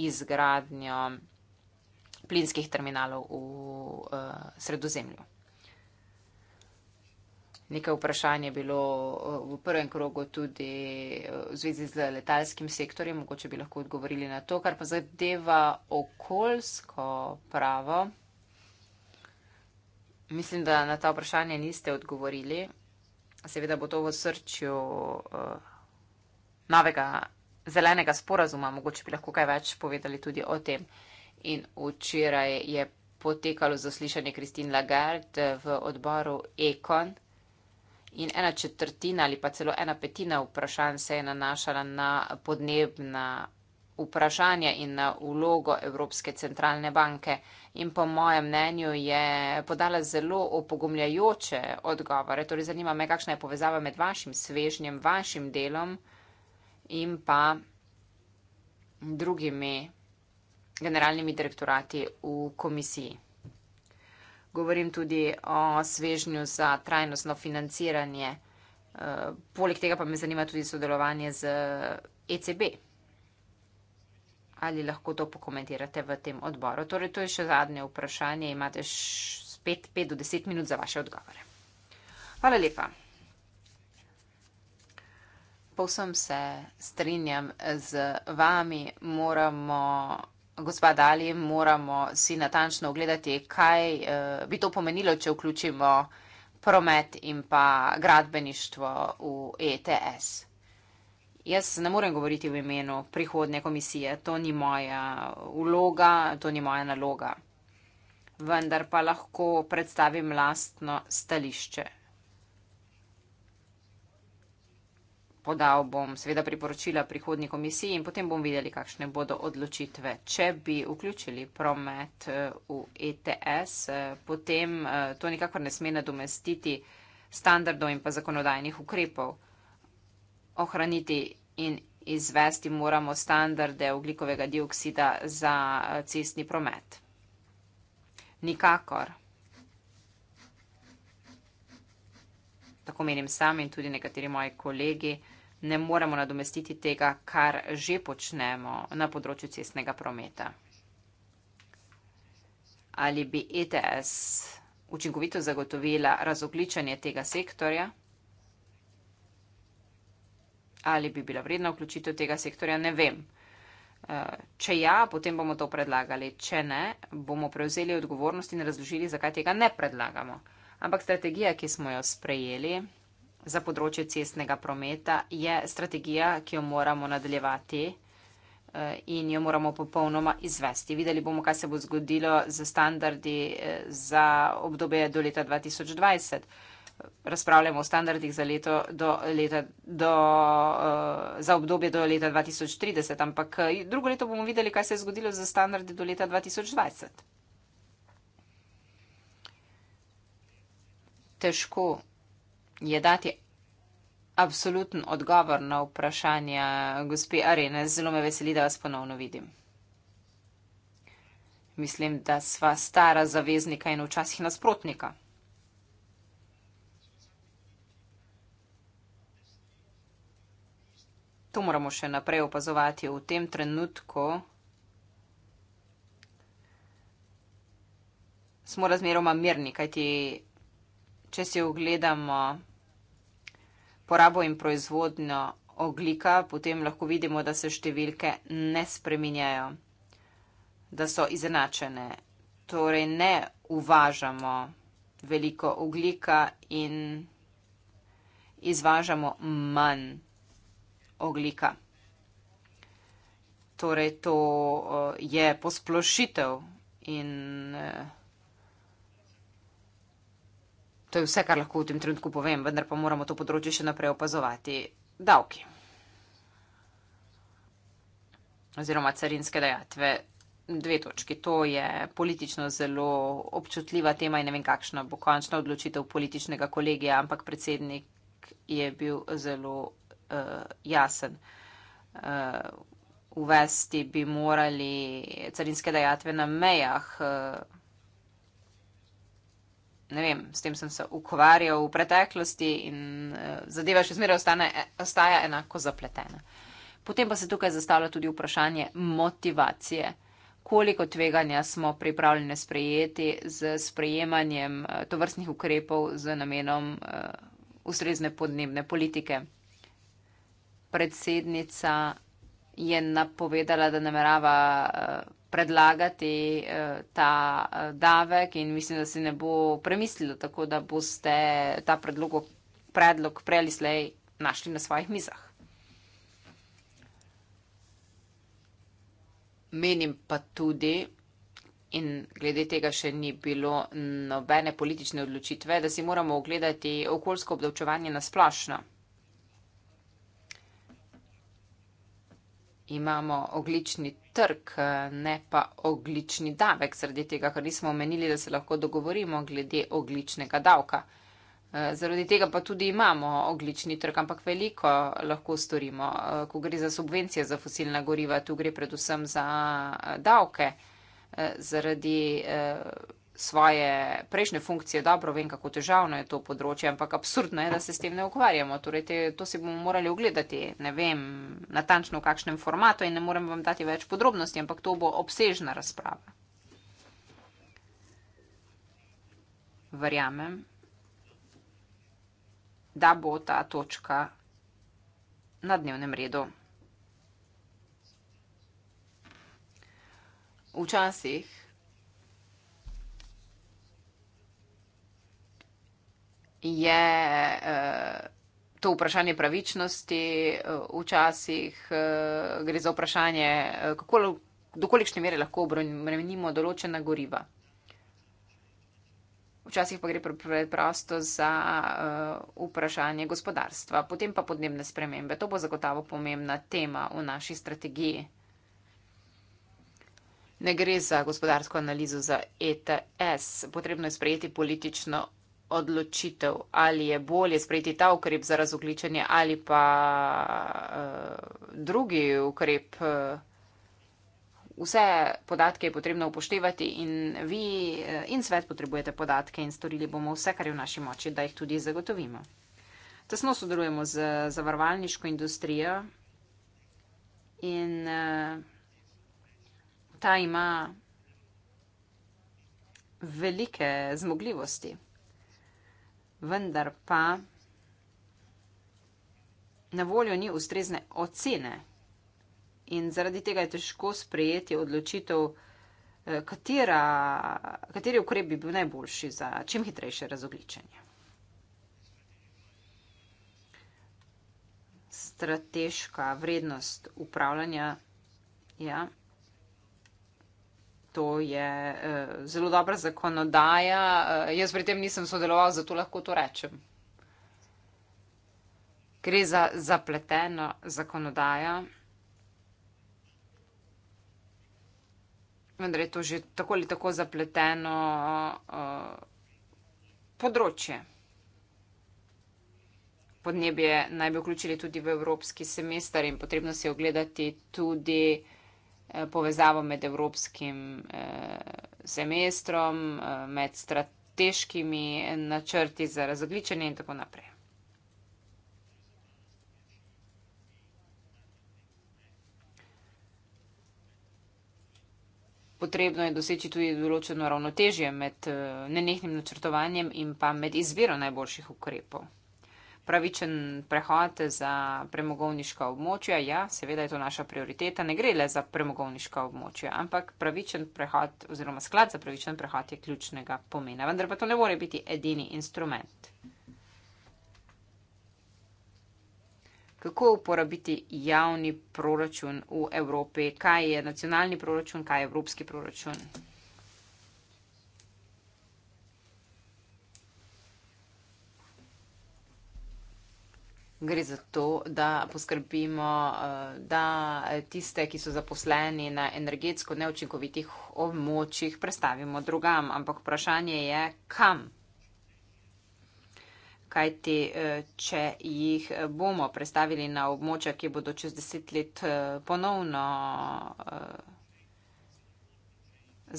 B: izgradnjo plinskih terminalov v sredozemlju. Nekaj vprašanj je bilo eh, v prvem krogu tudi eh, v zvezi z letalskim sektorjem, mogoče bi lahko odgovorili na to, kar pa zadeva okoljsko pravo. Mislim, da na ta vprašanje niste odgovorili. Seveda bo to v srčju uh, novega zelenega sporazuma, mogoče bi lahko kaj več povedali tudi o tem. In včeraj je potekalo zaslišanje Kristin Lagarde v odboru Ekon in ena četrtina ali pa celo ena petina vprašanj se je nanašala na podnebna vprašanja in na vlogo Evropske centralne banke. In po mojem mnenju je podala zelo opogumljajoče odgovore. Torej zanima me, kakšna je povezava med vašim svežnjem, vašim delom in pa drugimi generalnimi direktorati v komisiji. Govorim tudi o svežnju za trajnostno financiranje. Eh, poleg tega pa me zanima tudi sodelovanje z ECB. Eh, e Ali lahko to pokomentirate v tem odboru? Torej, to je še zadnje vprašanje. Imate spet 5 do 10 minut za vaše odgovore. Hvala lepa. Povsem se strinjam z vami. Moramo Gospa Dali, moramo si natančno ogledati, kaj eh, bi to pomenilo, če vključimo promet in pa gradbeništvo v ETS. Jaz ne morem govoriti v imenu prihodne komisije, to ni moja uloga, to ni moja naloga. Vendar pa lahko predstavim lastno stališče. podal bom seveda priporočila prihodni komisiji in potem bom videli, kakšne bodo odločitve. Če bi vključili promet eh, v ETS, eh, potem eh, to nikakor ne sme nadomestiti standardov in pa zakonodajnih ukrepov. Ohraniti in izvesti moramo standarde oglikovega dioksida za cestni promet. Nikakor. Tako menim sam in tudi nekateri moji kolegi ne moremo nadomestiti tega, kar že počnemo na področju cestnega prometa. Ali bi ETS učinkovito zagotovila razogličanje tega sektorja? Ali bi bila vredna vključitev tega sektorja? Ne vem. Eh, če ja, potem bomo to predlagali. Če ne, bomo prevzeli odgovornost in razložili, zakaj tega ne predlagamo. Ampak strategija, ki smo jo sprejeli, za področje cestnega prometa je strategija, ki jo moramo nadaljevati eh, in jo moramo popolnoma izvesti. Videli bomo, kaj se bo zgodilo z standardi eh, za obdobje do leta 2020. Razpravljamo o standardih za, leto do leta, do, eh, za obdobje do leta 2030, ampak drugo leto bomo videli, kaj se je zgodilo z standardi do leta 2020. Težko je dati absoluten odgovor na vprašanja gospe Arene. Zelo me veseli, da vas ponovno vidim. Mislim, da sva stara zaveznika in včasih nasprotnika. To moramo še naprej opazovati v tem trenutku. Smo razmeroma mirni, kajti, če si ogledamo porabo in proizvodnjo oglika, potem lahko vidimo, da se številke ne spreminjajo, da so izenačene. Torej ne uvažamo veliko oglika in izvažamo manj oglika. Torej to eh, je posplošitev in. Uh, To je vse, kar lahko v tem trenutku povem, vendar pa moramo to področje še naprej opazovati. Davki. Oziroma carinske dejatve. Dve točki. To je politično zelo občutljiva tema in ne vem, kakšna bo končna odločitev političnega kolegija, ampak predsednik je bil zelo uh, jasen. Uh, uvesti bi morali carinske dejatve na mejah. Uh, ne vem, s tem sem se ukvarjal v preteklosti in uh, zadeva še zmeraj ostane, ostaja enako zapletena. Potem pa se tukaj zastavlja tudi vprašanje motivacije. Koliko tveganja smo pripravljeni sprejeti z sprejemanjem uh, tovrstnih ukrepov z namenom uh, ustrezne podnebne politike? Predsednica je napovedala, da namerava. Uh, predlagati eh, ta eh, davek in mislim, da se ne bo premislilo, tako da boste ta predlog, predlog prej ali slej našli na svojih mizah. Menim pa tudi, in glede tega še ni bilo nobene politične odločitve, da si moramo ogledati okoljsko obdavčevanje na splošno. imamo oglični trg, ne pa oglični davek, zaradi tega, ker nismo omenili, da se lahko dogovorimo glede ogličnega davka. Eh, zaradi tega pa tudi imamo oglični trg, ampak veliko lahko storimo. Eh, ko gre za subvencije za fosilna goriva, tu gre predvsem za eh, davke. Zaradi svoje prejšnje funkcije, dobro vem, kako težavno je to področje, ampak absurdno je, da se s tem ne ukvarjamo. Torej, te, to si bomo morali ogledati, ne vem natančno v kakšnem formatu in ne morem vam dati več podrobnosti, ampak to bo obsežna razprava. Verjamem, da bo ta točka na dnevnem redu. Včasih je eh, to vprašanje pravičnosti, eh, včasih eh, gre za vprašanje, kako, do kolikšne mere lahko obremenimo določena goriva. Včasih pa gre preprosto za uh, vprašanje gospodarstva, potem pa podnebne spremembe. To bo zagotovo pomembna tema v naši strategiji. Ne gre za gospodarsko analizo za ETS. Potrebno je sprejeti politično odločitev, ali je bolje sprejeti ta ukrep za razogličenje ali pa uh, drugi ukrep. Uh, Vse podatke je potrebno upoštevati in vi eh, in svet potrebujete podatke in storili bomo vse, kar je v naši moči, da jih tudi zagotovimo. Tesno sodelujemo z zavarovalniško industrijo in eh, ta ima velike zmogljivosti vendar pa na voljo ni ustrezne ocene. In zaradi tega je težko sprejeti odločitev, eh, katera, kateri ukrep bi bil najboljši za čim hitrejše razogličenje. Strateška vrednost upravljanja. Ja to je eh, zelo dobra zakonodaja. Eh, jaz pri tem nisem sodeloval, zato lahko to rečem. Gre za zapleteno zakonodajo. Vendar je to že tako ali tako zapleteno uh, področje. Podnebje naj bi vključili tudi v evropski semester in potrebno se je ogledati tudi uh, Eh, povezavo med evropskim eh, semestrom, eh, med strateškimi načrti za razogličenje in tako naprej. Potrebno je doseči tudi določeno ravnotežje med nenehnim načrtovanjem in pa med izbiro najboljših ukrepov pravičen prehod za premogovniška območja. Ja, seveda je to naša prioriteta, ne gre le za premogovniška območja, ampak pravičen prehod oziroma sklad za pravičen prehod je ključnega pomena. Vendar pa to ne more biti edini instrument. Kako uporabiti javni proračun v Evropi? Kaj je nacionalni proračun, kaj je evropski proračun? Gre za to, da poskrbimo, eh, da eh, tiste, ki so zaposleni na energetsko neučinkovitih območjih, prestavimo drugam. Ampak vprašanje je, kam? Kaj ti, eh, če jih bomo prestavili na območja, ki bodo čez deset let ponovno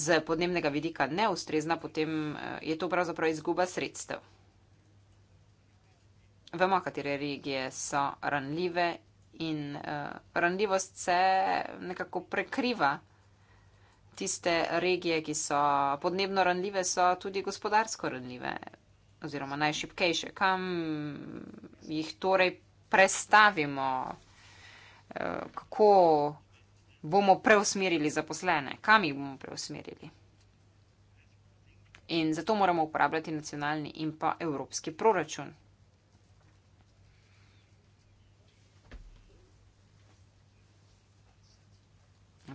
B: z podnebnega vidika neustrezna, potem je to pravzaprav izguba sredstev vemo, katere regije so ranljive in uh, ranljivost se nekako prekriva. Tiste regije, ki so podnebno ranljive, so tudi gospodarsko ranljive oziroma najšipkejše. Kam jih torej prestavimo? Eh, kako bomo preusmerili zaposlene? Kam jih bomo preusmerili? In zato moramo uporabljati nacionalni in pa evropski proračun.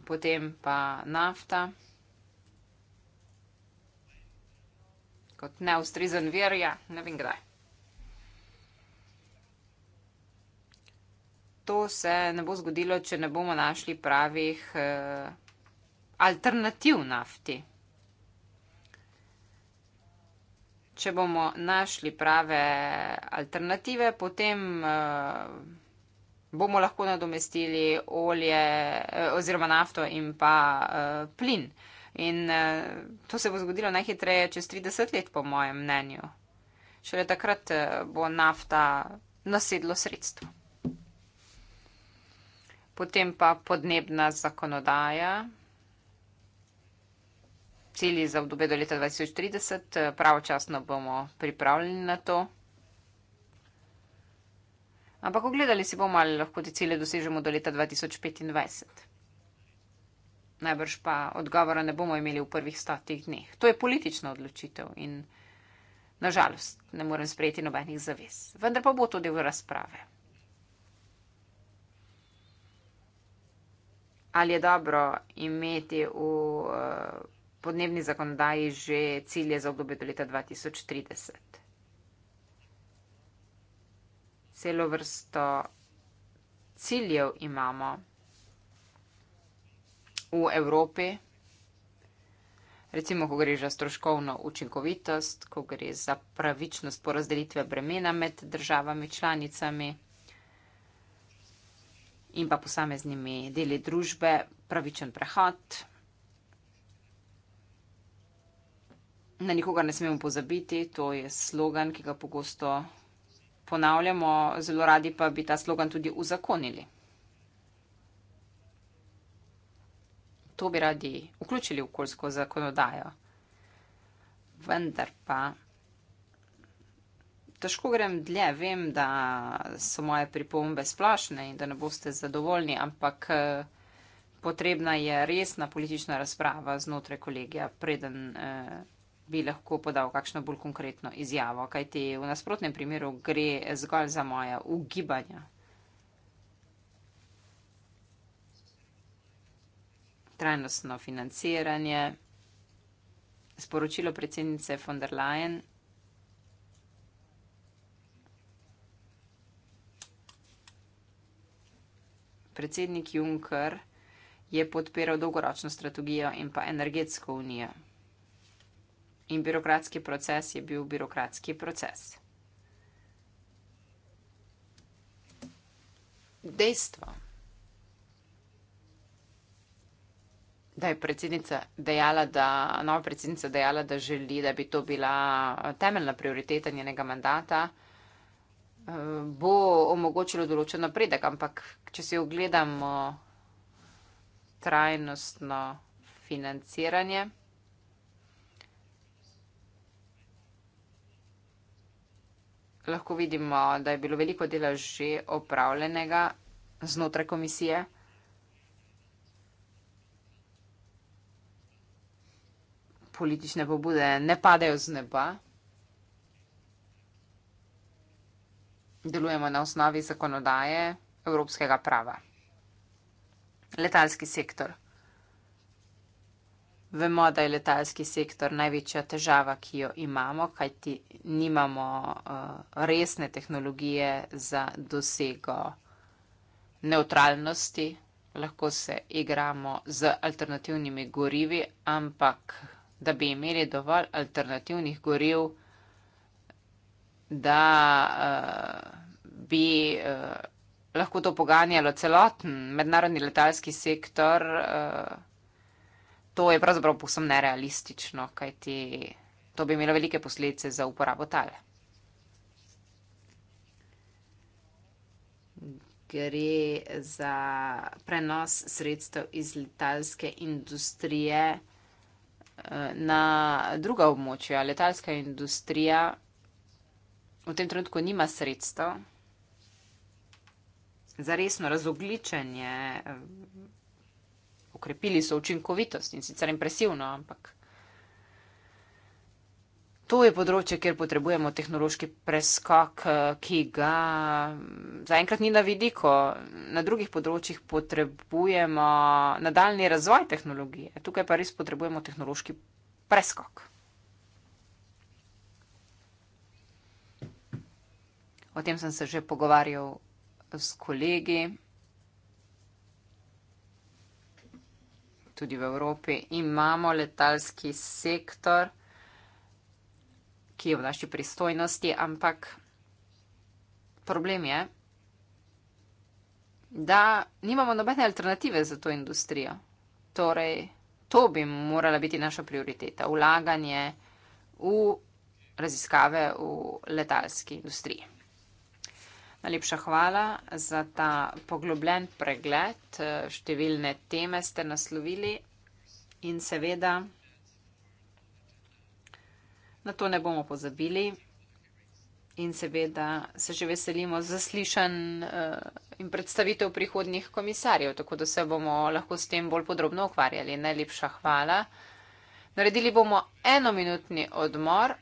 B: potem pa nafta kot neustrizen vir, ja, ne vem kdaj. To se ne bo zgodilo, če ne bomo našli pravih eh, alternativ nafti. Če bomo našli prave alternative, potem. Eh, bomo lahko nadomestili olje eh, oziroma nafto in pa uh, plin. In uh, to se bo zgodilo najhitreje čez 30 let, po mojem mnenju. Šele takrat uh, bo nafta nasedlo sredstvo. Potem pa podnebna zakonodaja. Cilji za obdobje do leta 2030, pravočasno bomo pripravljeni na to. Ampak ogledali si bomo, ali lahko te cilje dosežemo do leta 2025. Najbrž pa odgovora ne bomo imeli v prvih stotih dneh. To je politična odločitev in nažalost ne morem sprejeti nobenih zavez. Vendar pa bo to del razprave. Ali je dobro imeti v eh, podnebni zakonodaji že cilje za obdobje do leta 2030? celo vrsto ciljev imamo v Evropi. Recimo, ko gre za stroškovno učinkovitost, ko gre za pravičnost porazdelitve bremena med državami članicami in pa posameznimi deli družbe, pravičen prehod. Na nikogar ne smemo pozabiti, to je slogan, ki ga pogosto ponavljamo, zelo radi pa bi ta slogan tudi uzakonili. To bi radi vključili v okoljsko zakonodajo. Vendar pa težko grem dlje, vem, da so moje pripombe splašne in da ne boste zadovoljni, ampak eh, potrebna je resna politična razprava znotraj kolegija, preden. Eh, bi lahko podal kakšno bolj konkretno izjavo, kajti v nasprotnem primeru gre zgolj za moje ugibanja. Trajnostno financiranje. Sporočilo predsednice von der Leyen. Predsednik Juncker je podpiral dolgoročno strategijo in pa energetsko unijo in birokratski proces je bil birokratski proces. Dejstvo, da je predsednica dejala, da, nova predsednica dejala, da želi, da bi to bila eh, temeljna prioriteta njenega mandata, eh, bo omogočilo določen napredek, ampak če si ogledamo trajnostno financiranje, lahko vidimo, da je bilo veliko dela že opravljenega znotraj komisije. Politične pobude ne padejo z neba. Delujemo na osnovi zakonodaje evropskega prava. Letalski sektor. Vemo, da je letalski sektor največja težava, ki jo imamo, kajti nimamo uh, resne tehnologije za dosego neutralnosti. Lahko se igramo z alternativnimi gorivi, ampak da bi imeli dovolj alternativnih goriv, da uh, bi uh, lahko to poganjalo celoten mednarodni letalski sektor. Uh, to je pravzaprav posem nerealistično, kajti to bi imelo velike posledice za uporabo tal. Gre za prenos sredstev iz letalske industrije eh, na druga območja. Letalska industrija v tem trenutku nima sredstev za resno razogličenje eh, okrepili so učinkovitost in sicer impresivno, ampak to je področje, kjer potrebujemo tehnološki preskok, eh, ki ga zaenkrat ni na vidiko. Na drugih področjih potrebujemo nadaljni razvoj tehnologije, tukaj pa res potrebujemo tehnološki preskok. O tem sem se že pogovarjal s kolegi. tudi v Evropi, imamo letalski sektor, ki je v naši pristojnosti, ampak problem je, da nimamo nobene alternative za to industrijo. Torej, to bi morala biti naša prioriteta, vlaganje v raziskave v letalski industriji. Najlepša hvala za ta poglobljen pregled. Eh, Številne teme ste naslovili in seveda na to ne bomo pozabili. In seveda se že veselimo zaslišan eh, in predstavitev prihodnjih komisarjev, tako da se bomo lahko s tem bolj podrobno ukvarjali. Najlepša hvala. Naredili bomo enominutni odmor,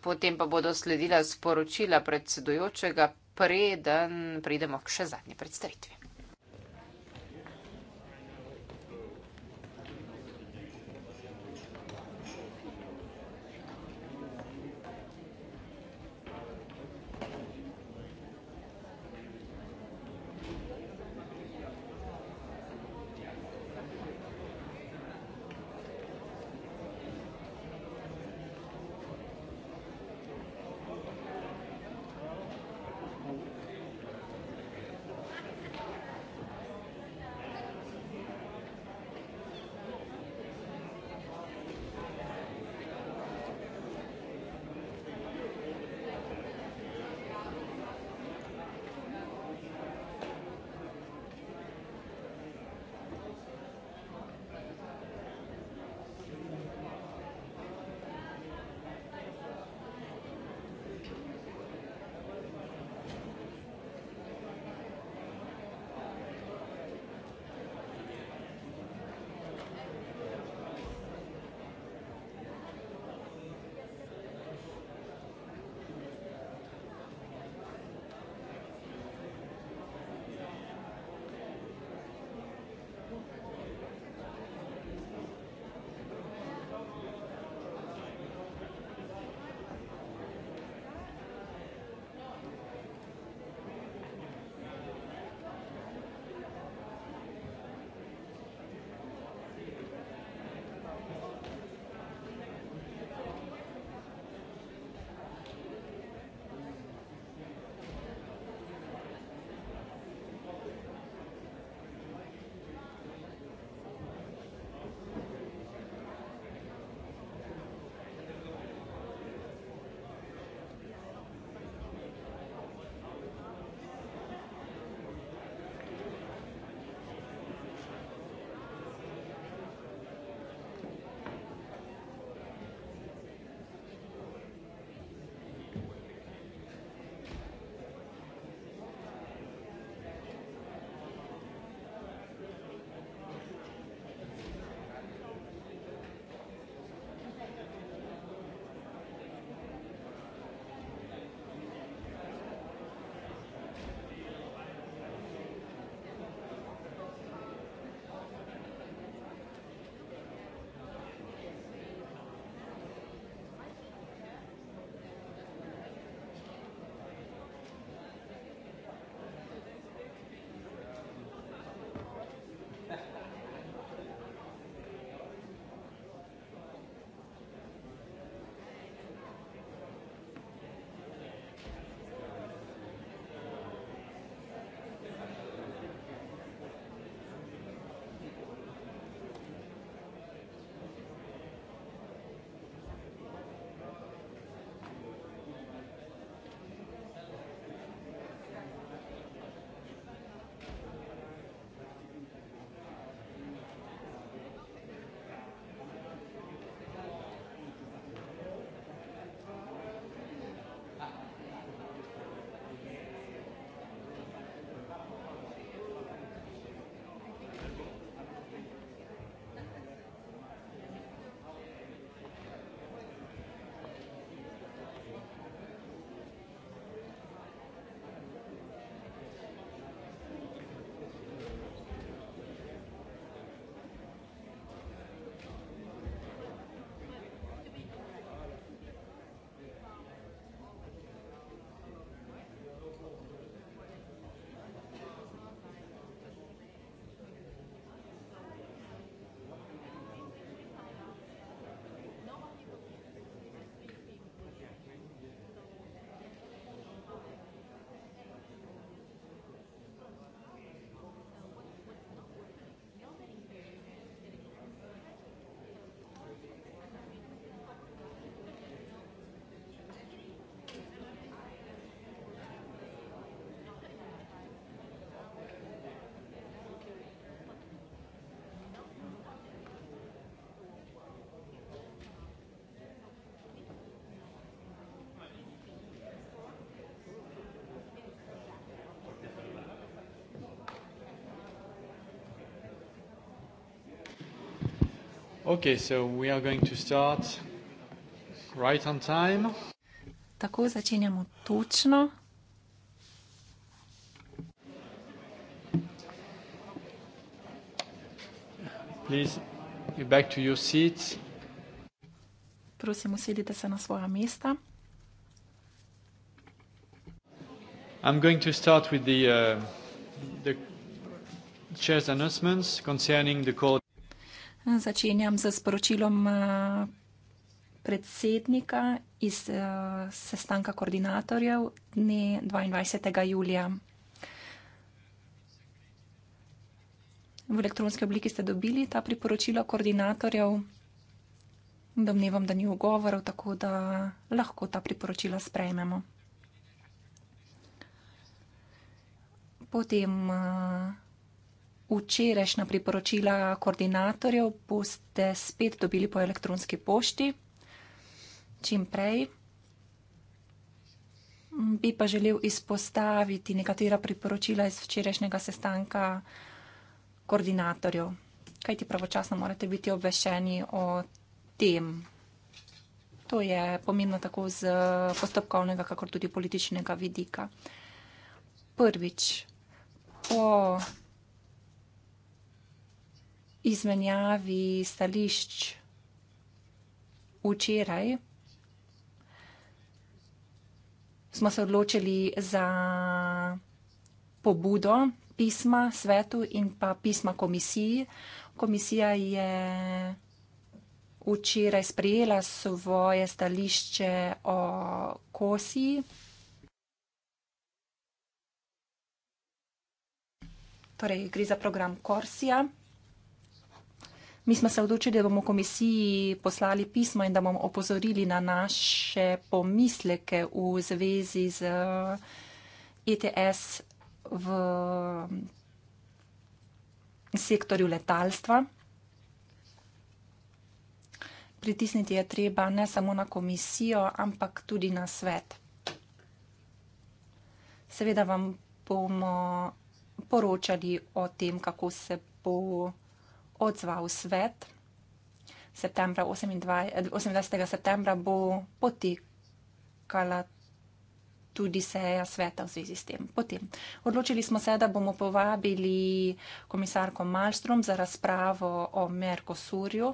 B: potem pa bodo sledila sporočila predsedujočega preden pridemo k še zadnji predstavitvi.
A: Okay, so we are going to start right on time.
C: Tako začenjamo točno.
A: Please be back to your seats.
C: Prosim, usedite se na svoja mesta.
A: I'm going to start with the uh, the chair's announcements concerning the call
C: začenjam z sporočilom eh, predsednika iz eh, sestanka koordinatorjev dne 22. julija. V elektronski obliki ste dobili ta priporočila koordinatorjev. Domnevam, da ni ugovorov, tako da lahko ta priporočila sprejmemo. Potem uh, včerajšnja priporočila koordinatorjev boste spet dobili po elektronski pošti. Čim prej bi pa želel izpostaviti nekatera priporočila iz včerajšnjega sestanka koordinatorjev, kajti pravočasno morate biti obvešeni o tem. To je pomembno tako z postopkovnega, kakor tudi političnega vidika. Prvič, po izmenjavi stališč včeraj, smo se odločili za pobudo pisma svetu in pa pisma komisiji. Komisija je včeraj sprejela svoje stališče o kosi. Torej, gre za program Korsija. Mi smo se odločili, da bomo komisiji poslali pismo in da bomo opozorili na naše pomisleke v zvezi z ETS eh, e v mm, sektorju letalstva. Pritisniti je treba ne samo na komisijo, ampak tudi na svet. Seveda vam bomo poročali o tem, kako se bo odzval svet. Septembra 28. Eh, septembra bo potekala tudi seja sveta v zvezi s tem. Potem odločili smo se, da bomo povabili komisarko Malstrom za razpravo o Merkosurju,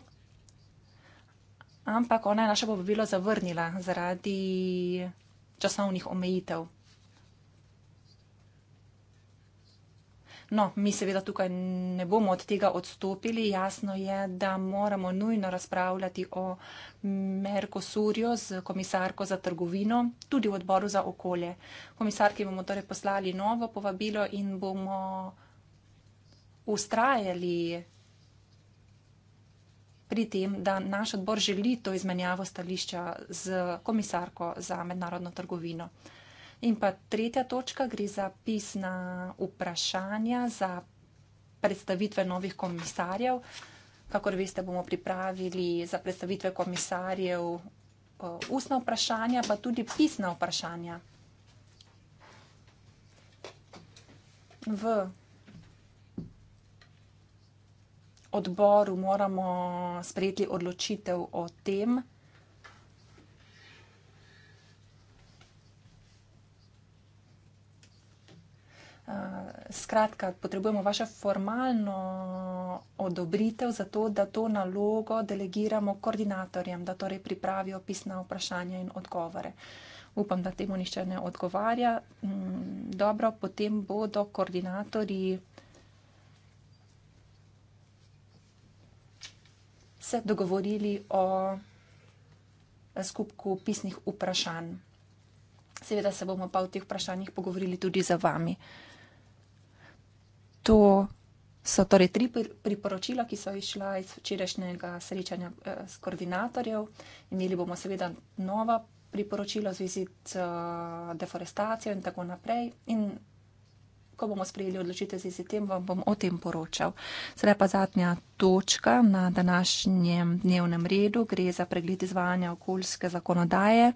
C: ampak ona je naše povabilo zavrnila zaradi časovnih omejitev. No, mi seveda tukaj ne bomo od tega odstopili. Jasno je, da moramo nujno razpravljati o Merkosurju z komisarko za trgovino, tudi v odboru za okolje. Komisarki bomo torej poslali novo povabilo in bomo ustrajali pri tem, da naš odbor želi to izmenjavo stališča z komisarko za mednarodno trgovino. In pa tretja točka gre za pisna vprašanja za predstavitve novih komisarjev. Kakor veste, bomo pripravili za predstavitve komisarjev eh, ustna vprašanja, pa tudi pisna vprašanja. V odboru moramo sprejeti odločitev o tem, Eh, skratka, potrebujemo vaše formalno odobritev za to, da to nalogo delegiramo koordinatorjem, da torej pripravijo pisna vprašanja in odgovore. Upam, da temu nišče ne odgovarja. Mm, dobro, potem bodo koordinatorji se dogovorili o skupku pisnih vprašanj. Seveda se bomo pa v teh vprašanjih pogovorili tudi za vami to so torej tri priporočila, ki so išla iz včerajšnjega srečanja eh, s koordinatorjev. Imeli bomo seveda nova priporočila z vizit eh, deforestacijo in tako naprej. In ko bomo sprejeli odločitev z vizit tem, vam bom o tem poročal. Sedaj pa zadnja točka na današnjem dnevnem redu gre za pregled izvajanja okoljske zakonodaje.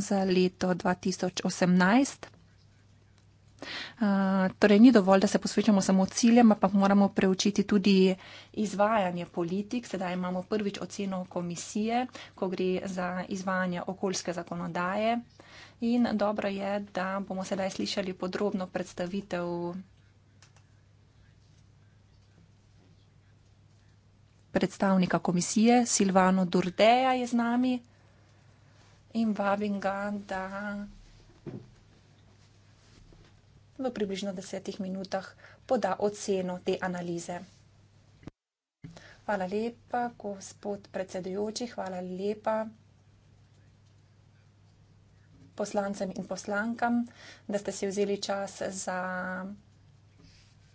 C: za leto 2018. Eh, torej, ni dovolj, da se posvečamo samo ciljem, ampak moramo preučiti tudi izvajanje politik. Sedaj imamo prvič oceno komisije, ko gre za izvajanje okoljske zakonodaje. In dobro je, da bomo sedaj slišali podrobno predstavitev. Predstavnika komisije Silvano Durdeja je z nami in vabim ga, da v približno desetih minutah poda oceno te analize. Hvala lepa, gospod predsedujoči, hvala lepa poslancem in poslankam, da ste si vzeli čas za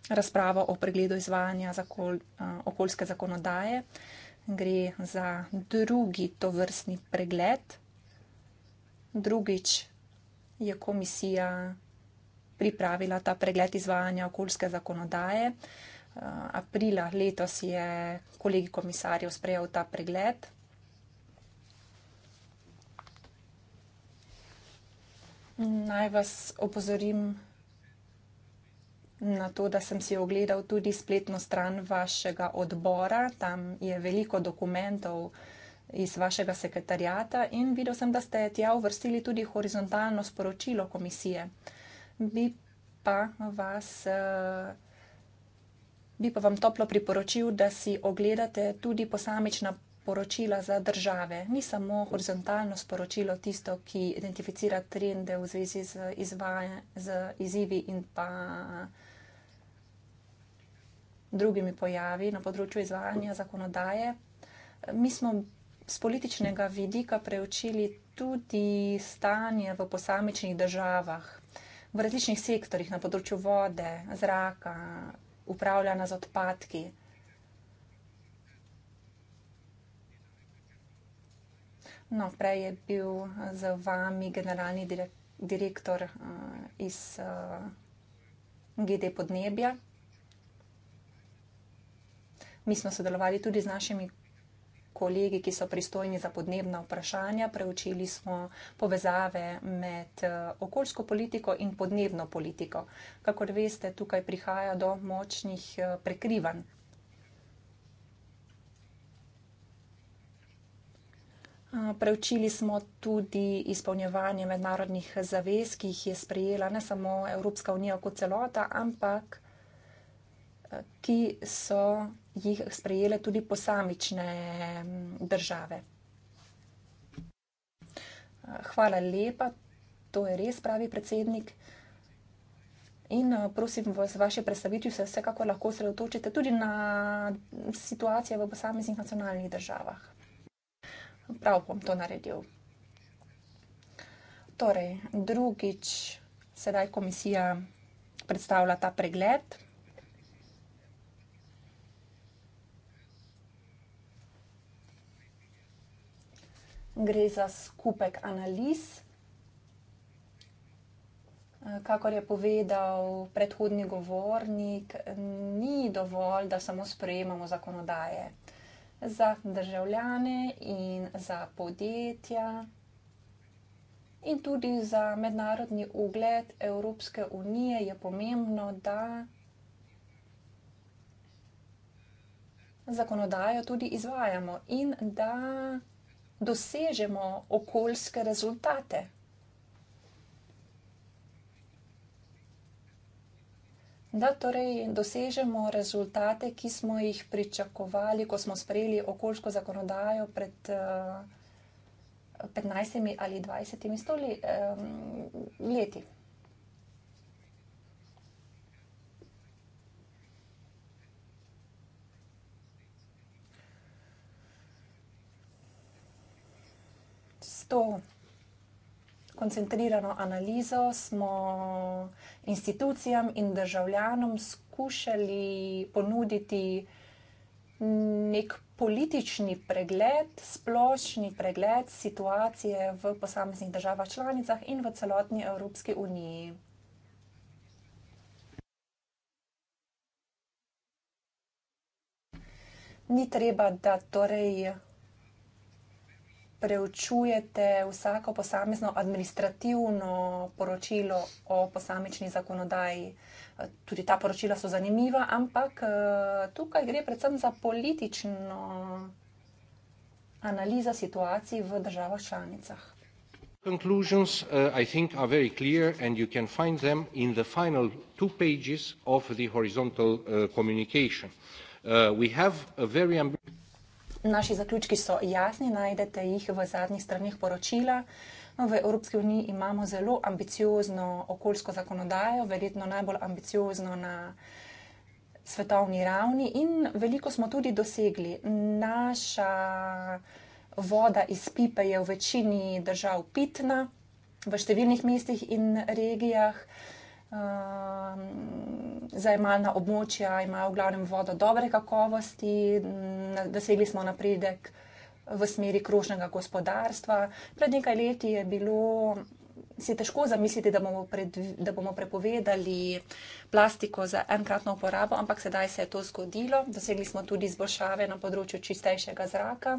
C: razpravo o pregledu izvajanja zakol, okoljske zakonodaje. Gre za drugi tovrstni pregled drugič je komisija pripravila ta pregled izvajanja okoljske zakonodaje. Eh, aprila letos je kolegi komisarjev sprejel ta pregled. Naj vas opozorim na to, da sem si ogledal tudi spletno stran vašega odbora. Tam je veliko dokumentov, iz vašega sekretarjata in videl sem, da ste tja uvrstili tudi horizontalno sporočilo komisije. Bi pa vas. Eh, bi pa vam toplo priporočil, da si ogledate tudi posamična poročila za države. Ni samo horizontalno sporočilo tisto, ki identificira trende v zvezi z, izvaja, z izzivi in pa drugimi pojavi na področju izvajanja zakonodaje. Mi smo z političnega vidika preučili tudi stanje v posamičnih državah, v različnih sektorjih na področju vode, zraka, upravljanja z odpadki. No, prej je bil z vami generalni direktor eh, iz eh, GD podnebja. Mi smo sodelovali tudi z našimi kolegi, ki so pristojni za podnebna vprašanja, preučili smo povezave med eh, okoljsko politiko in podnebno politiko. Kakor veste, tukaj prihaja do močnih eh, prekrivanj. Eh, preučili smo tudi izpolnjevanje mednarodnih zavez, ki jih je sprejela ne samo Evropska unija kot celota, ampak ki so jih sprejele tudi posamične države. Hvala lepa, to je res pravi predsednik. In eh, prosim vas, vaše predstavitvi se vsekako lahko sredotočite tudi na situacijo v posameznih nacionalnih državah. Prav bom to naredil. Torej, drugič, sedaj komisija predstavlja ta pregled. gre za skupek analiz. Eh, kakor je povedal predhodni govornik, ni dovolj, da samo sprejemamo zakonodaje za državljane in za podjetja, in tudi za mednarodni ugled Evropske unije je pomembno, da zakonodajo tudi izvajamo in da dosežemo okoljske rezultate. Da torej dosežemo rezultate, ki smo jih pričakovali, ko smo sprejeli okoljsko zakonodajo pred uh, eh, 15 ali 20 stoli, um, leti. to koncentrirano analizo smo institucijam in državljanom skušali ponuditi nek politični pregled, splošni pregled situacije v posameznih državah članicah in v celotni Evropski uniji. Ni treba, da torej preučujete vsako posamezno administrativno poročilo o posamični zakonodaji. Eh, tudi ta poročila so zanimiva, ampak eh, tukaj gre predvsem za politično analizo situacij v državah članicah.
A: Conclusions, uh, I think, are very clear, and you can find them in the final two pages of the horizontal uh, communication. Uh, we have a very ambitious.
C: Naši zaključki so jasni, najdete jih v zadnjih stranih poročila. No, v Evropski uniji imamo zelo ambiciozno okoljsko zakonodajo, verjetno najbolj ambiciozno na svetovni ravni in veliko smo tudi dosegli. Naša voda iz pipe je v večini držav pitna, v številnih mestih in regijah. Um, zajemalna območja imajo v glavnem vodo dobre kakovosti, dosegli smo napredek v smeri krožnega gospodarstva. Pred nekaj leti je bilo. Si je težko zamisliti, da bomo, pred, da bomo prepovedali plastiko za enkratno uporabo, ampak sedaj se je to zgodilo. Dosegli smo tudi izboljšave na področju čistejšega zraka.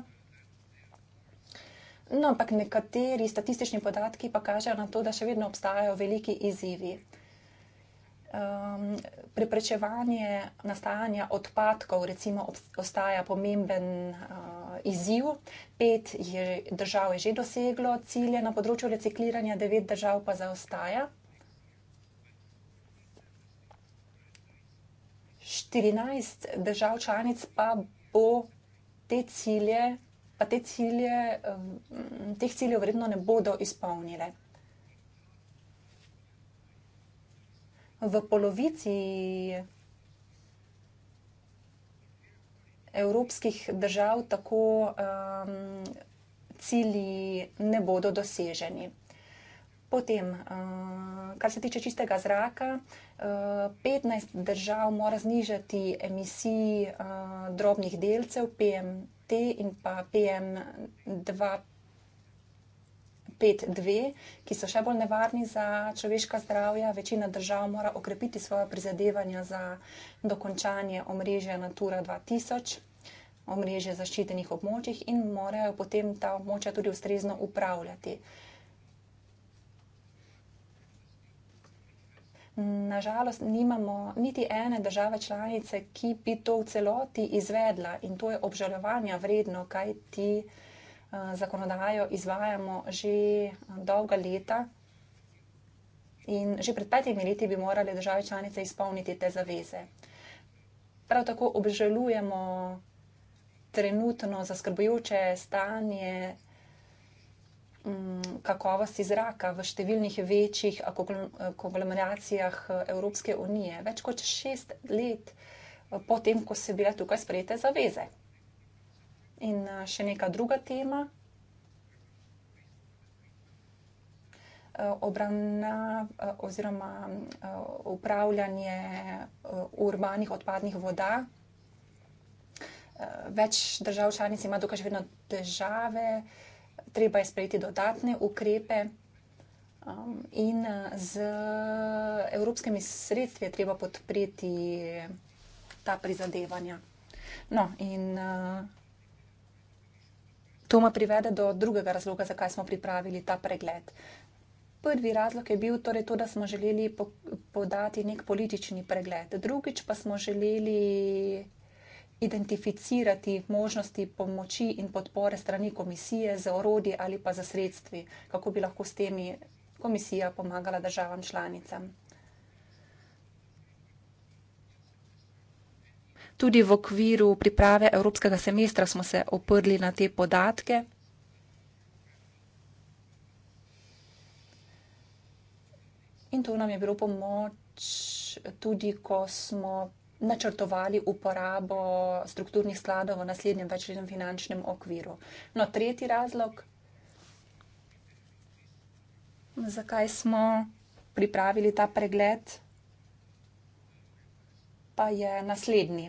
C: No, ampak nekateri statistični podatki pa kažejo na to, da še vedno obstajajo veliki izzivi um, preprečevanje nastajanja odpadkov, recimo, ostaja pomemben uh, izziv. Pet je, držav je že doseglo cilje na področju recikliranja, devet držav pa zaostaja. 14 držav članic pa bo te cilje, pa te cilje, teh ciljev vredno ne bodo izpolnile. v polovici evropskih držav tako um, cilji ne bodo doseženi. Potem, uh, kar se tiče čistega zraka, 15 uh, držav mora znižati emisiji uh, drobnih delcev PMT in pa PM2,5 5.2, ki so še bolj nevarni za človeška zdravja. Večina držav mora okrepiti svoje prizadevanja za dokončanje omrežja Natura 2000, omrežja zaščitenih območjih in morajo potem ta območja tudi ustrezno upravljati. Nažalost, nimamo niti ene države članice, ki bi to v celoti izvedla in to je obžalovanja vredno, kaj ti. Eh, zakonodajo izvajamo že eh, dolga leta. In že pred petimi leti bi morali države članice izpolniti te zaveze. Prav tako obžalujemo trenutno zaskrbujoče stanje mm, kakovosti zraka v številnih večjih eh, konglomeracijah Evropske unije. Več kot šest let potem, ko so bile tukaj sprejete zaveze. In eh, še neka druga tema. Eh, Obravna eh, oziroma upravljanje urbanih odpadnih voda. Več držav članic ima dokaj še vedno težave, treba je sprejeti dodatne ukrepe um, in z evropskimi sredstvi je treba podpreti ta prizadevanja. No, in To me privede do drugega razloga, zakaj smo pripravili ta pregled. Prvi razlog je bil torej to, da smo želeli po podati nek politični pregled. Drugič pa smo želeli identificirati možnosti pomoči in podpore strani komisije z orodji ali pa z sredstvi, kako bi lahko s temi komisija pomagala državam članicam. Tudi v okviru priprave evropskega semestra smo se oprli na te podatke. In to nam je bilo pomoč tudi, ko smo načrtovali uporabo strukturnih skladov v naslednjem večletnem finančnem okviru. No, tretji razlog, zakaj smo pripravili ta pregled, pa je naslednji.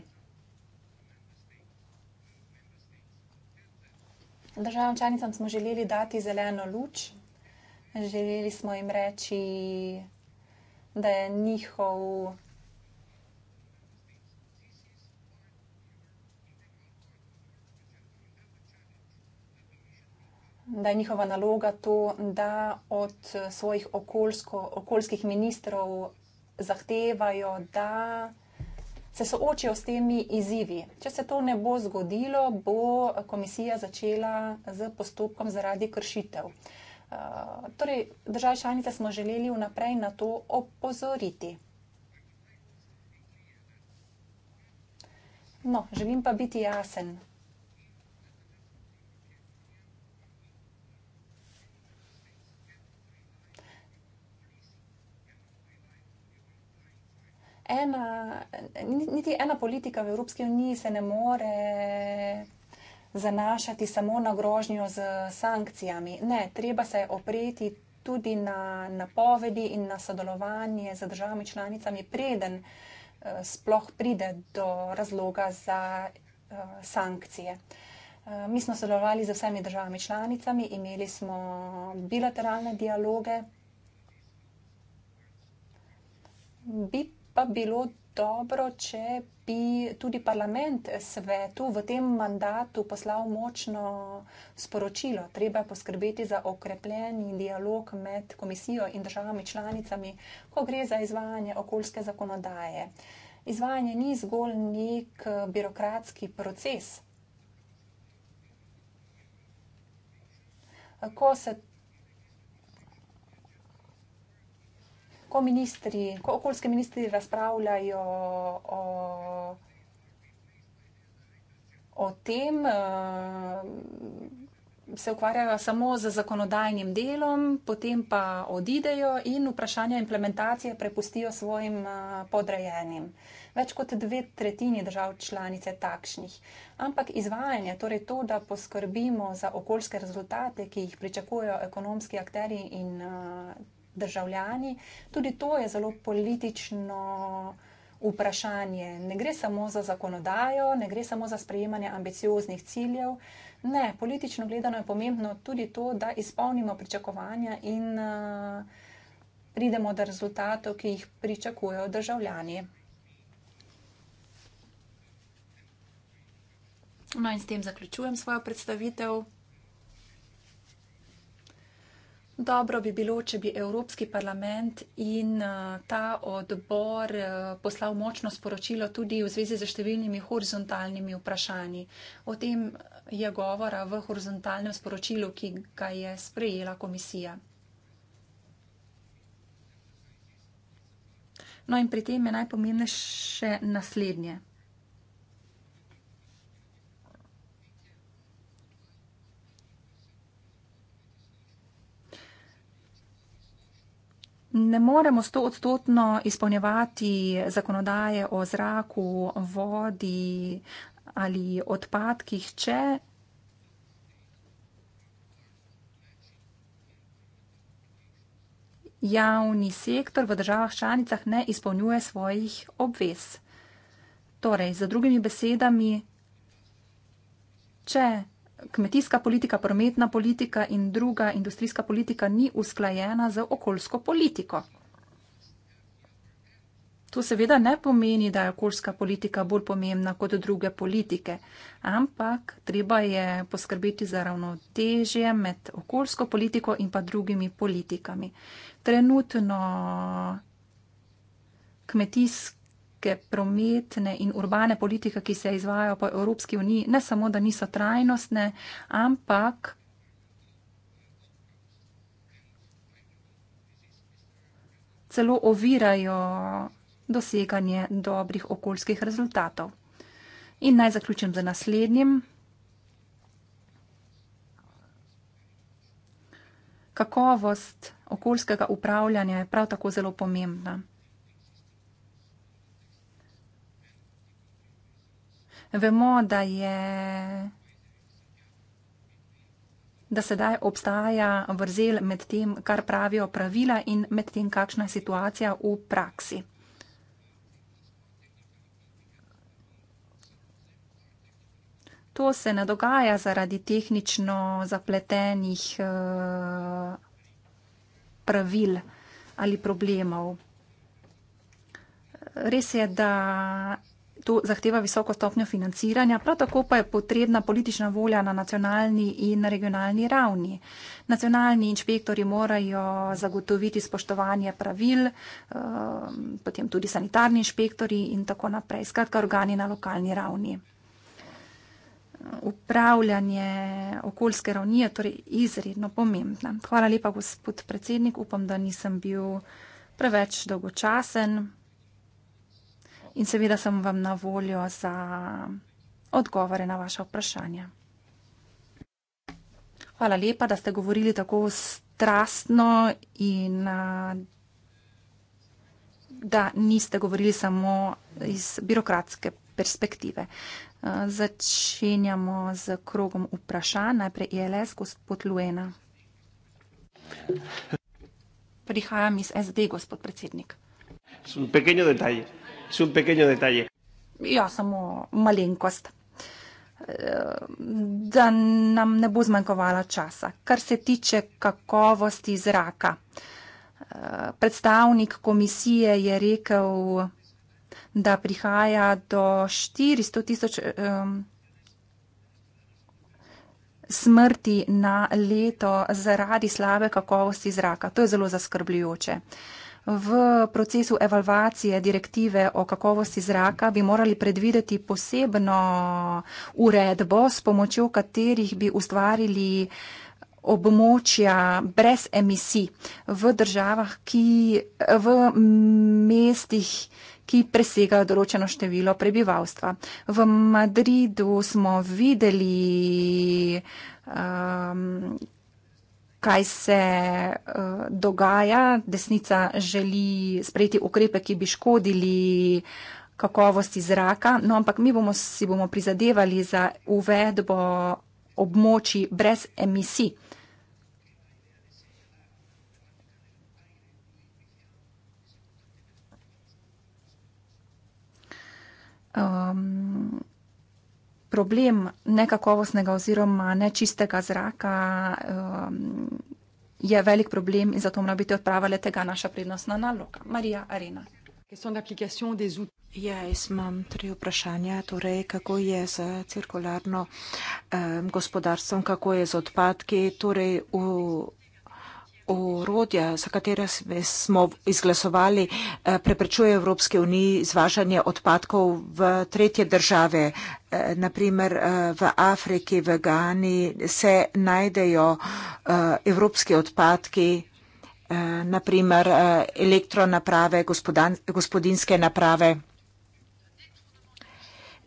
C: Državam članicam smo želeli dati zeleno luč, želeli smo jim reči, da je njihov. Da je njihova naloga to, da od svojih okoljsko, okoljskih ministrov zahtevajo, da se soočijo s temi izzivi. Če se to ne bo zgodilo, bo komisija začela z postopkom zaradi kršitev. Eh, torej, države članice smo želeli vnaprej na to opozoriti. No, želim pa biti jasen. ena, niti ena politika v Evropski uniji se ne more zanašati samo na grožnjo z sankcijami. Ne, treba se opreti tudi na napovedi in na sodelovanje z državami članicami, preden eh, sploh pride do razloga za eh, sankcije. Eh, mi smo sodelovali z vsemi državami članicami, imeli smo bilateralne dialoge. Bi pa bilo dobro, če bi tudi parlament svetu v tem mandatu poslal močno sporočilo. Treba poskrbeti za okrepljeni dialog med komisijo in državami članicami, ko gre za izvajanje okoljske zakonodaje. Izvajanje ni zgolj nek birokratski proces. Ko se ko ministri, ko okoljski ministri razpravljajo o, o tem, eh, se ukvarjajo samo z zakonodajnim delom, potem pa odidejo in vprašanje implementacije prepustijo svojim eh, podrejenim. Več kot dve tretjini držav članice takšnih. Ampak izvajanje, torej to, da poskrbimo za okoljske rezultate, ki jih pričakujejo ekonomski akteri in uh, državljani. Tudi to je zelo politično vprašanje. Ne gre samo za zakonodajo, ne gre samo za sprejemanje ambicioznih ciljev. Ne, politično gledano je pomembno tudi to, da izpolnimo pričakovanja in uh, pridemo do rezultatov, ki jih pričakujejo državljani. No, in s tem zaključujem svojo predstavitev. Dobro bi bilo, če bi Evropski parlament in eh, ta odbor eh, poslal močno sporočilo tudi v zvezi z številnimi horizontalnimi vprašanji. O tem eh, je govora v horizontalnem sporočilu, ki ga je sprejela komisija. No in pri tem je najpomembnejše naslednje. ne moremo sto odstotno izpolnjevati zakonodaje o zraku, vodi ali odpadkih, če javni sektor v državah članicah ne izpolnjuje svojih obvez. Torej, za drugimi besedami, če kmetijska politika, prometna politika in druga industrijska politika ni usklajena z okoljsko politiko. To seveda ne pomeni, da je okoljska politika bolj pomembna kot druge politike, ampak treba je poskrbeti za ravnotežje med okoljsko politiko in pa drugimi politikami. Trenutno kmetijski neke prometne in urbane politike, ki se izvajajo po Evropski uniji, ne samo, da niso trajnostne, ampak celo ovirajo doseganje dobrih okoljskih rezultatov. In naj zaključim z naslednjim. Kakovost okoljskega upravljanja je prav tako zelo pomembna. Vemo, da je da sedaj obstaja vrzel med tem, kar pravijo pravila in med tem, kakšna je situacija v praksi. To se ne dogaja zaradi tehnično zapletenih eh, pravil ali problemov. Res je, da To zahteva visoko stopnjo financiranja, prav tako pa je potrebna politična volja na nacionalni in regionalni ravni. Nacionalni inšpektori morajo zagotoviti spoštovanje pravil, ehm, potem tudi sanitarni inšpektori in tako naprej. Skratka, organi na lokalni ravni. Upravljanje okoljske ravni je torej izredno pomembno. Hvala lepa, gospod predsednik. Upam, da nisem bil preveč dolgočasen in seveda sem vam na voljo za odgovore na vaše vprašanje. Hvala lepa, da ste govorili tako strastno in da niste govorili samo iz birokratske perspektive. Začenjamo z krogom vprašanj. Najprej ILS, e gospod Luena. Prihajam iz SD, gospod predsednik.
A: Pekenjo detalje es un pequeño detalle.
C: Ja, samo malenkost. Da nam ne bo zmanjkovalo časa. Kar se tiče kakovosti zraka, predstavnik komisije je rekel, da prihaja do 400 tisoč smrti na leto zaradi slabe kakovosti zraka. To je zelo zaskrbljujoče v procesu evalvacije direktive o kakovosti zraka bi morali predvideti posebno uredbo, s pomočjo katerih bi ustvarili območja brez emisij v državah, ki, v mestih, ki presegajo določeno število prebivalstva. V Madridu smo videli, um, kaj se uh, dogaja. Desnica želi sprejeti ukrepe, ki bi škodili kakovosti zraka, no ampak mi bomo, si bomo prizadevali za uvedbo območji brez emisij. Um, problem nekakovostnega oziroma nečistega zraka um, je velik problem in zato mora biti odprava le tega naša prednostna naloga. Marija Arena. Ja, jaz imam tri vprašanja. Torej, kako je z
D: cirkularno eh, gospodarstvom, kako je z odpadki, torej v orodja, za katera smo izglasovali, eh, preprečuje Evropske unije izvažanje odpadkov v tretje države. Eh, naprimer eh, v Afriki, v Gani se najdejo evropski odpadki, naprimer elektronaprave, gospodinske naprave.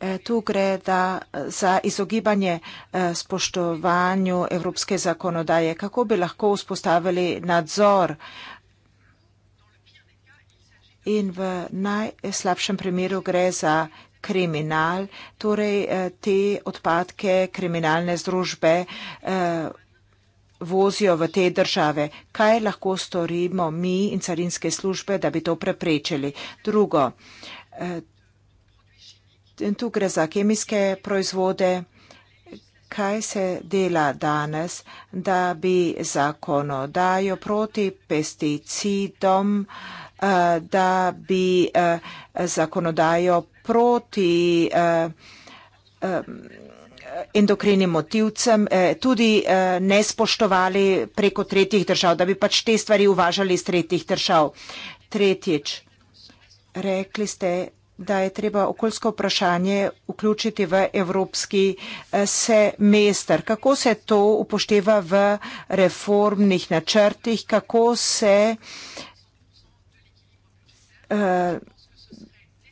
D: E, tu gre da, za izogibanje e, spoštovanju evropske zakonodaje. Kako bi lahko vzpostavili nadzor? In v najslabšem primeru gre za kriminal, torej e, te odpadke kriminalne združbe vozijo v te države. Kaj lahko storimo mi in carinske službe, da bi to preprečili? Drugo, in tu gre za kemijske proizvode, kaj se dela danes, da bi zakonodajo proti pesticidom, eh, da bi eh, zakonodajo proti eh, endokrinim motivcem tudi ne spoštovali preko tretjih držav, da bi pač te stvari uvažali iz tretjih držav. Tretjič, rekli ste, da je treba okoljsko vprašanje vključiti v evropski eh, semester. Kako se to upošteva v reformnih načrtih, kako se eh,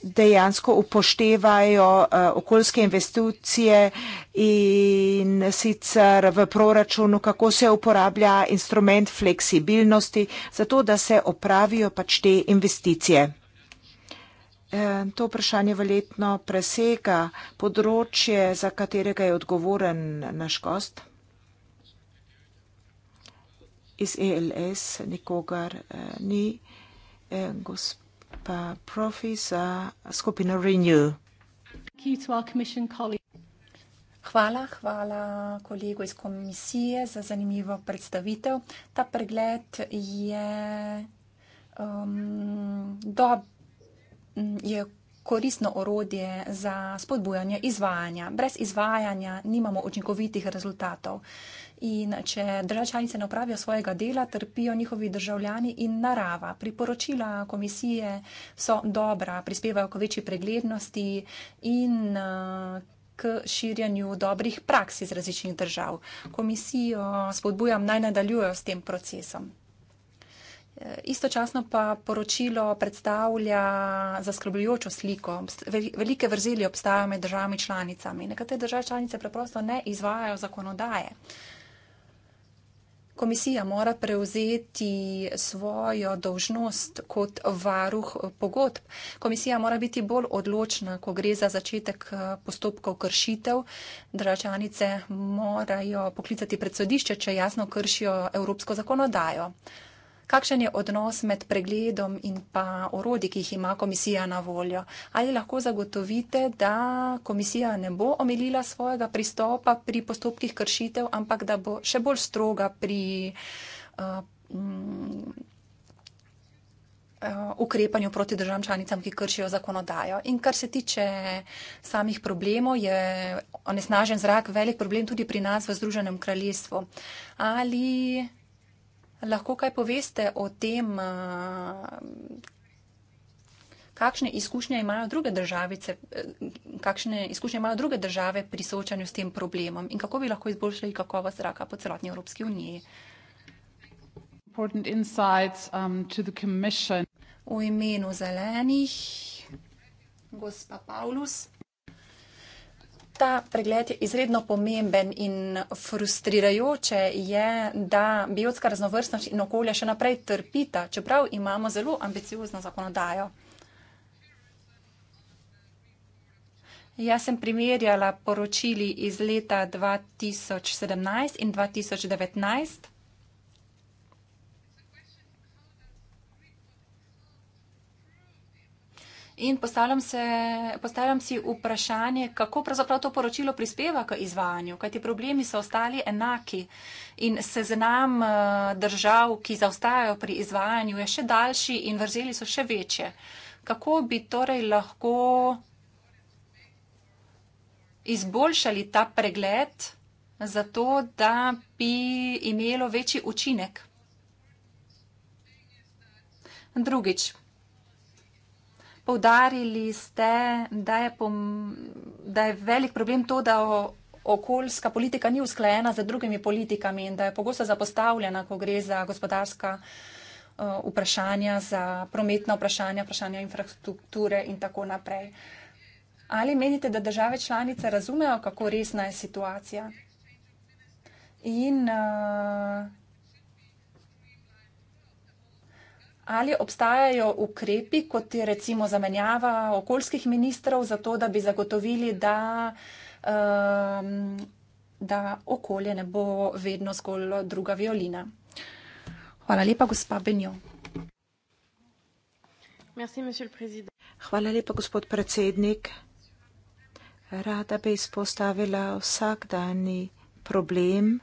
D: dejansko upoštevajo eh, okoljske investicije in sicer v proračunu, kako se uporablja instrument fleksibilnosti, zato da se opravijo pač te investicije. Eh, to vprašanje verjetno presega področje, za katerega je odgovoren naš gost. Iz ELS nikogar eh, ni. Eh, gospa
C: profi za skupino Renew. Hvala, hvala kolegu iz komisije za zanimivo predstavitev. Ta pregled je um, dober je koristno orodje za spodbujanje izvajanja. Brez izvajanja nimamo učinkovitih rezultatov. In če država članice ne opravijo svojega dela, trpijo njihovi državljani in narava. Priporočila komisije so dobra, prispevajo k večji preglednosti in eh, k širjanju dobrih praks iz različnih držav. Komisijo spodbujam naj nadaljujo s tem procesom istočasno pa poročilo predstavlja zaskrbljujočo sliko. Velike vrzeli obstajajo med državami članicami. Nekatere države članice preprosto ne izvajajo zakonodaje. Komisija mora prevzeti svojo dožnost kot varuh pogodb. Komisija mora biti bolj odločna, ko gre za začetek eh, postopkov kršitev. Državčanice morajo poklicati predsodišče, če jasno kršijo evropsko zakonodajo kakšen je odnos med pregledom in pa orodji, ki jih ima komisija na voljo. Ali lahko zagotovite, da komisija ne bo omilila svojega pristopa pri postopkih kršitev, ampak da bo še bolj stroga pri uh, ukrepanju proti državam članicam, ki kršijo zakonodajo. In kar se tiče samih problemov, je onesnažen zrak velik problem tudi pri nas v Združenem kraljestvu. Ali Lahko kaj poveste o tem, kakšne izkušnje imajo druge državice, e, kakšne izkušnje imajo druge države pri soočanju s tem problemom in kako bi lahko izboljšali kakovost zraka po celotni Evropski uniji. Um, v imenu zelenih, gospa Paulus ta pregled je izredno pomemben in frustrirajoče je, da biotska raznovrstnost in okolje še naprej trpita, čeprav imamo zelo ambiciozno zakonodajo. Jaz sem primerjala poročili iz leta 2017 in 2019. in postavljam, se, postavljam si vprašanje, kako pravzaprav to poročilo prispeva k izvajanju, kajti problemi so ostali enaki in seznam eh, držav, ki zaostajajo pri izvajanju, je še daljši in vrzeli so še večje. Kako bi torej lahko izboljšali ta pregled, zato da bi imelo večji učinek? Drugič, Poudarili ste, da je, pom, da je velik problem to, da okoljska politika ni usklajena z drugimi politikami in da je pogosto zapostavljena, ko gre za gospodarska vprašanja, za prometna vprašanja, vprašanja infrastrukture in tako naprej. Ali menite, da države članice razumejo, kako resna je situacija? In Ali obstajajo ukrepi, kot je recimo zamenjava okoljskih ministrov, zato da bi zagotovili, da, um, da okolje ne bo vedno zgolj druga violina? Hvala lepa, gospa Benjo.
D: Hvala lepa, gospod predsednik. Rada bi izpostavila vsakdani problem.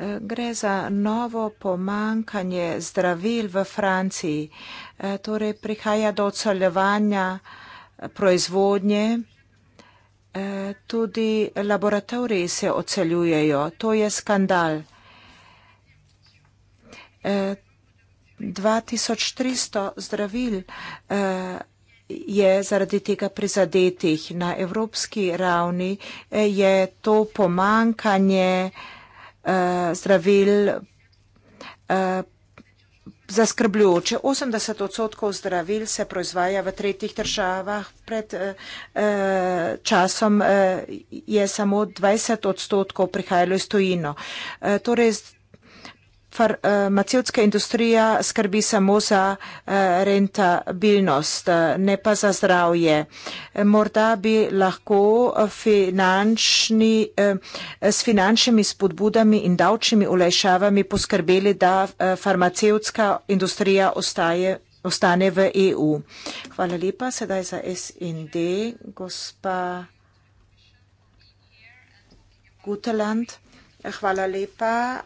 D: Gre za novo pomankanje zdravil v Franciji. E, torej prihaja do odsaljevanja proizvodnje. E, tudi laboratoriji se odseljujejo. To je skandal. 2300 e, zdravil je zaradi tega prizadetih. Na evropski ravni je to pomankanje zdravil. Eh, zdravil eh, zaskrbljujoče. 80 odstotkov zdravil se proizvaja v tretjih državah, pred eh, časom je samo 20 odstotkov prihajalo iz tujino. Torej, farmacevtska eh, industrija skrbi samo za eh, rentabilnost, eh, ne pa za zdravje. Morda bi lahko finančni, s finančnimi spodbudami in davčnimi olajšavami poskrbeli, da farmacevtska industrija ostaje, ostane v EU. Hvala lepa. Sedaj za SND, gospa Guteland. Hvala lepa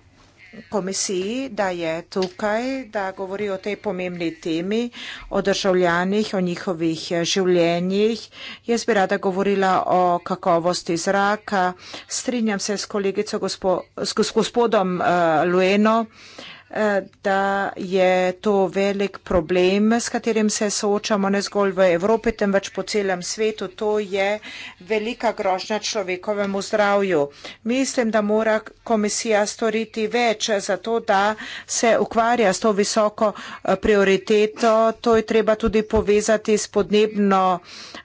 D: komisiji, da je tukaj, da govori o tej pomembni temi, o državljanih, o njihovih življenjih. Jaz bi rada govorila o kakovosti zraka. Strinjam se s kolegico gospo, s gospodom uh, Lueno. Uh, da je to velik problem, s katerim se soočamo ne zgolj v Evropi, temveč po celem svetu. To je velika grožnja človekovemu zdravju. Mislim, da mora komisija storiti več za to, da se ukvarja s to visoko eh, prioriteto. To je treba tudi povezati s podnebno.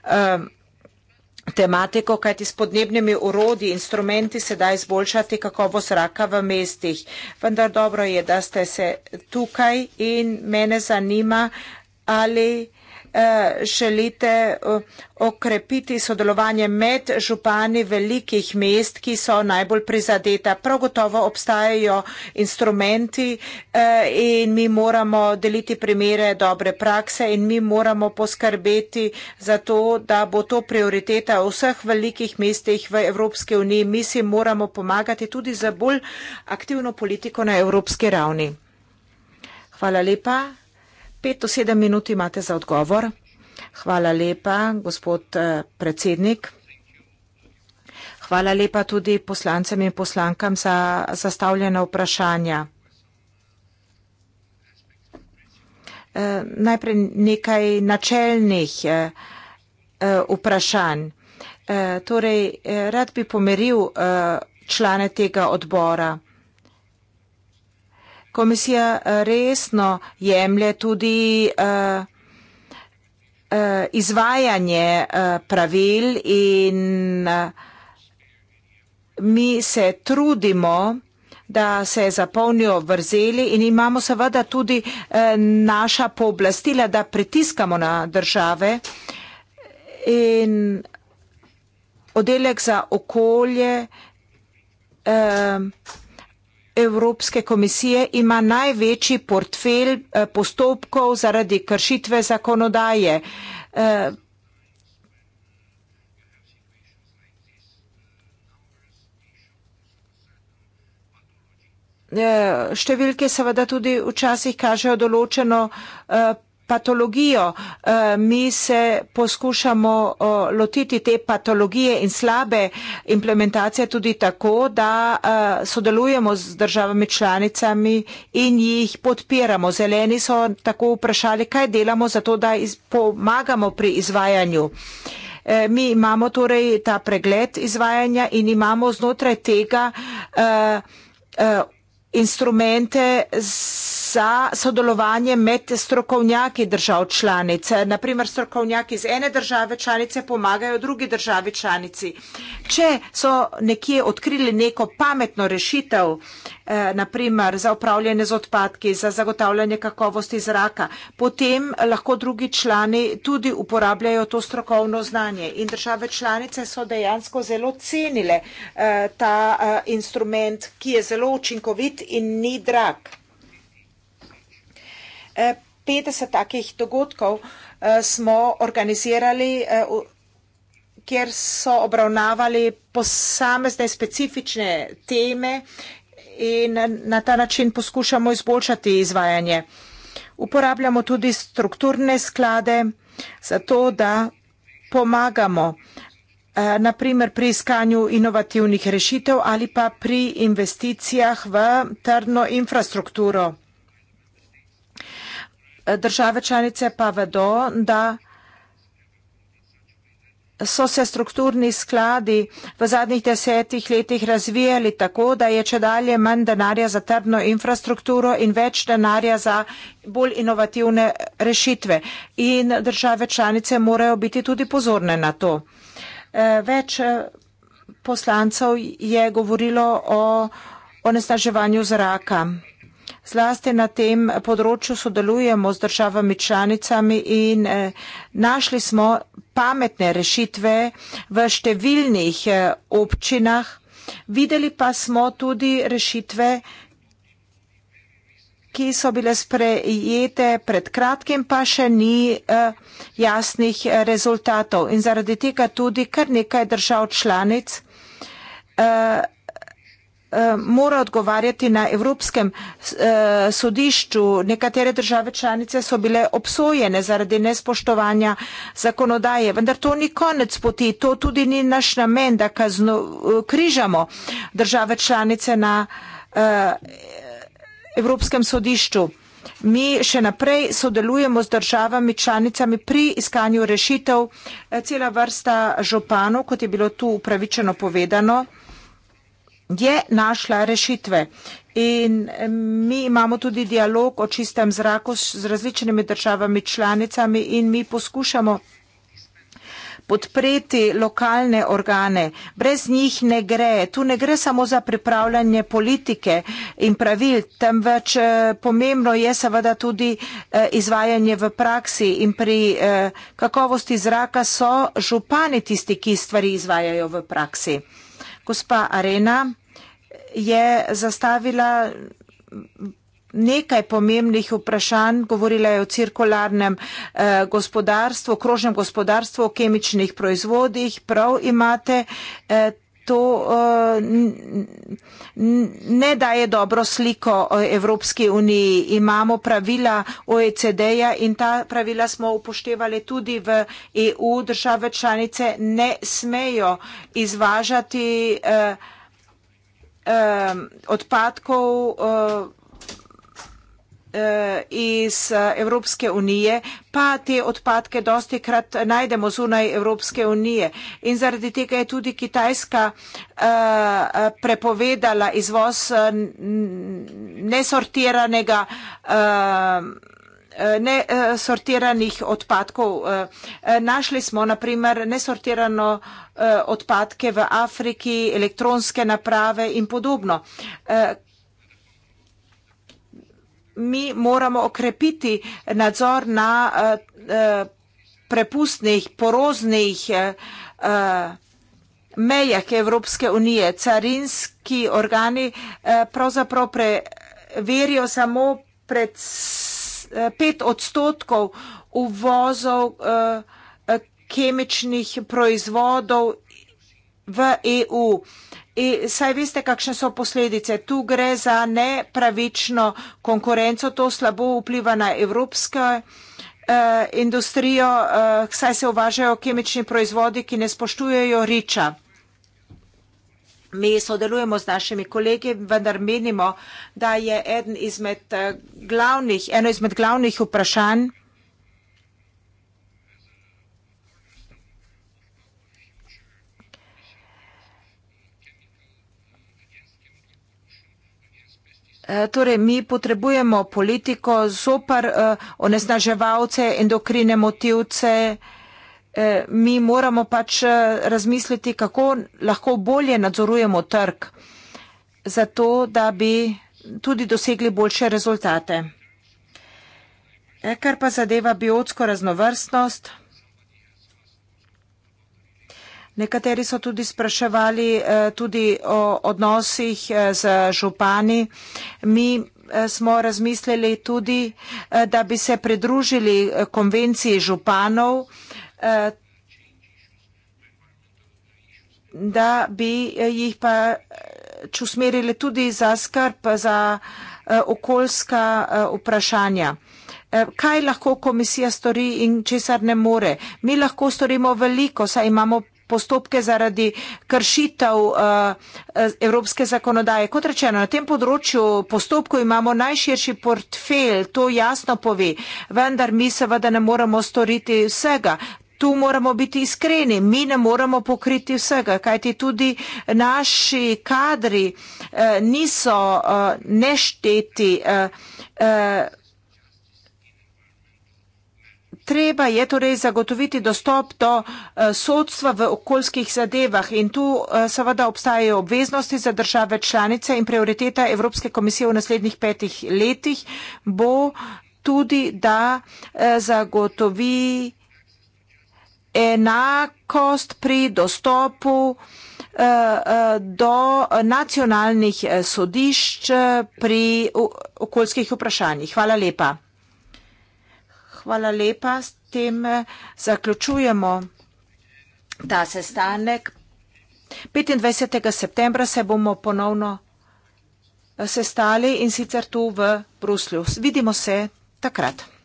D: Uh, tematiko, kajti s podnebnimi urodi in instrumenti se da izboljšati kakovost zraka v mestih. Vendar dobro je, da ste se tukaj in mene zanima, ali. Eh, želite eh, okrepiti sodelovanje med župani velikih mest, ki so najbolj prizadeta. Prav gotovo obstajajo instrumenti eh, in mi moramo deliti primere dobre prakse in mi moramo poskrbeti za to, da bo to prioriteta v vseh velikih mestih v Evropske unije. Mi si moramo pomagati tudi za bolj aktivno politiko na evropski ravni. Hvala lepa. Pet do sedem minut imate za odgovor. Hvala lepa, gospod eh, predsednik. Hvala lepa tudi poslancem in poslankam za zastavljena vprašanja. Eh, najprej nekaj načelnih eh, vprašanj. Torej, rad bi pomeril člane tega odbora komisija eh, resno jemlje tudi eh, eh, izvajanje pravil in mi se trudimo, da se zapolnijo vrzeli in imamo seveda tudi naša pooblastila, da pritiskamo na države in odelek za okolje, Evropske komisije ima največji portfelj eh, postopkov zaradi kršitve zakonodaje. Eh, eh, številke seveda tudi včasih kažejo določeno patologijo. Eh, mi se poskušamo eh, lotiti te patologije in slabe implementacije tudi tako, da eh, sodelujemo z državami članicami in jih podpiramo. Zeleni so tako vprašali, kaj delamo za to, da pomagamo pri izvajanju. Mi imamo torej ta pregled izvajanja in imamo znotraj tega uh, uh, instrumente za sodelovanje med strokovnjaki držav članic. Naprimer, strokovnjaki iz ene države članice pomagajo drugi državi članici. Če so nekje odkrili neko pametno rešitev, Eh, na primer za upravljanje z odpadki, za zagotavljanje kakovosti zraka, potem lahko drugi člani tudi uporabljajo to strokovno znanje. In države članice so dejansko zelo cenile eh, ta eh, instrument, ki je zelo učinkovit in ni drag. 50 takih dogodkov smo organizirali, kjer so obravnavali posamezne specifične teme, in na ta način poskušamo izboljšati izvajanje. Uporabljamo tudi strukturne sklade za to, da pomagamo eh, naprimer pri iskanju inovativnih rešitev ali pa pri investicijah v trdno infrastrukturo. Države članice pa vedo, da so se strukturni skladi v zadnjih desetih letih razvijali tako, da je če dalje manj denarja za trdno infrastrukturo in več denarja za bolj inovativne rešitve. In države članice morajo biti tudi pozorne na to. Eh, več eh, poslancev je govorilo o onesnaževanju zraka zlasti na tem področju sodelujemo z državami članicami in eh, našli smo pametne rešitve v številnih eh, občinah. Videli pa smo tudi rešitve, ki so bile sprejete pred kratkim, pa še ni eh, jasnih rezultatov. In zaradi tega tudi kar nekaj držav članic Eh, mora odgovarjati na Evropskem eh, sodišču. Nekatere države članice so bile obsojene zaradi nespoštovanja zakonodaje, vendar to ni konec poti, to tudi ni naš namen, da kazno, eh, križamo države članice na Evropskem sodišču. Mi še naprej sodelujemo z državami članicami pri iskanju rešitev. Cela vrsta županov, kot je bilo tu upravičeno povedano, je našla rešitve. In mi imamo tudi dialog o čistem zraku z različnimi državami članicami in mi poskušamo podpreti lokalne organe. Brez njih ne gre. Tu ne gre samo za pripravljanje politike in pravil, temveč eh, pomembno je seveda tudi eh, izvajanje v praksi in pri eh, kakovosti zraka so župani tisti, ki stvari izvajajo v praksi. Gospa Arena je zastavila nekaj pomembnih vprašanj, govorila je o cirkularnem eh, gospodarstvu, krožnem gospodarstvu, o kemičnih proizvodih. Prav imate, eh, to eh, ne daje dobro sliko o Evropski uniji. Imamo pravila OECD-ja in ta pravila smo upoštevali tudi v EU. Države članice ne smejo izvažati. Eh, eh, odpadkov eh, eh iz eh, Evropske unije, pa te odpadke dosti krat najdemo zunaj Evropske unije. In zaradi tega je tudi Kitajska eh, prepovedala izvoz eh, nesortiranega. Eh, Eh, nesortiranih odpadkov. Eh, eh, našli smo na primer nesortirano odpadke v Afriki, elektronske naprave in podobno. Mi moramo okrepiti nadzor na prepustnih, poroznih mejah Evropske unije. Carinski organi pravzaprav preverijo samo predstavljanje pet odstotkov uvozov eh, kemičnih proizvodov v EU. I, e, saj veste, kakšne so posledice. Tu gre za nepravično konkurenco, to slabo vpliva na evropsko uh, industrijo, uh, saj se uvažajo kemični proizvodi, ki ne spoštujejo riča. Mi sodelujemo z našimi kolegi, vendar menimo, da je eden izmed eh, glavnih, eno izmed glavnih vprašanj eh, Torej, mi potrebujemo politiko zopar uh, eh, onesnaževalce, endokrine motivce, uh, Eh, mi moramo pač eh, razmisliti, kako lahko bolje nadzorujemo trg, zato da bi tudi dosegli boljše rezultate. Eh, kar pa zadeva biotsko raznovrstnost, Nekateri so tudi spraševali tudi o odnosih z župani. Mi smo razmislili tudi, da bi se pridružili konvenciji županov, Eh, da bi jih pač eh, usmerili tudi za skrb za eh, okoljska vprašanja. Kaj lahko komisija stori in česar ne more? Mi lahko storimo veliko, saj imamo postopke zaradi kršitev evropske zakonodaje. Kot rečeno, na tem področju postopku imamo najširši portfel, to jasno pove, vendar mi seveda ne moremo storiti vsega tu moramo biti iskreni, mi ne moremo pokriti vsega, kajti tudi naši kadri eh, niso eh, nešteti. Eh, eh, Treba je torej zagotoviti dostop do eh, sodstva v okoljskih zadevah in tu eh, seveda obstajajo obveznosti za države članice in prioriteta Evropske komisije v naslednjih petih letih bo tudi, da eh, zagotovi enakost pri dostopu eh, eh, do nacionalnih eh, sodišč pri okoljskih vprašanjih. Hvala lepa. Hvala lepa. S tem zaključujemo ta sestanek. 25. septembra se bomo ponovno sestali in sicer tu v Bruslju. Vidimo se takrat.